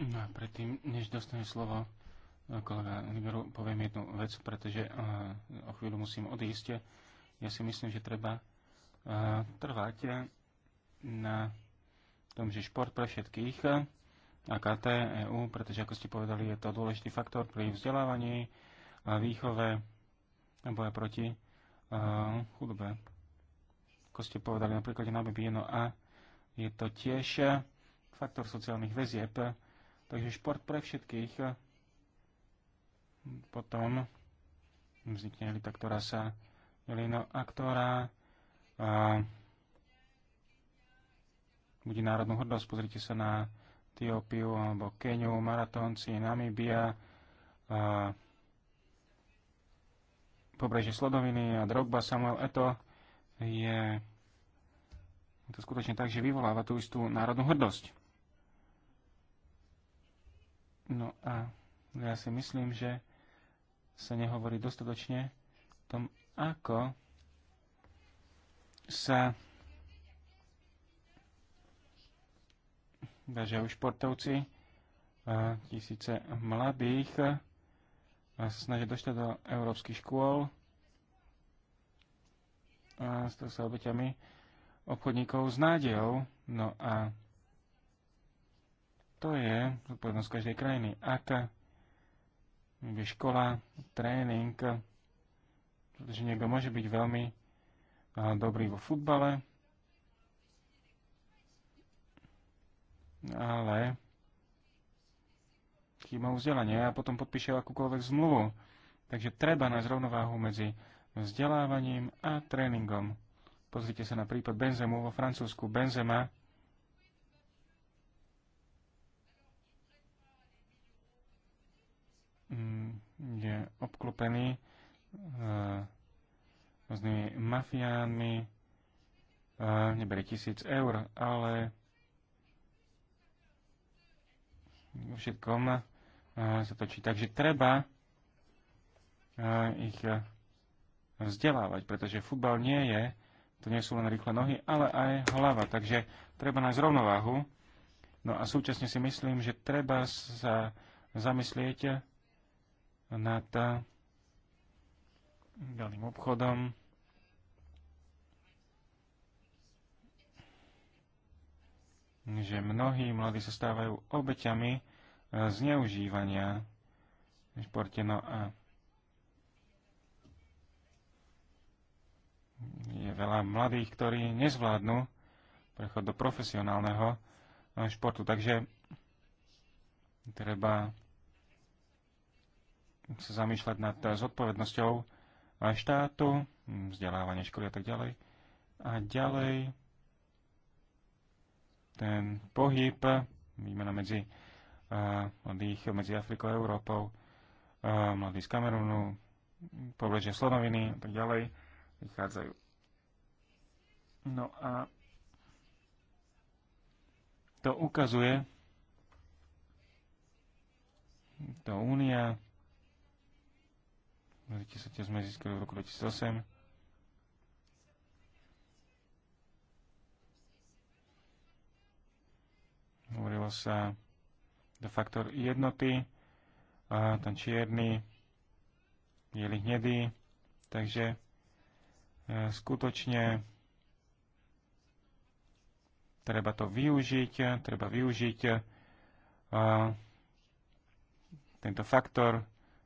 No a predtým, než dostane slovo e, kolega Liberu, poviem jednu vec, pretože e, o chvíľu musím odísť. Ja si myslím, že treba e, trvať na tom, že šport pre všetkých KT, EU, pretože ako ste povedali, je to dôležitý faktor pri vzdelávaní, výchove a boja proti chudobe. Ako ste povedali napríklad na BBNO a je to tiež faktor sociálnych väzieb. Takže šport pre všetkých. Potom vznikne Elita, ktorá sa delí, a ktorá a, bude národnú hrdosť. Pozrite sa na Etiópiu alebo Keniu, maratónci, Namíbia. a, pobrežie Slodoviny a Drogba Samuel Eto je to skutočne tak, že vyvoláva tú istú národnú hrdosť. No a ja si myslím, že sa nehovorí dostatočne o tom, ako sa dažajú športovci, tisíce mladých a sa snažia dostať do európskych škôl a stali sa obeťami obchodníkov s nádejou. No a to je zodpovednosť každej krajiny. Ak je škola, tréning, pretože niekto môže byť veľmi dobrý vo futbale, ale chýba vzdelanie a potom podpíše akúkoľvek zmluvu. Takže treba nájsť rovnováhu medzi vzdelávaním a tréningom. Pozrite sa na prípad Benzemu vo Francúzsku. Benzema je obklopený e, rôznymi e, mafiánmi, e, neberie tisíc eur, ale vo všetkom e, sa točí. Takže treba e, ich e, vzdelávať, pretože futbal nie je, to nie sú len rýchle nohy, ale aj hlava. Takže treba nájsť rovnováhu. No a súčasne si myslím, že treba sa zamyslieť nad daným obchodom. že mnohí mladí sa stávajú obeťami e, zneužívania v športe. No a je veľa mladých, ktorí nezvládnu prechod do profesionálneho e, športu. Takže treba sa zamýšľať nad zodpovednosťou štátu, vzdelávanie školy a tak ďalej. A ďalej ten pohyb, výmena medzi mladých, medzi Afrikou a Európou, mladí z Kamerunu, pobrežie Slonoviny a tak ďalej, vychádzajú. No a to ukazuje, to únia, tie sme získali v roku 2008. Hovorilo sa do faktor jednoty, a tam čierny, biely hnedý, takže e, skutočne treba to využiť, treba využiť tento faktor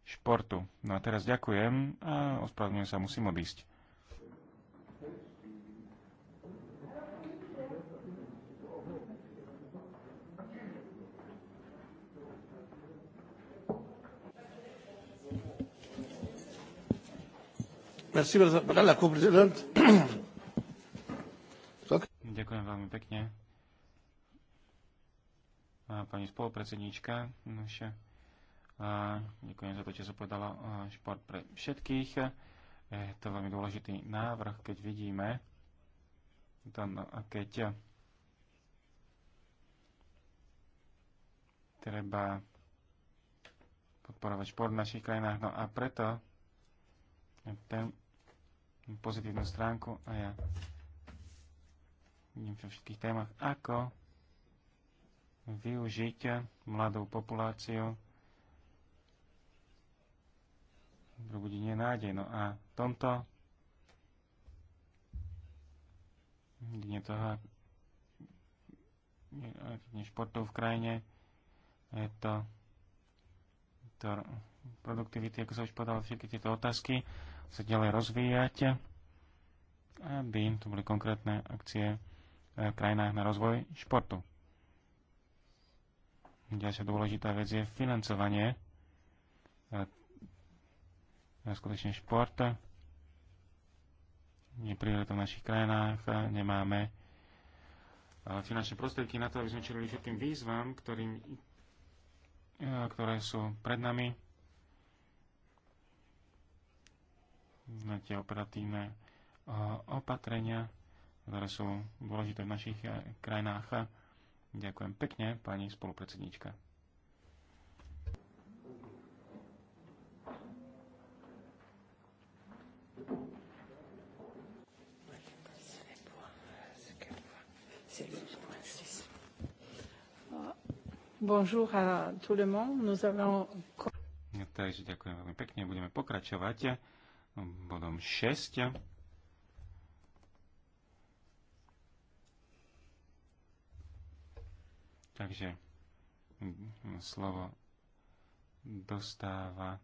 športu. No a teraz ďakujem a ospravedlňujem sa, musím odísť. Ďakujem veľmi pekne. A pani spolupredsedníčka, naša ďakujem za to, čo sa povedala šport pre všetkých. Je to veľmi dôležitý návrh, keď vidíme, tam, no, keď treba podporovať šport v našich krajinách. No a preto ten pozitívnu stránku a ja vidím vo všetkých témach, ako využiť mladú populáciu probudenie nádej. No a tomto dne toho dne športov v krajine je to, to produktivity, ako sa už podal, všetky tieto otázky sa ďalej rozvíjať, aby tu boli konkrétne akcie v krajinách na rozvoj športu. Ďalšia dôležitá vec je financovanie skutečne šport. Je to v našich krajinách, nemáme eh, finančné prostriedky na to, aby sme čelili všetkým výzvam, ktorým, eh, ktoré sú pred nami. Na tie operatívne eh, opatrenia, ktoré sú dôležité v našich krajinách. Ďakujem pekne, pani spolupredsedníčka. Bonjour à tout le monde. Nous avons... Takže ďakujem veľmi pekne. Budeme pokračovať bodom 6. Takže slovo dostáva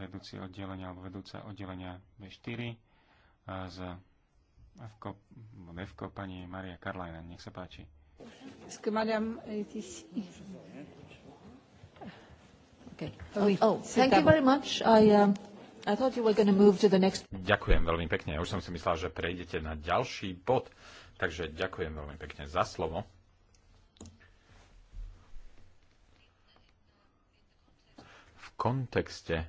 vedúci oddelenia alebo vedúca oddelenia B4 z FKO, FKO pani Maria Karlajna. Nech sa páči. Est-ce que madame est ici okay. oh, oh thank you very much. I, um, Ďakujem veľmi pekne. už som si myslela, že prejdete na ďalší bod. Takže ďakujem veľmi pekne za slovo. V kontexte e,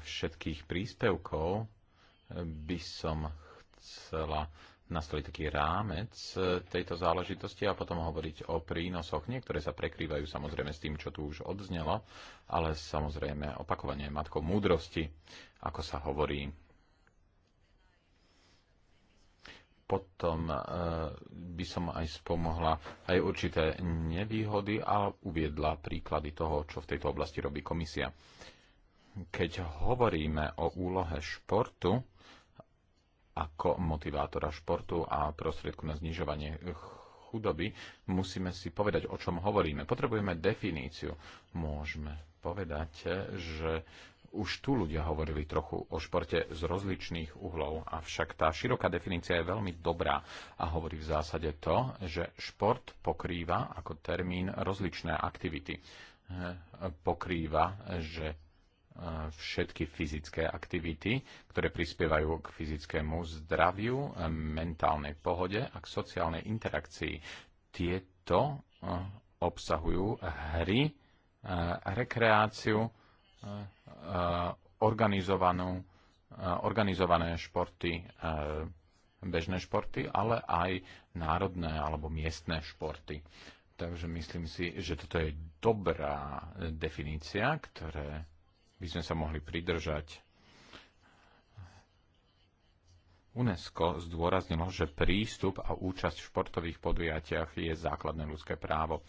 všetkých príspevkov e, by som chcela nastoliť taký rámec e, tejto záležitosti a potom hovoriť o prínosoch. Niektoré sa prekrývajú samozrejme s tým, čo tu už odznelo, ale samozrejme opakovanie matkou múdrosti, ako sa hovorí. Potom e, by som aj spomohla aj určité nevýhody a uviedla príklady toho, čo v tejto oblasti robí komisia. Keď hovoríme o úlohe športu, ako motivátora športu a prostriedku na znižovanie chudoby, musíme si povedať, o čom hovoríme. Potrebujeme definíciu. Môžeme povedať, že už tu ľudia hovorili trochu o športe z rozličných uhlov, avšak tá široká definícia je veľmi dobrá a hovorí v zásade to, že šport pokrýva ako termín rozličné aktivity. Pokrýva, že všetky fyzické aktivity, ktoré prispievajú k fyzickému zdraviu, mentálnej pohode a k sociálnej interakcii. Tieto obsahujú hry, rekreáciu, organizovanú, organizované športy, bežné športy, ale aj národné alebo miestne športy. Takže myslím si, že toto je dobrá definícia, ktoré by sme sa mohli pridržať. UNESCO zdôraznilo, že prístup a účasť v športových podujatiach je základné ľudské právo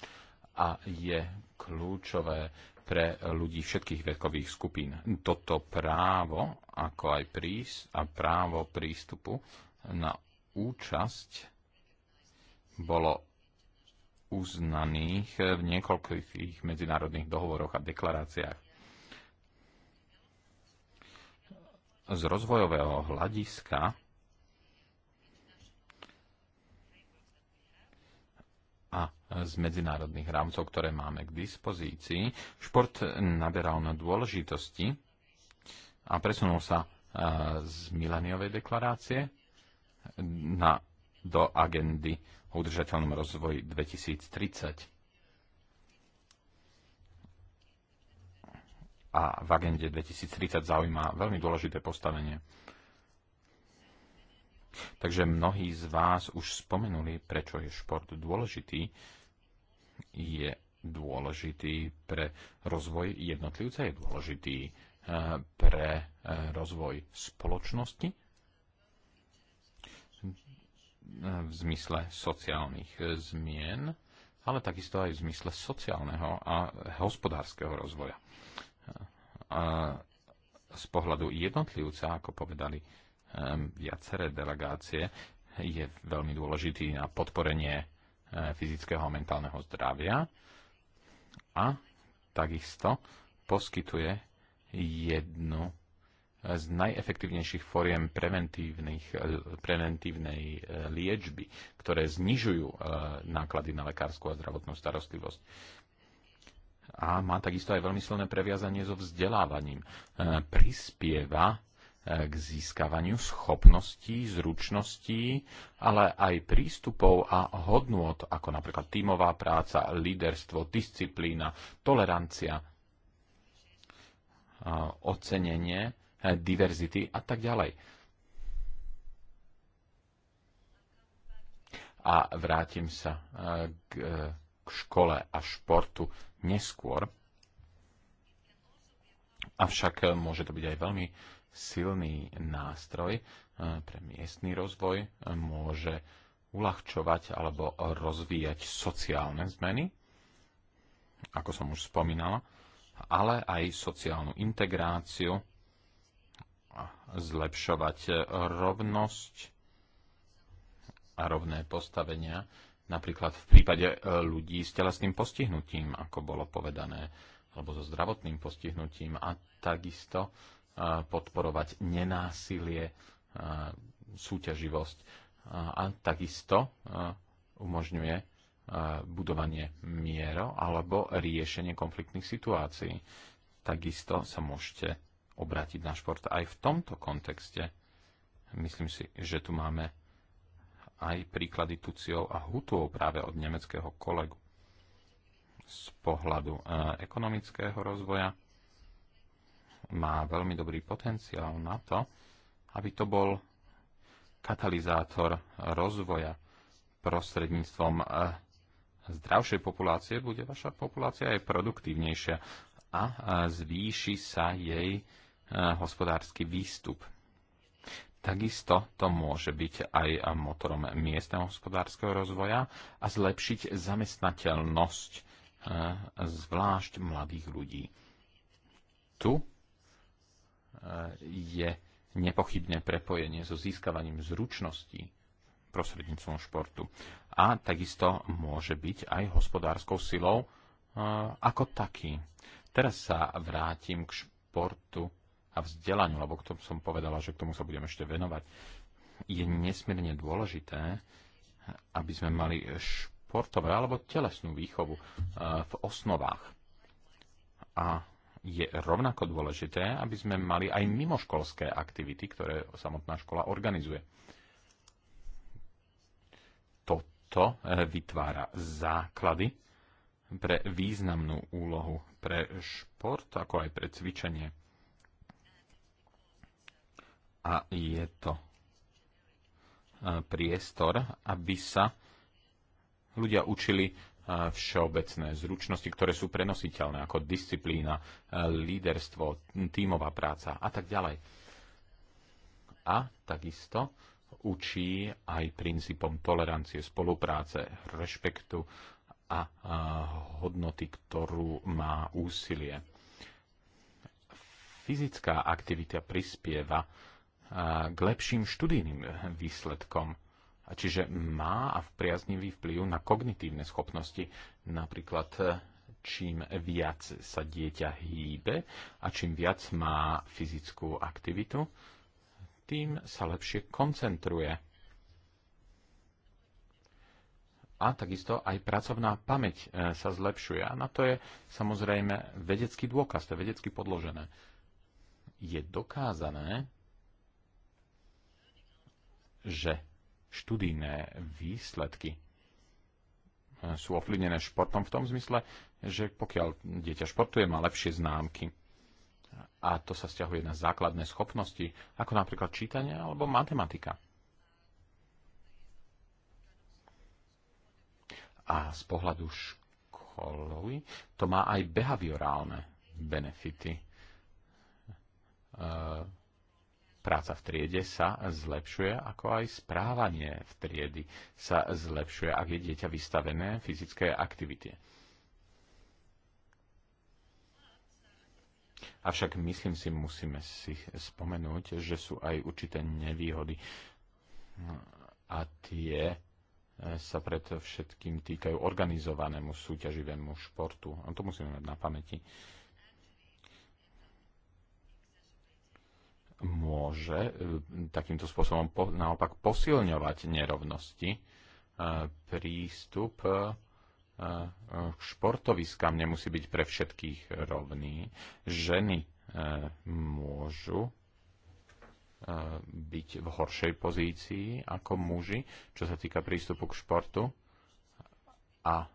a je kľúčové pre ľudí všetkých vekových skupín. Toto právo, ako aj prís a právo prístupu na účasť bolo uznaných v niekoľkých medzinárodných dohovoroch a deklaráciách. z rozvojového hľadiska a z medzinárodných rámcov, ktoré máme k dispozícii, šport naberal na dôležitosti a presunul sa e, z mileniovej deklarácie na, do agendy o udržateľnom rozvoji 2030. a v agende 2030 zaujíma veľmi dôležité postavenie. Takže mnohí z vás už spomenuli, prečo je šport dôležitý. Je dôležitý pre rozvoj jednotlivca, je dôležitý eh, pre eh, rozvoj spoločnosti eh, v zmysle sociálnych zmien, ale takisto aj v zmysle sociálneho a hospodárskeho rozvoja z pohľadu jednotlivca, ako povedali viaceré delegácie, je veľmi dôležitý na podporenie eh, fyzického a mentálneho zdravia a takisto poskytuje jednu z najefektívnejších foriem eh, preventívnej eh, liečby, ktoré znižujú náklady na lekárskú a zdravotnú starostlivosť a má takisto aj veľmi silné previazanie so vzdelávaním. E, prispieva e, k získavaniu schopností, zručností, ale aj prístupov a hodnôt, ako napríklad tímová práca, líderstvo, disciplína, tolerancia, e, ocenenie, diverzity a tak ďalej. A vrátim sa k, k škole a športu neskôr. Avšak môže to byť aj veľmi silný nástroj eh, pre miestny rozvoj, eh, môže uľahčovať alebo rozvíjať sociálne zmeny, ako som už spomínala, ale aj sociálnu integráciu, zlepšovať eh, rovnosť a rovné postavenia napríklad v prípade e, ľudí s telesným postihnutím, ako bolo povedané, alebo so zdravotným postihnutím a takisto e, podporovať nenásilie, e, súťaživosť a takisto umožňuje budovanie miero alebo riešenie konfliktných situácií. Takisto sa môžete obrátiť na šport aj v tomto kontexte. Myslím si, že tu máme aj príklady Tuciov a Hutov práve od nemeckého kolegu. Z pohľadu e, ekonomického rozvoja má veľmi dobrý potenciál na to, aby to bol katalizátor rozvoja prostredníctvom e, zdravšej populácie bude vaša populácia aj produktívnejšia a e, zvýši sa jej hospodársky výstup. Takisto to môže byť aj motorom miestneho hospodárskeho rozvoja a zlepšiť zamestnateľnosť eh, zvlášť mladých ľudí. Tu eh, je nepochybné prepojenie so získavaním zručností prostredníctvom športu. A takisto môže byť aj hospodárskou silou eh, ako taký. Teraz sa vrátim k športu a vzdelaniu, lebo k tomu som povedala, že k tomu sa budem ešte venovať, je nesmierne dôležité, aby sme mali športové alebo telesnú výchovu e, v osnovách. A je rovnako dôležité, aby sme mali aj mimoškolské aktivity, ktoré samotná škola organizuje. Toto e, vytvára základy pre významnú úlohu pre šport, ako aj pre cvičenie a je to e, priestor, aby sa ľudia učili e, všeobecné zručnosti, ktoré sú prenositeľné, ako disciplína, e, líderstvo, tímová práca a tak ďalej. A takisto učí aj princípom tolerancie, spolupráce, rešpektu a hodnoty, ktorú má úsilie. Fyzická aktivita prispieva k lepším študijným výsledkom. A čiže má a v priaznivý vplyv na kognitívne schopnosti. Napríklad e, čím viac sa dieťa hýbe a čím viac má fyzickú aktivitu, tým sa lepšie koncentruje. A takisto aj pracovná pamäť e, sa zlepšuje. A na to je samozrejme vedecký dôkaz, to je vedecky podložené. Je dokázané, že študijné výsledky eh, sú ovplyvnené športom v tom zmysle, že pokiaľ dieťa športuje, má lepšie známky. A to sa stiahuje na základné schopnosti, ako napríklad čítanie alebo matematika. A z pohľadu školy to má aj behaviorálne benefity. Eh, Práca v triede sa zlepšuje, ako aj správanie v triedy sa zlepšuje, ak je dieťa vystavené fyzické aktivite. Avšak myslím si, musíme si spomenúť, že sú aj určité nevýhody. A tie eh, sa pred všetkým týkajú organizovanému súťaživému športu. A to musíme mať na pamäti. Uh, môže e, takýmto spôsobom po, naopak posilňovať nerovnosti. E, prístup e, k športoviskám nemusí byť pre všetkých rovný. Ženy môžu byť v horšej pozícii ako muži, čo sa týka prístupu k športu. A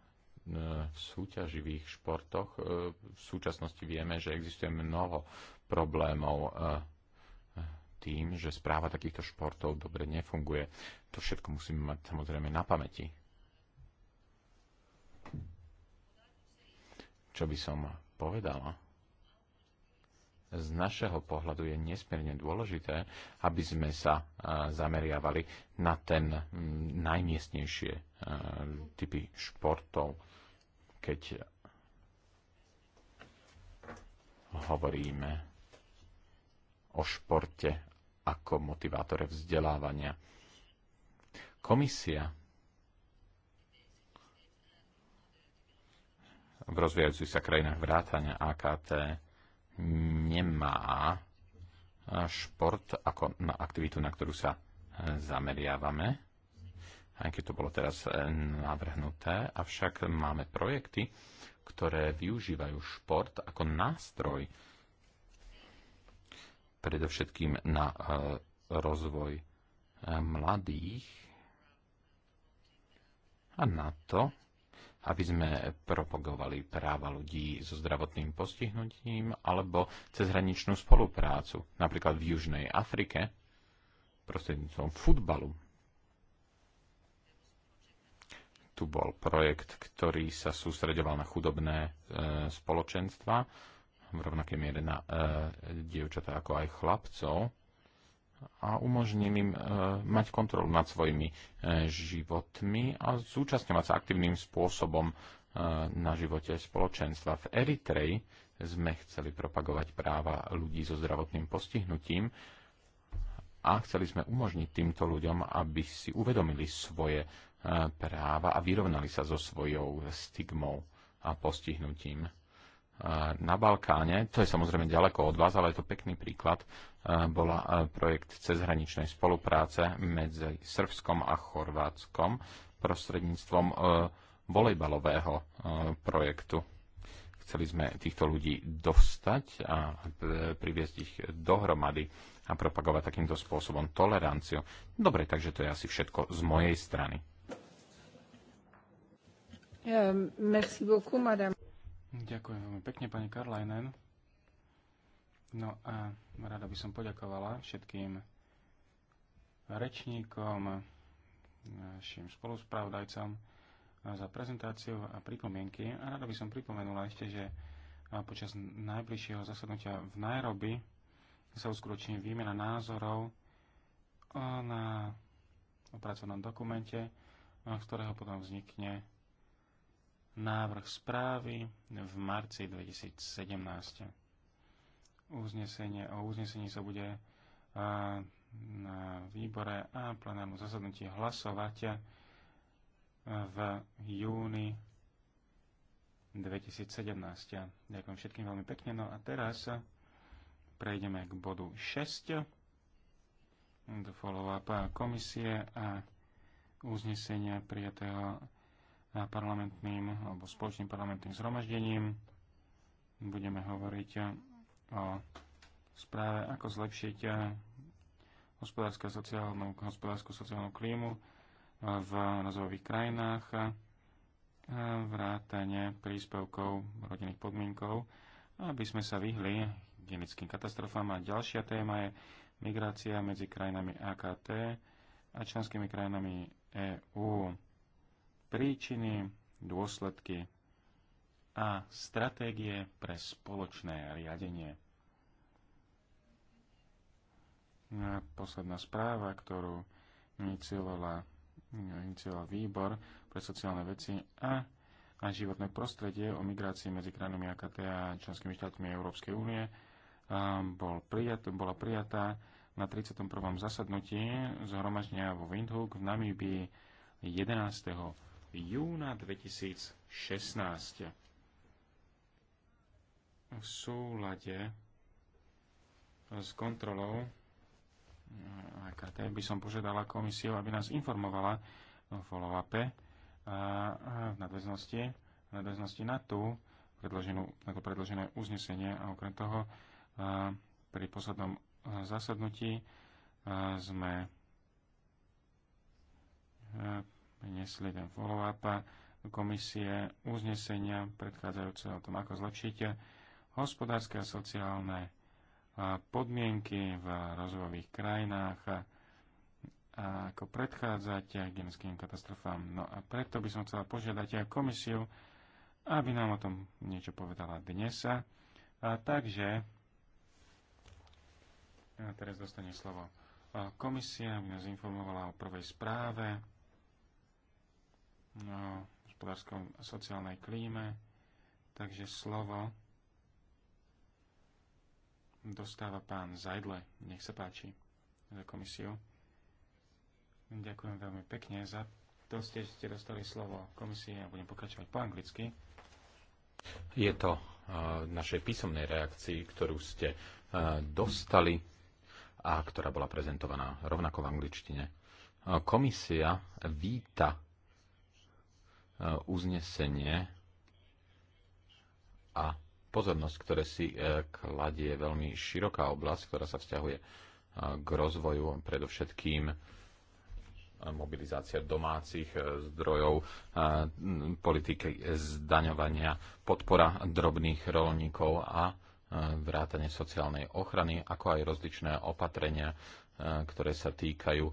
v súťaživých športoch v súčasnosti vieme, že existuje mnoho problémov tým, že správa takýchto športov dobre nefunguje. To všetko musíme mať samozrejme na pamäti. Čo by som povedala? Z našeho pohľadu je nesmierne dôležité, aby sme sa e, zameriavali na ten najmiestnejšie e, typy športov, keď hovoríme o športe ako motivátore vzdelávania. Komisia v rozvíjajúcich sa krajinách vrátania AKT nemá šport ako na aktivitu, na ktorú sa zameriavame, aj keď to bolo teraz e, navrhnuté, avšak máme projekty, ktoré využívajú šport ako nástroj predovšetkým na e, rozvoj e, mladých a na to, aby sme propagovali práva ľudí so zdravotným postihnutím alebo cezhraničnú spoluprácu, napríklad v Južnej Afrike, prostredníctvom futbalu. Tu bol projekt, ktorý sa sústredoval na chudobné e, spoločenstva, v rovnakej miere na e, dievčatá ako aj chlapcov a umožním im e, mať kontrolu nad svojimi e, životmi a zúčastňovať sa aktívnym spôsobom e, na živote spoločenstva. V Eritreji sme chceli propagovať práva ľudí so zdravotným postihnutím a chceli sme umožniť týmto ľuďom, aby si uvedomili svoje e, práva a vyrovnali sa so svojou stigmou a postihnutím na Balkáne, to je samozrejme ďaleko od vás, ale je to pekný príklad, e, bola e, projekt cezhraničnej spolupráce medzi Srbskom a Chorvátskom prostredníctvom e, volejbalového projektu. Chceli sme týchto ľudí dostať a priviesť ich dohromady a propagovať takýmto spôsobom toleranciu. Dobre, takže to je asi všetko z mojej strany. Ehm, merci beaucoup, madame. Ďakujem veľmi pekne, pani Karlajnen. No a rada by som poďakovala všetkým rečníkom, našim spoluspravdajcom za prezentáciu a pripomienky. A rada by som pripomenula ešte, že počas najbližšieho zasadnutia v Nairobi sa uskutoční výmena názorov na, o pracovnom dokumente, z ktorého potom vznikne návrh správy v marci 2017. Uznesenie, o uznesení sa bude na výbore a plenárnom zasadnutí hlasovať v júni 2017. Ďakujem všetkým veľmi pekne. No a teraz prejdeme k bodu 6 do follow-up komisie a uznesenia prijatého parlamentným alebo spoločným parlamentným zhromaždením. Budeme hovoriť o správe, ako zlepšiť hospodárskú sociálnu, hospodárskú sociálnu klímu v rozvojových krajinách a vrátane príspevkov rodinných podmienkov, aby sme sa vyhli hygienickým katastrofám. A ďalšia téma je migrácia medzi krajinami AKT a členskými krajinami EÚ príčiny, dôsledky a stratégie pre spoločné riadenie. A posledná správa, ktorú iniciovala, výbor pre sociálne veci a a životné prostredie o migrácii medzi krajinami AKT a členskými štátmi Európskej únie bol prijat, bola prijatá na 31. zasadnutí zhromaždenia vo Windhoek v Namíbii 11 júna 2016. V súlade s kontrolou AKT by som požiadala komisiu, aby nás informovala o follow-upe v nadväznosti, nadväznosti na tú predloženú, na to predložené uznesenie a okrem toho pri poslednom zasadnutí sme priniesli ten follow-up komisie uznesenia predchádzajúceho o tom, ako zlepšiť hospodárske a sociálne podmienky v rozvojových krajinách a ako predchádzať genetickým katastrofám. No a preto by som chcela požiadať aj komisiu, aby nám o tom niečo povedala dnes. A takže a teraz dostane slovo komisia, aby nás informovala o prvej správe o hospodárskom a sociálnej klíme, takže slovo dostáva pán Zajdle. Nech sa páči za komisiu. Ďakujem veľmi pekne za to, ste, ste dostali slovo komisie a budem pokračovať po anglicky. Je to v našej písomnej reakcii, ktorú ste dostali a ktorá bola prezentovaná rovnako v angličtine. Komisia víta Eh, uznesenie a pozornosť, ktoré si eh, kladie veľmi široká oblasť, ktorá sa vzťahuje eh, k rozvoju predovšetkým mobilizácia domácich zdrojov, politiky zdaňovania, podpora drobných rolníkov a vrátanie sociálnej ochrany, ako aj rozličné opatrenia ktoré sa týkajú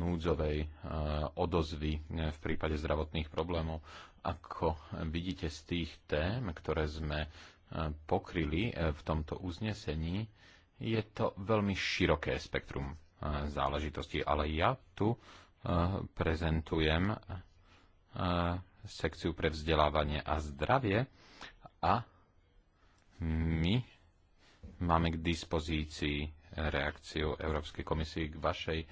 núdzovej odozvy e, v prípade zdravotných problémov. Ako vidíte z tých tém, ktoré sme e, pokryli e, v tomto uznesení, je to veľmi široké spektrum záležitostí, ale ja tu prezentujem sekciu pre vzdelávanie a zdravie a my máme k dispozícii reakciu Európskej komisie k vašej e,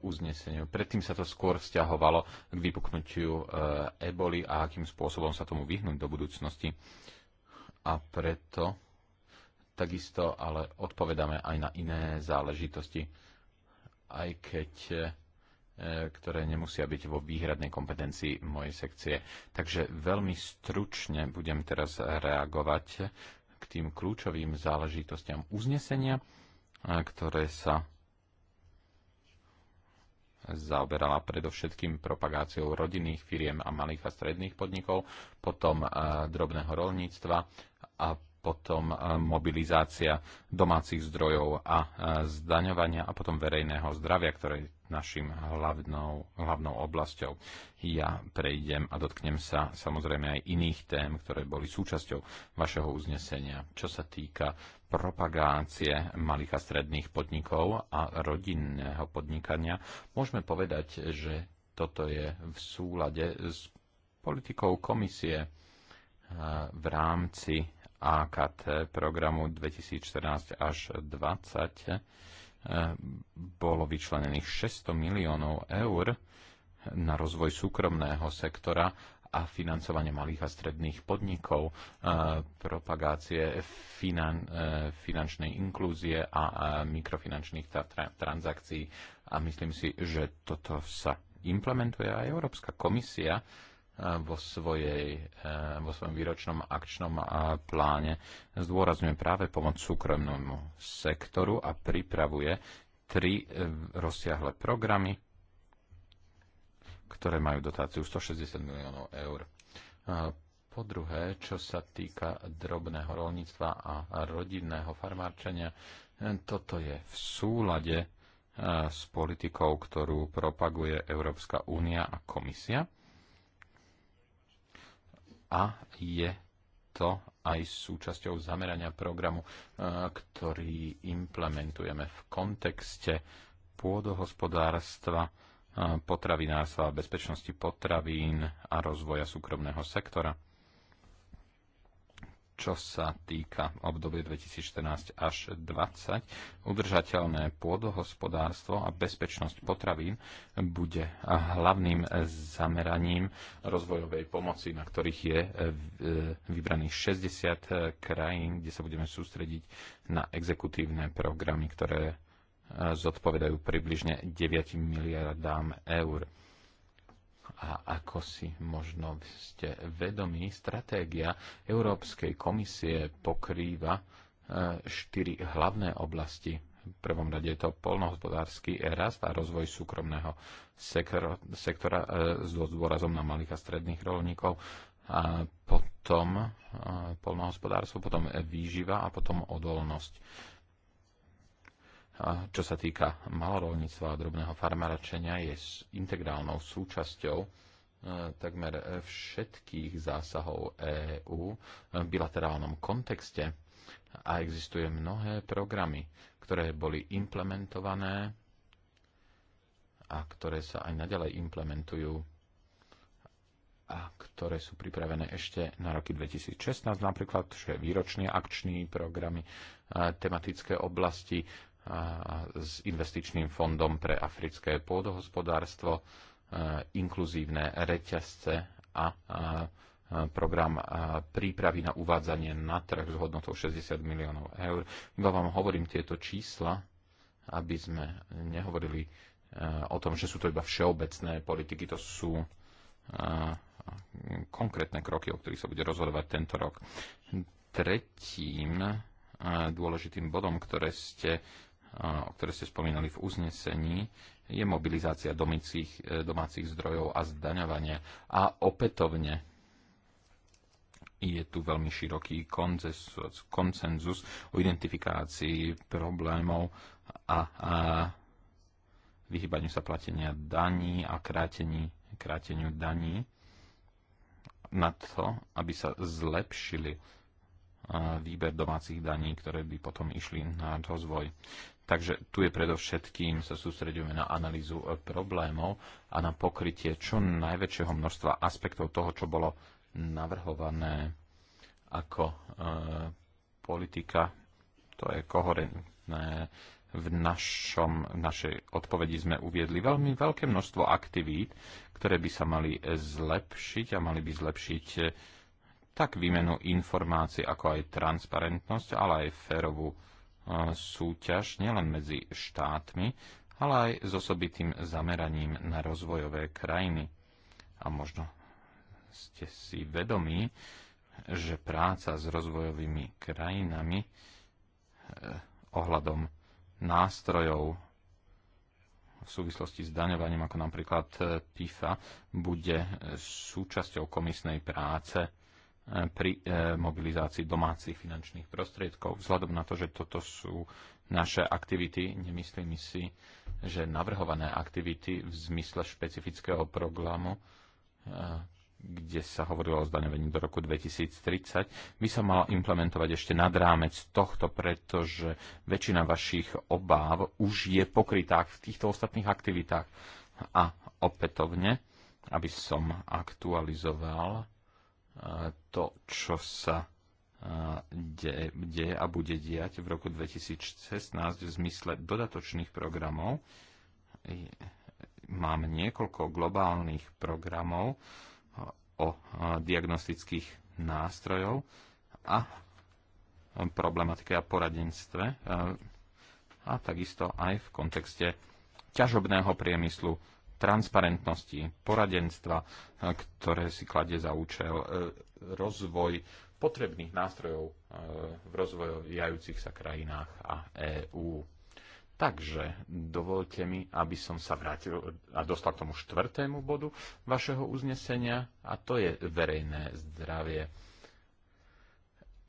uzneseniu. Predtým sa to skôr vzťahovalo k vypuknutiu e, eboli a akým spôsobom sa tomu vyhnúť do budúcnosti. A preto takisto ale odpovedáme aj na iné záležitosti, aj keď e, ktoré nemusia byť vo výhradnej kompetencii mojej sekcie. Takže veľmi stručne budem teraz reagovať k tým kľúčovým záležitostiam uznesenia ktoré sa zaoberala predovšetkým propagáciou rodinných firiem a malých a stredných podnikov, potom eh, drobného rolníctva a potom e, mobilizácia domácich zdrojov a e, zdaňovania a potom verejného zdravia, ktoré je našim hlavnou, hlavnou oblasťou. Ja prejdem a dotknem sa samozrejme aj iných tém, ktoré boli súčasťou vašeho uznesenia, čo sa týka propagácie malých a stredných podnikov a rodinného podnikania. Môžeme povedať, že toto je v súlade s politikou komisie e, v rámci AKT programu 2014 až 2020 eh, bolo vyčlenených 600 miliónov eur na rozvoj súkromného sektora a financovanie malých a stredných podnikov, eh, propagácie finan, eh, finančnej inklúzie a mikrofinančných transakcií. A myslím si, že toto sa implementuje aj Európska komisia vo, svojej, eh, vo svojom výročnom akčnom eh, pláne zdôrazňuje práve pomoc súkromnému sektoru a pripravuje tri eh, rozsiahle programy, ktoré majú dotáciu 160 miliónov eur. Po druhé, čo sa týka drobného rolníctva a rodinného farmárčenia, toto je v súlade s politikou, ktorú propaguje Európska únia a komisia a je to aj súčasťou zamerania programu, e, ktorý implementujeme v kontexte pôdohospodárstva, e, potravinárstva, bezpečnosti potravín a rozvoja súkromného sektora čo sa týka obdobie 2014 až 2020, udržateľné pôdohospodárstvo a bezpečnosť potravín bude hlavným zameraním rozvojovej pomoci, na ktorých je e, vybraných 60 krajín, kde sa budeme sústrediť na exekutívne programy, ktoré e, zodpovedajú približne 9 miliardám eur a ako si možno ste vedomí, stratégia Európskej komisie pokrýva e, štyri hlavné oblasti. V prvom rade je to polnohospodársky rast a rozvoj súkromného sektora, e, s dôrazom na malých a stredných rolníkov, a potom e, polnohospodárstvo, potom výživa a potom odolnosť čo sa týka malorolníctva a drobného farmaračenia, je integrálnou súčasťou e, takmer všetkých zásahov EÚ v bilaterálnom kontexte a existuje mnohé programy, ktoré boli implementované a ktoré sa aj naďalej implementujú a ktoré sú pripravené ešte na roky 2016, napríklad, čo je výročný akčný programy, e, tematické oblasti, s investičným fondom pre africké pôdohospodárstvo, e, inkluzívne reťazce a program prípravy na uvádzanie na trh s hodnotou 60 miliónov eur. Iba vám hovorím tieto čísla, aby sme nehovorili e, o tom, že sú to iba všeobecné politiky, to sú e, konkrétne kroky, o ktorých sa bude rozhodovať tento rok. Tretím dôležitým bodom, ktoré ste o ktoré ste spomínali v uznesení, je mobilizácia domicích, e, domácich zdrojov a zdaňovanie. A opätovne je tu veľmi široký koncensus, koncenzus o identifikácii problémov a, a vyhybaniu sa platenia daní a krátení, kráteniu daní na to, aby sa zlepšili výber domácich daní, ktoré by potom išli na rozvoj. Takže tu je predovšetkým sa sústredujeme na analýzu e, problémov a na pokrytie čo najväčšieho množstva aspektov toho, čo bolo navrhované ako e, politika. To je koherentné. V, našom, v našej odpovedi sme uviedli veľmi veľké množstvo aktivít, ktoré by sa mali zlepšiť a mali by zlepšiť e, tak výmenu informácií, ako aj transparentnosť, ale aj férovú súťaž nielen medzi štátmi, ale aj s osobitým zameraním na rozvojové krajiny. A možno ste si vedomí, že práca s rozvojovými krajinami e, ohľadom nástrojov v súvislosti s daňovaním, ako napríklad e, PIFA, bude e, súčasťou komisnej práce Eh, pri eh, mobilizácii domácich finančných prostriedkov. Vzhľadom na to, že toto sú naše aktivity, nemyslím si, že navrhované aktivity v zmysle špecifického programu, eh, kde sa hovorilo o zdaňovaní do roku 2030, by sa malo implementovať ešte nad rámec tohto, pretože väčšina vašich obáv už je pokrytá v týchto ostatných aktivitách. A opätovne, aby som aktualizoval to, čo sa deje, a bude diať v roku 2016 v zmysle dodatočných programov. Mám niekoľko globálnych programov o diagnostických nástrojov a problematike a poradenstve a takisto aj v kontexte ťažobného priemyslu transparentnosti, poradenstva, e, ktoré si kladie za účel e, rozvoj potrebných nástrojov e, v rozvojajúcich sa krajinách a EÚ. Takže dovolte mi, aby som sa vrátil a dostal k tomu štvrtému bodu vašeho uznesenia, a to je verejné zdravie.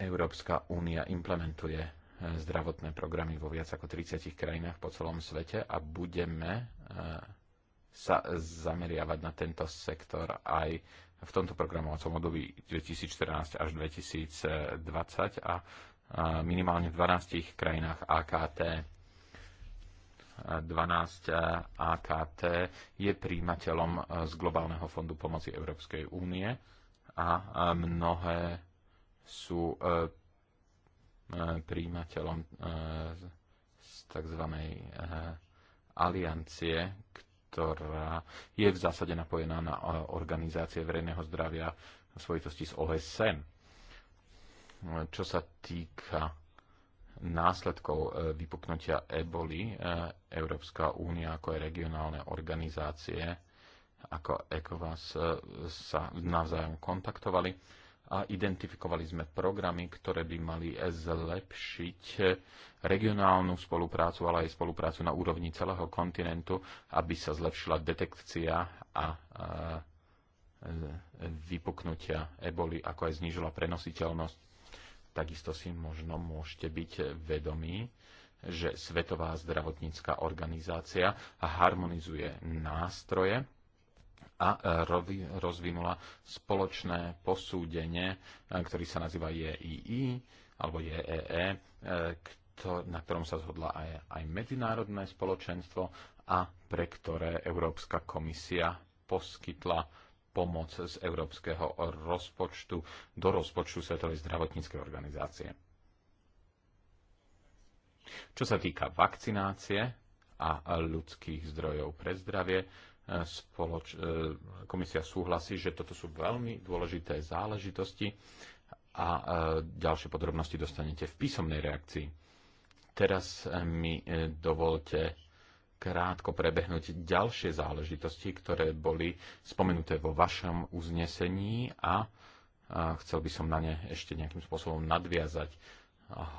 Európska únia implementuje zdravotné programy vo viac ako 30 krajinách po celom svete a budeme sa zameriavať na tento sektor aj v tomto programovacom období 2014 až 2020 a minimálne v 12 krajinách AKT. 12 AKT je príjimateľom e, z Globálneho fondu pomoci Európskej únie a mnohé sú e, e, príjimateľom z tzv. aliancie, ktorá je v zásade napojená na e, organizácie verejného zdravia v svojitosti s OSN. Čo sa týka následkov e, vypuknutia eboli, e, Európska únia ako aj regionálne organizácie ako ECOVAS, sa navzájom kontaktovali a identifikovali sme programy, ktoré by mali zlepšiť regionálnu spoluprácu, ale aj spoluprácu na úrovni celého kontinentu, aby sa zlepšila detekcia a vypuknutia eboli, ako aj znížila prenositeľnosť. Takisto si možno môžete byť vedomí, že Svetová zdravotnícká organizácia harmonizuje nástroje, a e, rozvinula spoločné posúdenie, e, ktorý sa nazýva JII alebo JEE, e, na ktorom sa zhodla aj, aj medzinárodné spoločenstvo a pre ktoré Európska komisia poskytla pomoc z európskeho rozpočtu do rozpočtu Svetovej zdravotníckej organizácie. Čo sa týka vakcinácie a ľudských zdrojov pre zdravie, spoloč, e, komisia súhlasí, že toto sú veľmi dôležité záležitosti a e, ďalšie podrobnosti dostanete v písomnej reakcii. Teraz e, mi dovolte krátko prebehnúť ďalšie záležitosti, ktoré boli spomenuté vo vašom uznesení a chcel by som na ne ešte nejakým spôsobom nadviazať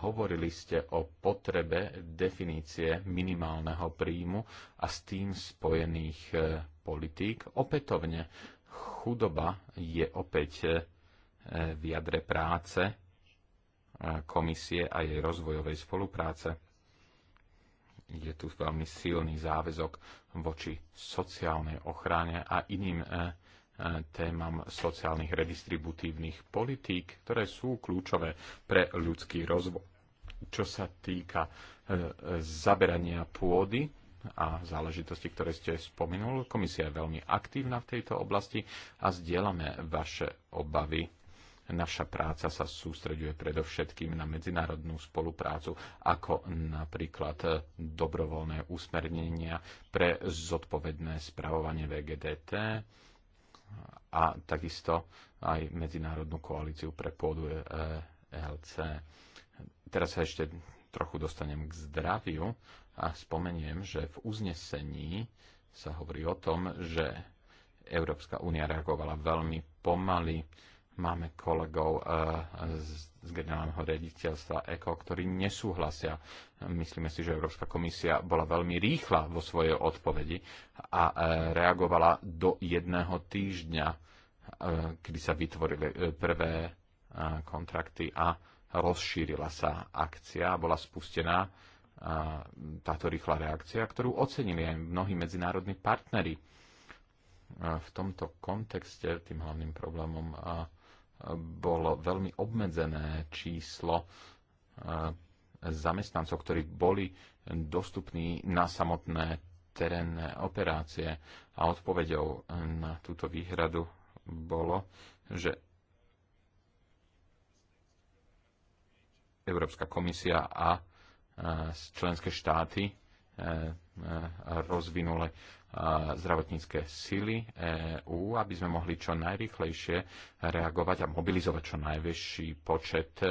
hovorili ste o potrebe definície minimálneho príjmu a s tým spojených e, politík. Opätovne chudoba je opäť e, v jadre práce e, komisie a jej rozvojovej spolupráce. Je tu veľmi silný záväzok voči sociálnej ochrane a iným témam sociálnych redistributívnych politík, ktoré sú kľúčové pre ľudský rozvoj. Čo sa týka e, zaberania pôdy a záležitosti, ktoré ste spomenul, komisia je veľmi aktívna v tejto oblasti a zdieľame vaše obavy. Naša práca sa sústreďuje predovšetkým na medzinárodnú spoluprácu, ako napríklad e, dobrovoľné usmernenia pre zodpovedné spravovanie VGDT, a takisto aj Medzinárodnú koalíciu pre pôdu ELC. E Teraz sa ešte trochu dostanem k zdraviu a spomeniem, že v uznesení sa hovorí o tom, že Európska únia reagovala veľmi pomaly Máme kolegov eh, z generálneho rediteľstva ECO, ktorí nesúhlasia. Myslíme si, že Európska komisia bola veľmi rýchla vo svojej odpovedi a eh, reagovala do jedného týždňa, eh, kedy sa vytvorili prvé kontrakty a rozšírila sa akcia, a bola spustená táto rýchla reakcia, ktorú ocenili aj mnohí medzinárodní partnery. V tomto kontexte tým hlavným problémom bolo veľmi obmedzené číslo e, zamestnancov, ktorí boli dostupní na samotné terénne operácie. A odpovedou na túto výhradu bolo, že Európska komisia a e, členské štáty e, rozvinuli zdravotnícke sily EÚ, aby sme mohli čo najrychlejšie reagovať a mobilizovať čo najvyšší počet e, e,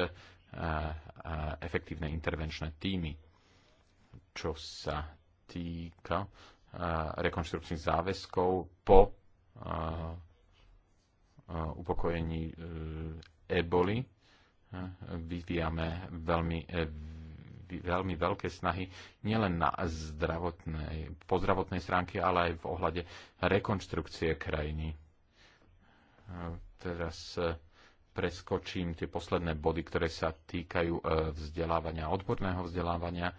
efektívne intervenčné týmy. Čo sa týka e, rekonštrukčných záväzkov po upokojení eboli, vyvíjame veľmi veľmi veľké snahy nielen na zdravotnej, po zdravotnej stránke, ale aj v ohľade rekonštrukcie krajiny. E, teraz e, preskočím tie posledné body, ktoré sa týkajú e, vzdelávania, odborného vzdelávania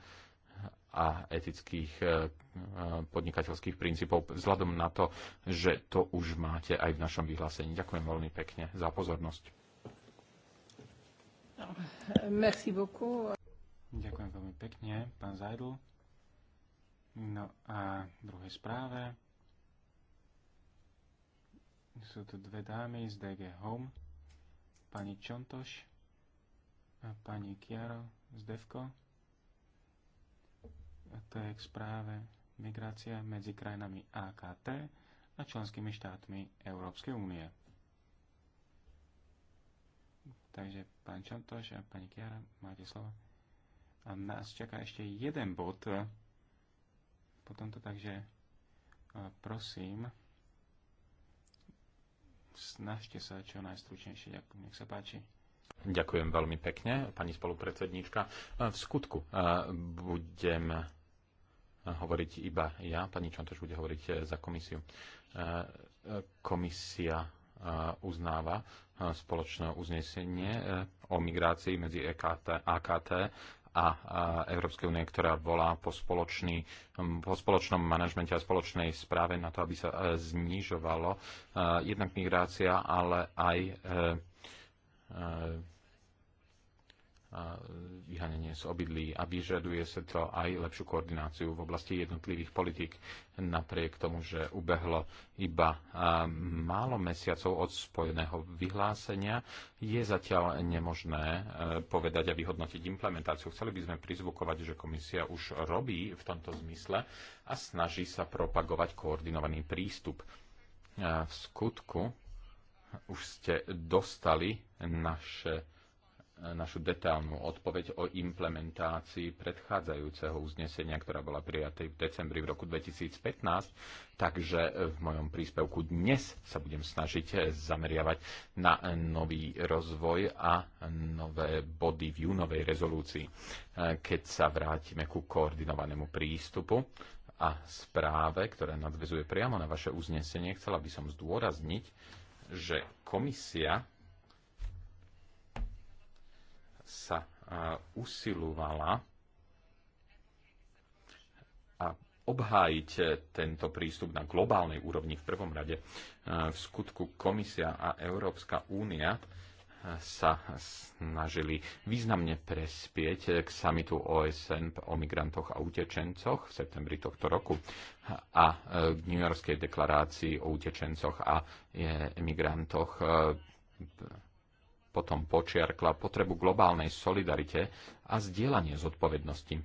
a etických podnikateľských princípov, vzhľadom na to, že to už máte aj v našom vyhlásení. Ďakujem veľmi pekne za pozornosť. Merci beaucoup. Ďakujem veľmi pekne, pán Zajdl. No a v druhej správe sú tu dve dámy z DG Home, pani Čontoš a pani Kiaro z Devko. A to je k správe migrácia medzi krajinami AKT a členskými štátmi Európskej únie. Takže pán Čontoš a pani Kiara, máte slovo. A nás čaká ešte jeden bod potom, to takže e, prosím, snažte sa čo najstručnejšie. Ďakujem, nech sa páči. Ďakujem veľmi pekne, pani spolupredsedníčka. E, v skutku e, budem hovoriť iba ja, pani Čontoš bude hovoriť za komisiu. Komisia uznáva spoločné uznesenie o migrácii medzi EKT, AKT a Európskej únie, ktorá volá po, spoločný, po spoločnom manažmente a spoločnej správe na to, aby sa e, znižovalo e, jednak migrácia, ale aj e, vyhanenie z obydlí a vyžaduje sa to aj lepšiu koordináciu v oblasti jednotlivých politik. Napriek tomu, že ubehlo iba málo mesiacov od spojeného vyhlásenia, je zatiaľ nemožné e, povedať a vyhodnotiť implementáciu. Chceli by sme prizvukovať, že komisia už robí v tomto zmysle a snaží sa propagovať koordinovaný prístup. E, v skutku už ste dostali naše našu detálnu odpoveď o implementácii predchádzajúceho uznesenia, ktorá bola prijatá v decembri v roku 2015. Takže v mojom príspevku dnes sa budem snažiť zameriavať na nový rozvoj a nové body v júnovej rezolúcii, keď sa vrátime ku koordinovanému prístupu a správe, ktoré nadvezuje priamo na vaše uznesenie, chcela by som zdôrazniť, že komisia sa usilovala a obhájiť e, tento prístup na globálnej úrovni v prvom rade. E, v skutku Komisia a Európska únia e, sa snažili významne prespieť k samitu OSN o migrantoch a utečencoch v septembri tohto roku a k New Yorkskej deklarácii o utečencoch a migrantoch potom počiarkla potrebu globálnej solidarite a zdieľanie zodpovednosti.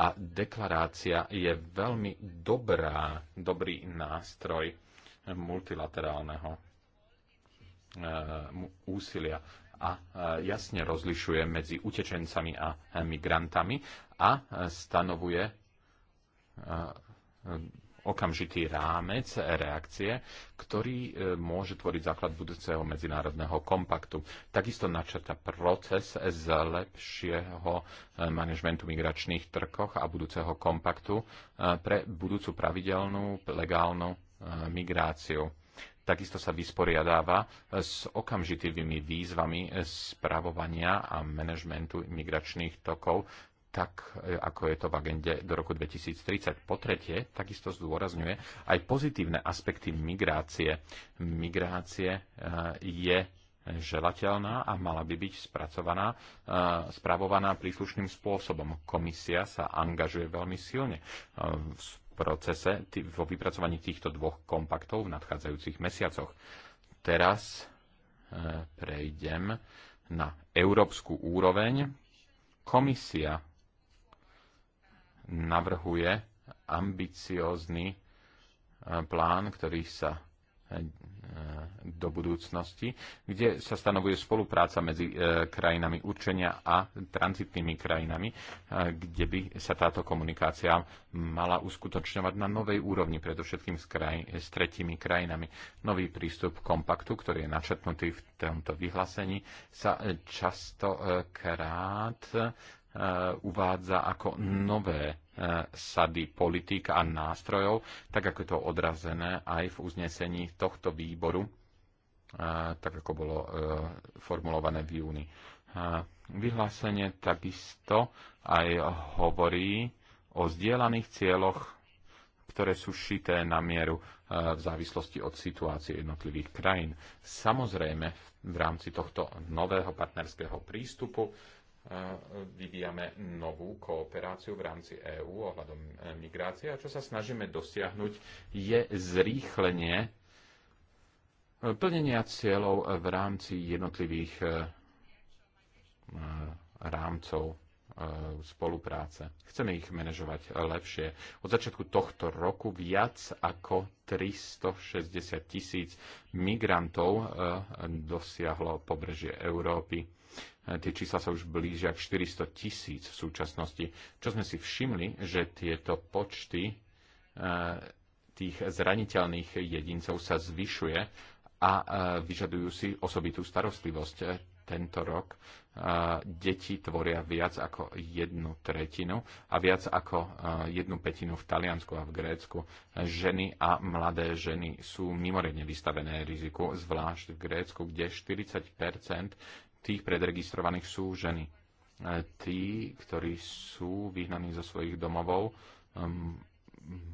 A deklarácia je veľmi dobrá, dobrý nástroj multilaterálneho eh, úsilia a eh, jasne rozlišuje medzi utečencami a migrantami a eh, stanovuje okamžitý rámec reakcie, ktorý e, môže tvoriť základ budúceho medzinárodného kompaktu. Takisto načrta proces z lepšieho e, manažmentu migračných trkoch a budúceho kompaktu e, pre budúcu pravidelnú legálnu migráciu. Takisto sa vysporiadáva s okamžitými výzvami spravovania a manažmentu migračných tokov tak e, ako je to v agende do roku 2030. Po tretie, takisto zdôrazňuje aj pozitívne aspekty migrácie. Migrácie e, je želateľná a mala by byť spracovaná, e, spravovaná príslušným spôsobom. Komisia sa angažuje veľmi silne v procese vo vypracovaní týchto dvoch kompaktov v nadchádzajúcich mesiacoch. Teraz prejdem na európsku úroveň. Komisia navrhuje ambiciózny e, plán, ktorý sa e, do budúcnosti, kde sa stanovuje spolupráca medzi e, krajinami určenia a tranzitnými krajinami, kde by sa táto komunikácia mala uskutočňovať na novej úrovni, predovšetkým s, kraj, s tretími krajinami. Nový prístup kompaktu, ktorý je načetnutý v tomto vyhlásení, sa častokrát Eh, uvádza ako nové eh, sady politík a nástrojov, tak ako je to odrazené aj v uznesení tohto výboru, eh, tak ako bolo formulované v júni. Vyhlásenie takisto aj hovorí o zdieľaných cieľoch, ktoré sú šité na mieru v závislosti od situácie jednotlivých krajín. Samozrejme, v rámci tohto nového partnerského prístupu E, vyvíjame novú kooperáciu v rámci EÚ ohľadom e, migrácie a čo sa snažíme dosiahnuť je zrýchlenie e, plnenia cieľov v rámci jednotlivých rámcov spolupráce. Chceme ich manažovať lepšie. Od začiatku tohto roku viac ako 360 tisíc migrantov dosiahlo pobrežie Európy. E, tie čísla sa už blížia k 400 tisíc v súčasnosti. Čo sme si všimli, že tieto počty e, tých zraniteľných jedincov sa zvyšuje a e, vyžadujú si osobitú starostlivosť. Tento rok deti tvoria viac ako jednu tretinu a viac ako jednu petinu v Taliansku a v Grécku. Ženy a mladé ženy sú mimoriadne vystavené riziku, zvlášť v Grécku, kde 40 tých predregistrovaných sú ženy. E, tí, ktorí sú vyhnaní zo svojich domovov,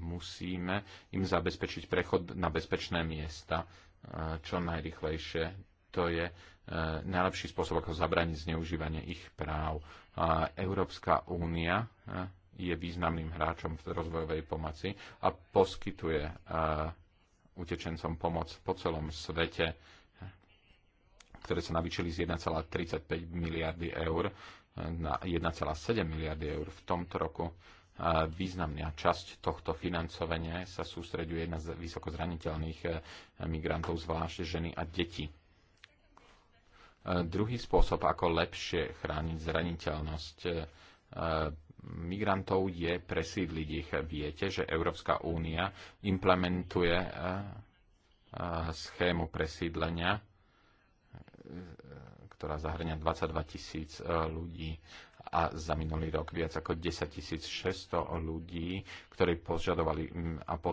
musíme im zabezpečiť prechod na bezpečné miesta e, čo najrychlejšie. To je e, najlepší spôsob, ako zabrániť zneužívanie ich práv. Európska únia je významným hráčom v rozvojovej pomoci a poskytuje utečencom pomoc po celom svete ktoré sa navýšili z 1,35 miliardy eur na 1,7 miliardy eur v tomto roku. Významná časť tohto financovania sa sústreďuje na vysoko zraniteľných e, migrantov, zvlášť ženy a deti. E, druhý spôsob, ako lepšie chrániť zraniteľnosť e, migrantov, je presídliť ich. Viete, že Európska únia implementuje schému presídlenia E, ktorá zahrania 22 tisíc e, ľudí a za minulý rok viac ako 10 600 ľudí, ktorí požadovali a e,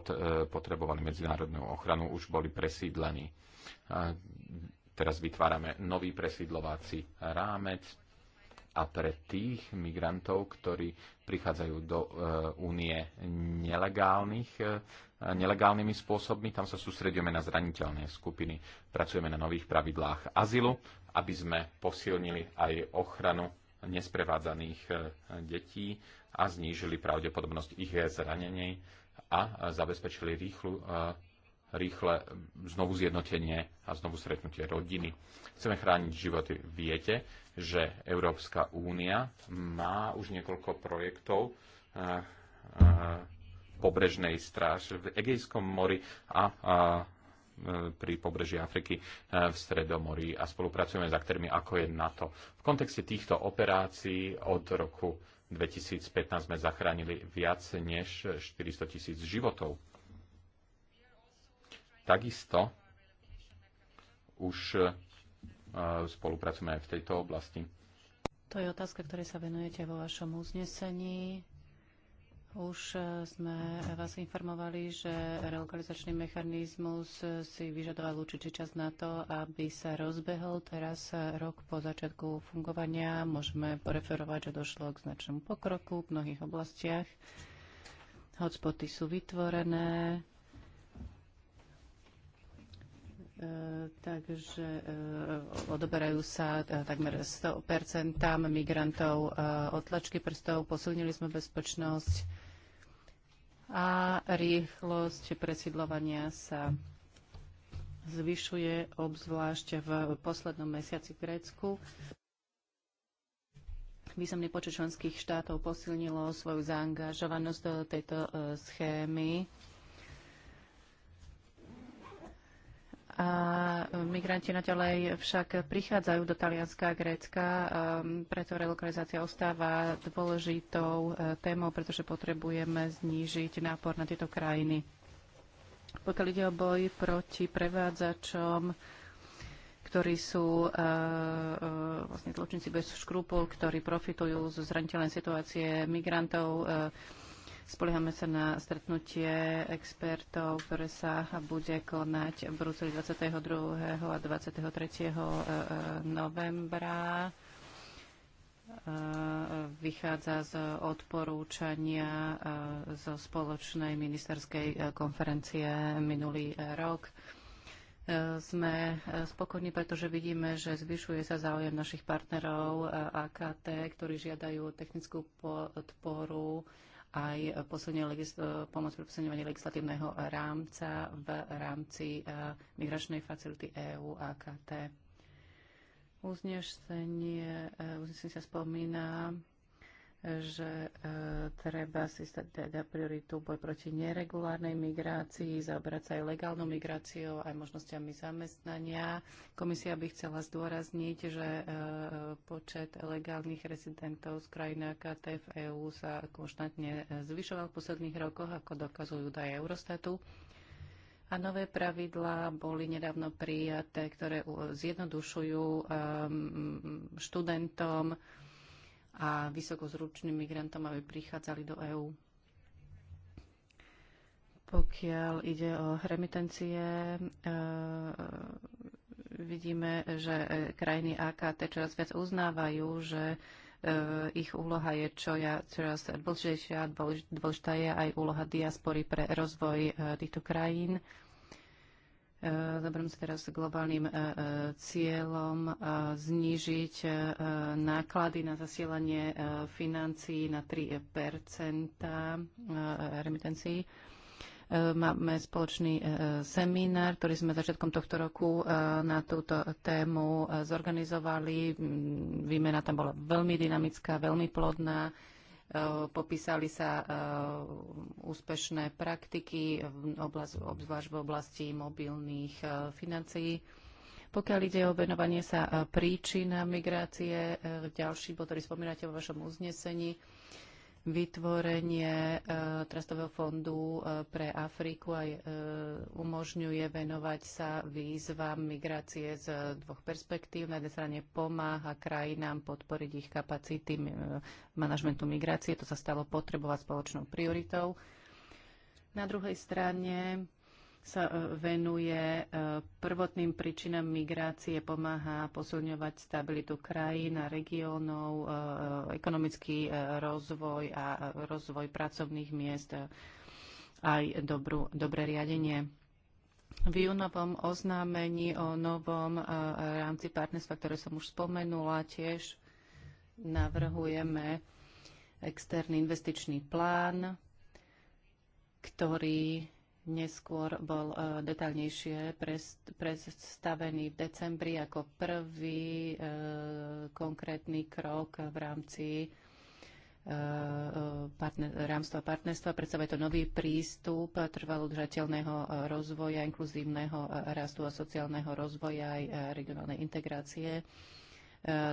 potrebovali medzinárodnú ochranu, už boli presídlení. Teraz vytvárame nový presídlovací rámec a pre tých migrantov, ktorí prichádzajú do e, únie nelegálnych, e, nelegálnymi spôsobmi. Tam sa sústredíme na zraniteľné skupiny. Pracujeme na nových pravidlách azylu, aby sme posilnili aj ochranu nesprevádzaných e, detí a znížili pravdepodobnosť ich zranení a zabezpečili rýchlu rýchle znovu zjednotenie a znovu stretnutie rodiny. Chceme chrániť životy v viete že Európska únia má už niekoľko projektov eh, eh, pobrežnej stráž v Egejskom mori a eh, pri pobreží Afriky v Stredomorí a spolupracujeme s aktérmi ako je NATO. V kontexte týchto operácií od roku 2015 sme zachránili viac než 400 tisíc životov. Takisto už spolupracujeme aj v tejto oblasti. To je otázka, ktorej sa venujete vo vašom uznesení. Už e, sme vás informovali, že relokalizačný mechanizmus e, si vyžadoval určitý čas na to, aby sa rozbehol. Teraz e, rok po začiatku fungovania môžeme poreferovať, že došlo k značnému pokroku v mnohých oblastiach. Hotspoty sú vytvorené, E, takže e, odoberajú sa e, takmer 100% migrantov otlačky prstov, posilnili sme bezpečnosť a rýchlosť presidlovania sa zvyšuje, obzvlášť v poslednom mesiaci v Grécku. Významný počet členských štátov posilnilo svoju zaangažovanosť do tejto schémy a migranti naďalej však prichádzajú do Talianska a Grécka, ehm, preto relokalizácia ostáva dôležitou e, témou, pretože potrebujeme znížiť nápor na tieto krajiny. Pokiaľ ide o boj proti prevádzačom, ktorí sú uh, uh, vlastne zločinci bez škrupul, ktorí profitujú zo zraniteľnej situácie migrantov, uh, Spoliehame sa na stretnutie expertov, ktoré sa bude konať v Bruseli 22. a 23. E, e, novembra. E, vychádza z odporúčania zo spoločnej ministerskej konferencie minulý rok sme spokojní, pretože vidíme, že zvyšuje sa záujem našich partnerov AKT, ktorí žiadajú technickú podporu aj e, pomoc pri posledňovaní legislatívneho rámca v rámci e, migračnej facility EÚ a KT. Uznesenie, e, uznesenie sa spomína že e, treba si stať teda prioritu boj proti neregulárnej migrácii, zaoberať sa aj legálnou migráciou, aj možnosťami zamestnania. Komisia by chcela zdôrazniť, že e, počet legálnych rezidentov z krajín AKT v EÚ sa konštantne e, zvyšoval v posledných rokoch, ako dokazujú daje Eurostatu. A nové pravidlá boli nedávno prijaté, ktoré zjednodušujú um, študentom, a vysoko zručným migrantom, aby prichádzali do EÚ. Pokiaľ ide o remitencie, e, vidíme, že e, krajiny AKT čoraz viac uznávajú, že e, ich úloha je čo ja čoraz dlhšejšia, dôležitá je aj úloha diaspory pre rozvoj e, týchto krajín. E, Zoberiem sa teraz globálnym e, e, cieľom znížiť náklady na zasielanie financií na 3 remitencií. Máme spoločný seminár, ktorý sme začiatkom tohto roku na túto tému zorganizovali. Výmena tam bola veľmi dynamická, veľmi plodná Eh, popísali sa eh, úspešné praktiky, obzvlášť v oblasti mobilných eh, financií. Pokiaľ ide o venovanie sa príčin migrácie, ďalší bod, ktorý spomínate vo vašom uznesení, vytvorenie e, Trastového fondu e, pre Afriku aj e, umožňuje venovať sa výzvam migrácie z dvoch perspektív. Na jednej strane pomáha krajinám podporiť ich kapacity manažmentu migrácie. To sa stalo potrebovať spoločnou prioritou. Na druhej strane sa e, venuje e, prvotným príčinám migrácie, pomáha posilňovať stabilitu krajín a regiónov, e, ekonomický rozvoj a rozvoj pracovných miest, aj dobrú, dobré riadenie. V júnovom oznámení o novom rámci partnerstva, ktoré som už spomenula, tiež navrhujeme externý investičný plán, ktorý Neskôr bol e, detaľnejšie predstavený v decembri ako prvý e, konkrétny krok v rámci e, rámstva partnerstva. Predstavuje to nový prístup trvalo udržateľného rozvoja, inkluzívneho rastu a sociálneho rozvoja aj regionálnej integrácie.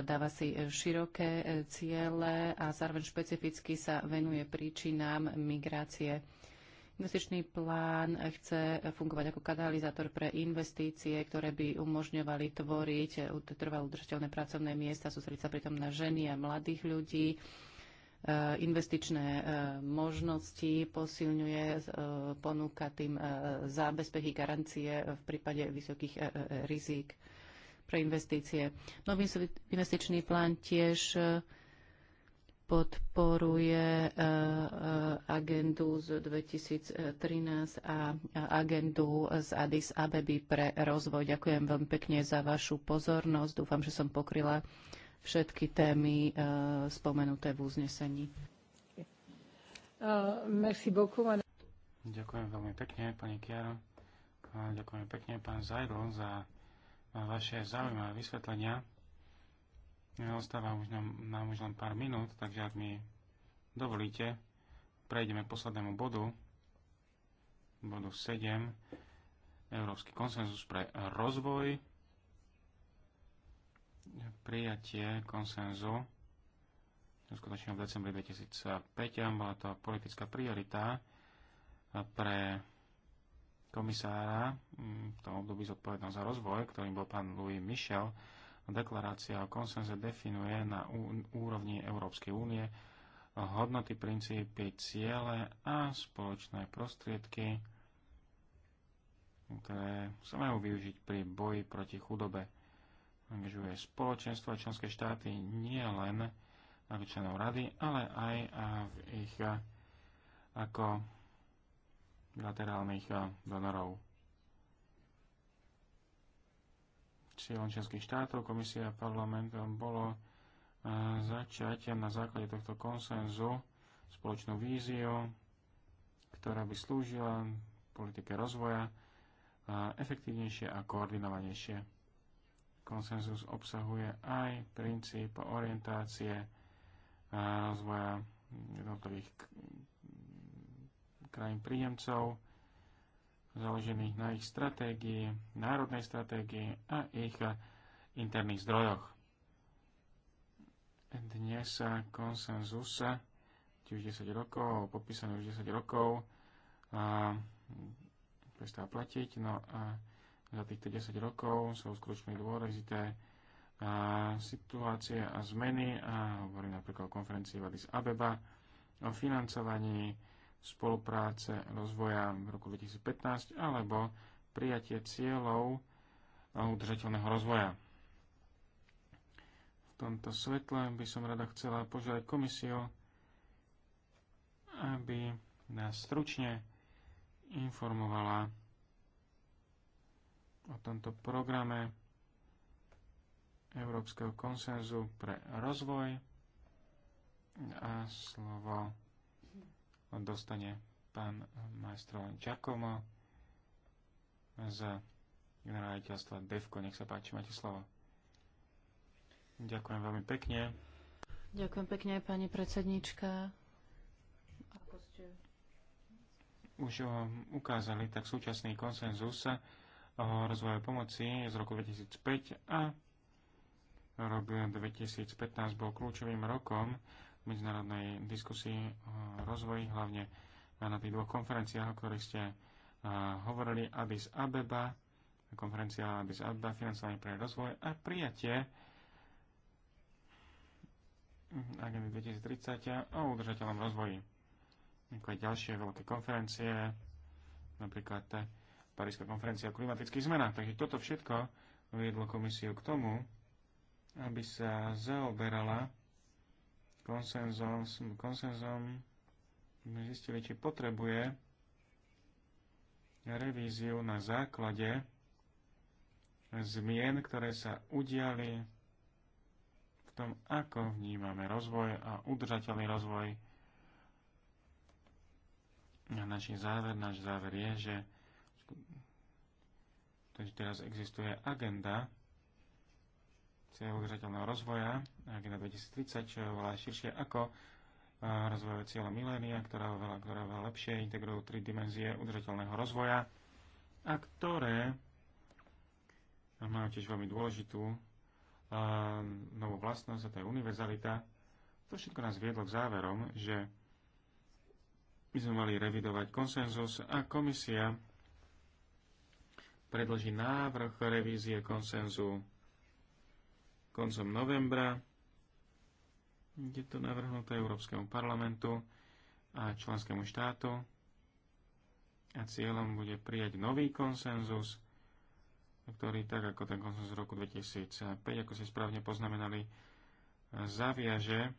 Dáva si široké ciele a zároveň špecificky sa venuje príčinám migrácie. Investičný plán chce fungovať ako katalizátor pre investície, ktoré by umožňovali tvoriť trvalo udržateľné pracovné miesta, sústrediť sa pritom na ženy a mladých ľudí e, investičné e, možnosti, posilňuje, e, ponúka tým zábezpechy, garancie v prípade vysokých rizík pre investície. Nový investičný plán tiež podporuje e, e, agendu z 2013 a agendu z Addis Abeby pre rozvoj. Ďakujem veľmi pekne za vašu pozornosť. Dúfam, že som pokryla všetky témy e, spomenuté v uznesení. Ďakujem veľmi pekne, pani Kiara. Ďakujem pekne, pán Zajdl, za vaše zaujímavé vysvetlenia. Ostáva už nám, nám už len pár minút, takže ak mi dovolíte, prejdeme k poslednému bodu, bodu 7, Európsky konsenzus pre rozvoj, prijatie konsenzu, skutočne v decembri 2005, bola to politická priorita pre komisára mm, v tom období zodpovedného za rozvoj, ktorým bol pán Louis Michel, Deklarácia o konsenze definuje na úrovni Európskej únie hodnoty, princípy, ciele a spoločné prostriedky, ktoré sa majú využiť pri boji proti chudobe. Angažuje spoločenstvo a členské štáty nie len ako členov rady, ale aj v ich ako bilaterálnych donorov. cieľom členských štátov, Komisie a parlament bolo e, začať na základe tohto konsenzu spoločnú víziu, ktorá by slúžila politike rozvoja e, efektívnejšie a koordinovanejšie. Konsenzus obsahuje aj princíp orientácie e, rozvoja jednotlivých krajín príjemcov, založených na ich stratégii, národnej stratégii a ich interných zdrojoch. Dnes sa konsenzus, či už 10 rokov, popísaný už 10 rokov, a, prestáva platiť. No a za týchto 10 rokov sú skutočne dôležité a, situácie a zmeny. A hovorím napríklad o konferencii Vadis Abeba, o financovaní spolupráce rozvoja v roku 2015 alebo prijatie cieľov eh, udržateľného rozvoja. V tomto svetle by som rada chcela požiadať komisiu, aby nás stručne informovala o tomto programe Európskeho konsenzu pre rozvoj a slovo dostane pán majstro Giacomo z generáliteľstva DEFCO. Nech sa páči, máte slovo. Ďakujem veľmi pekne. Ďakujem pekne, pani predsednička. Ako ste už eh, ukázali, tak súčasný konsenzus o rozvoju pomoci z roku 2005 a rok 2015 bol kľúčovým rokom medzinárodnej diskusii o rozvoji, hlavne na tých dvoch konferenciách, o ktorých ste hovorili, Addis Abeba, konferencia Addis Abeba, financovanie pre rozvoj a prijatie agendy 2030 o udržateľnom rozvoji. Ako aj ďalšie veľké konferencie, napríklad Paríska konferencia o klimatických zmenách. Takže toto všetko viedlo komisiu k tomu, aby sa zaoberala konsenzom, konsenzom sme zistili, či potrebuje revíziu na základe zmien, ktoré sa udiali v tom, ako vnímame rozvoj a udržateľný rozvoj. A náš záver, náš záver je, že takže teraz existuje agenda, cieľ udržateľného rozvoja, agenda 2030, čo je oveľa širšie ako eh, rozvojové cieľa milénia, ktorá oveľa, ktorá oveľa lepšie integrujú tri dimenzie udržateľného rozvoja a ktoré majú tiež veľmi dôležitú eh, novú vlastnosť a to je univerzalita. To všetko nás viedlo k záverom, že my sme mali revidovať konsenzus a komisia predloží návrh revízie konsenzu koncom novembra. Je to navrhnuté Európskemu parlamentu a členskému štátu a cieľom bude prijať nový konsenzus, ktorý tak ako ten konsenzus z roku 2005, ako si správne poznamenali, zaviaže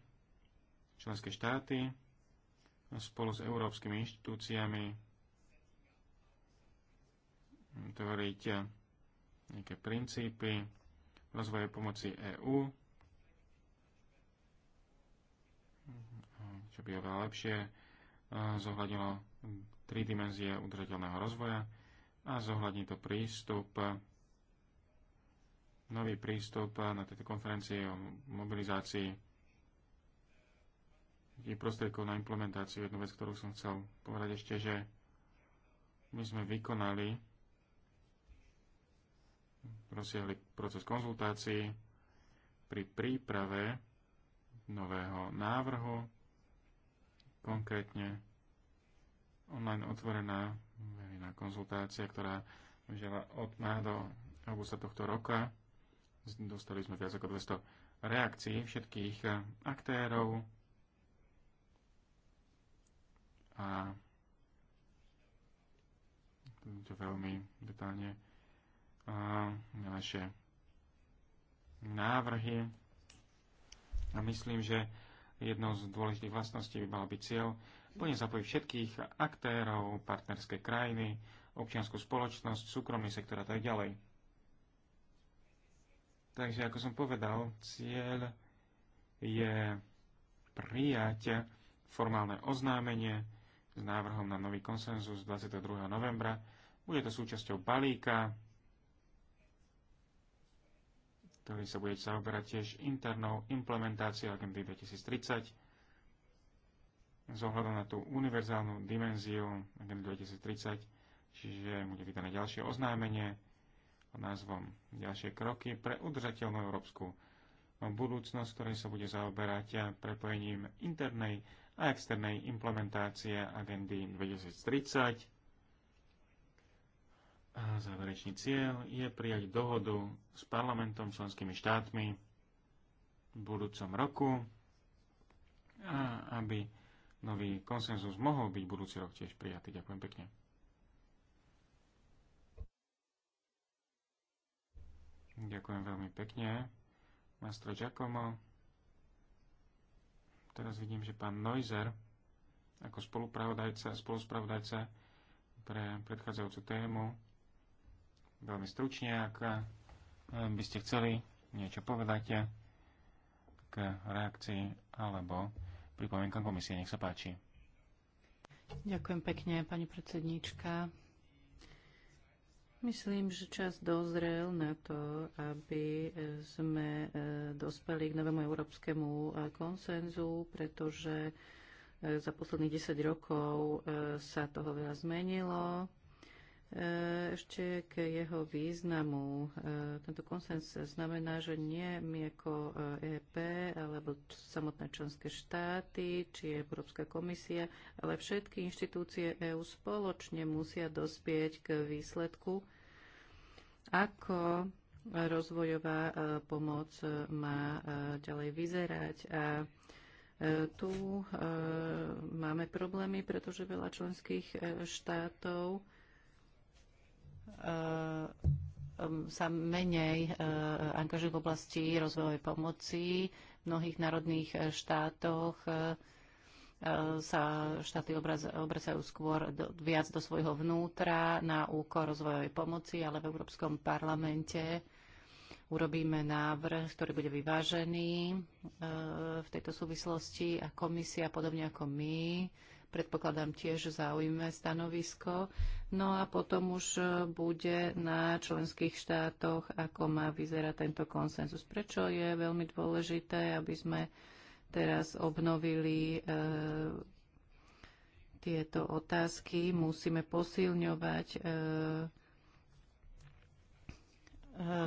členské štáty spolu s európskymi inštitúciami tvoriť nejaké princípy, rozvoje pomoci EÚ, mhm. čo by oveľa lepšie e, zohľadilo tri dimenzie udržateľného rozvoja a zohľadní to prístup, nový prístup na tejto konferencii o mobilizácii prostriedkov na implementáciu. Jednu vec, ktorú som chcel povedať ešte, že my sme vykonali rozsiahli proces konzultácií pri príprave nového návrhu, konkrétne online otvorená verejná konzultácia, ktorá žila od má do augusta tohto roka. Dostali sme viac ako 200 reakcií všetkých aktérov a to veľmi detálne na naše návrhy. A myslím, že jednou z dôležitých vlastností by mala byť cieľ plne zapojiť všetkých aktérov, partnerské krajiny, občianskú spoločnosť, súkromný sektor a tak ďalej. Takže, ako som povedal, cieľ je prijať formálne oznámenie s návrhom na nový konsenzus 22. novembra. Bude to súčasťou balíka ktorý sa bude zaoberať tiež internou implementáciou agendy 2030 z ohľadom na tú univerzálnu dimenziu agendy 2030, čiže bude vydané ďalšie oznámenie pod názvom Ďalšie kroky pre udržateľnú európsku budúcnosť, ktorý sa bude zaoberať prepojením internej a externej implementácie agendy 2030 záverečný cieľ je prijať dohodu s parlamentom, členskými štátmi v budúcom roku a aby nový konsenzus mohol byť budúci rok tiež prijatý. Ďakujem pekne. Ďakujem veľmi pekne. Mastro Giacomo. Teraz vidím, že pán Neuser ako spolupravodajca, spoluspravodajca pre predchádzajúcu tému veľmi stručne, ak eh, by ste chceli niečo povedať k reakcii alebo pripomienkam komisie. Nech sa páči. Ďakujem pekne, pani predsedníčka. Myslím, že čas dozrel na to, aby eh, sme eh, dospeli k novému európskemu konsenzu, pretože za posledných 10 rokov sa toho veľa zmenilo. E, ešte k jeho významu. E, tento konsens znamená, že nie ako EP e alebo samotné členské štáty či Európska komisia, ale všetky inštitúcie EÚ spoločne musia dospieť k výsledku, ako rozvojová pomoc má ďalej vyzerať. A tu máme problémy, pretože veľa členských štátov Ehm, sa menej eh, angažujú v oblasti rozvojovej pomoci. V mnohých národných eh, štátoch eh, sa štáty obracajú skôr viac do svojho vnútra na úkor rozvojovej pomoci, ale v Európskom parlamente urobíme návrh, ktorý bude vyvážený v tejto súvislosti a komisia, podobne ako my, predpokladám tiež zaujímavé stanovisko. No a potom už e, bude na členských štátoch, ako má vyzerať tento konsenzus. Prečo je veľmi dôležité, aby sme teraz obnovili e, tieto otázky. Musíme posilňovať e, e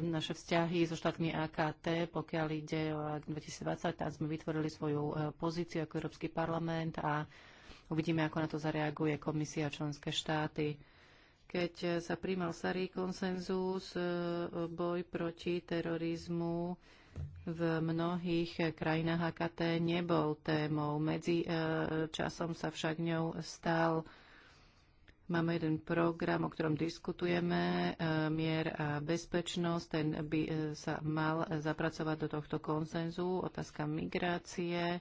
naše vzťahy so štátmi AKT, pokiaľ ide o 2020, tam sme vytvorili svoju e, pozíciu ako Európsky parlament a Uvidíme, ako na to zareaguje komisia a členské štáty. Keď sa príjmal starý konsenzus, e, boj proti terorizmu v mnohých krajinách AKT nebol témou. Medzi e, časom sa však ňou stal Máme jeden program, o ktorom diskutujeme, e, mier a bezpečnosť, ten by sa mal zapracovať do tohto konsenzu, otázka migrácie,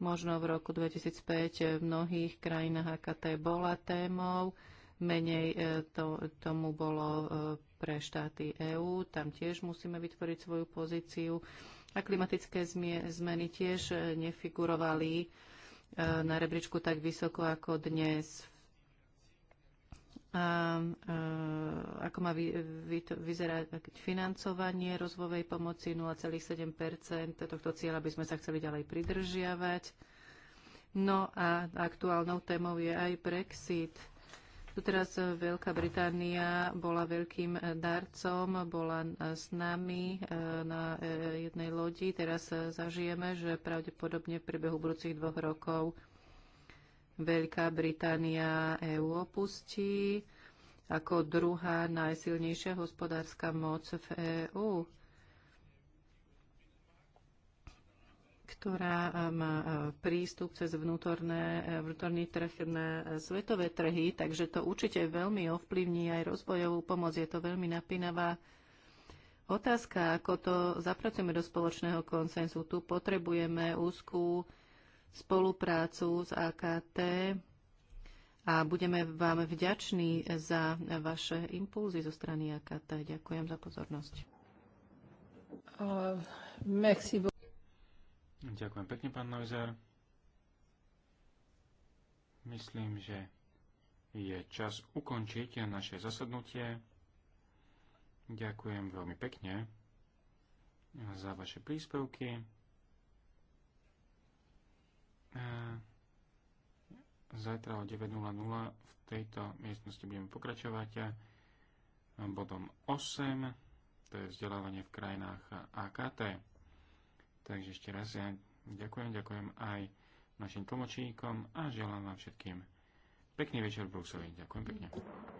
Možno v roku 2005 v mnohých krajinách AKT bola témou, menej e, to, tomu bolo e, pre štáty EÚ, tam tiež musíme vytvoriť svoju pozíciu. A klimatické zmeny tiež e, nefigurovali na rebríčku tak vysoko ako dnes a, a ako má vy, vy, vyzerať financovanie rozvojovej pomoci 0,7 tohto cieľa by sme sa chceli ďalej pridržiavať. No a aktuálnou témou je aj Brexit. Tu teraz Veľká Británia bola veľkým darcom, bola s nami e, na e, jednej lodi. Teraz zažijeme, že pravdepodobne v priebehu budúcich dvoch rokov Veľká Británia EU opustí ako druhá najsilnejšia hospodárska moc v EÚ, ktorá e, má e, prístup cez vnútorné, e, vnútorný trh na svetové trhy, takže to určite veľmi ovplyvní aj rozvojovú pomoc. Je to veľmi napínavá otázka, ako to zapracujeme do spoločného konsenzu. Tu potrebujeme úzkú spoluprácu s AKT a budeme vám vďační za vaše impulzy zo strany AKT. Ďakujem za pozornosť. Ďakujem pekne, pán Neuser. Myslím, že je čas ukončiť naše zasadnutie. Ďakujem veľmi pekne za vaše príspevky. Zajtra o 9.00 v tejto miestnosti budeme pokračovať bodom 8, to je vzdelávanie v krajinách AKT. Takže ešte raz ja ďakujem, ďakujem aj našim tlmočníkom a želám vám všetkým pekný večer v Bruseli. Ďakujem pekne.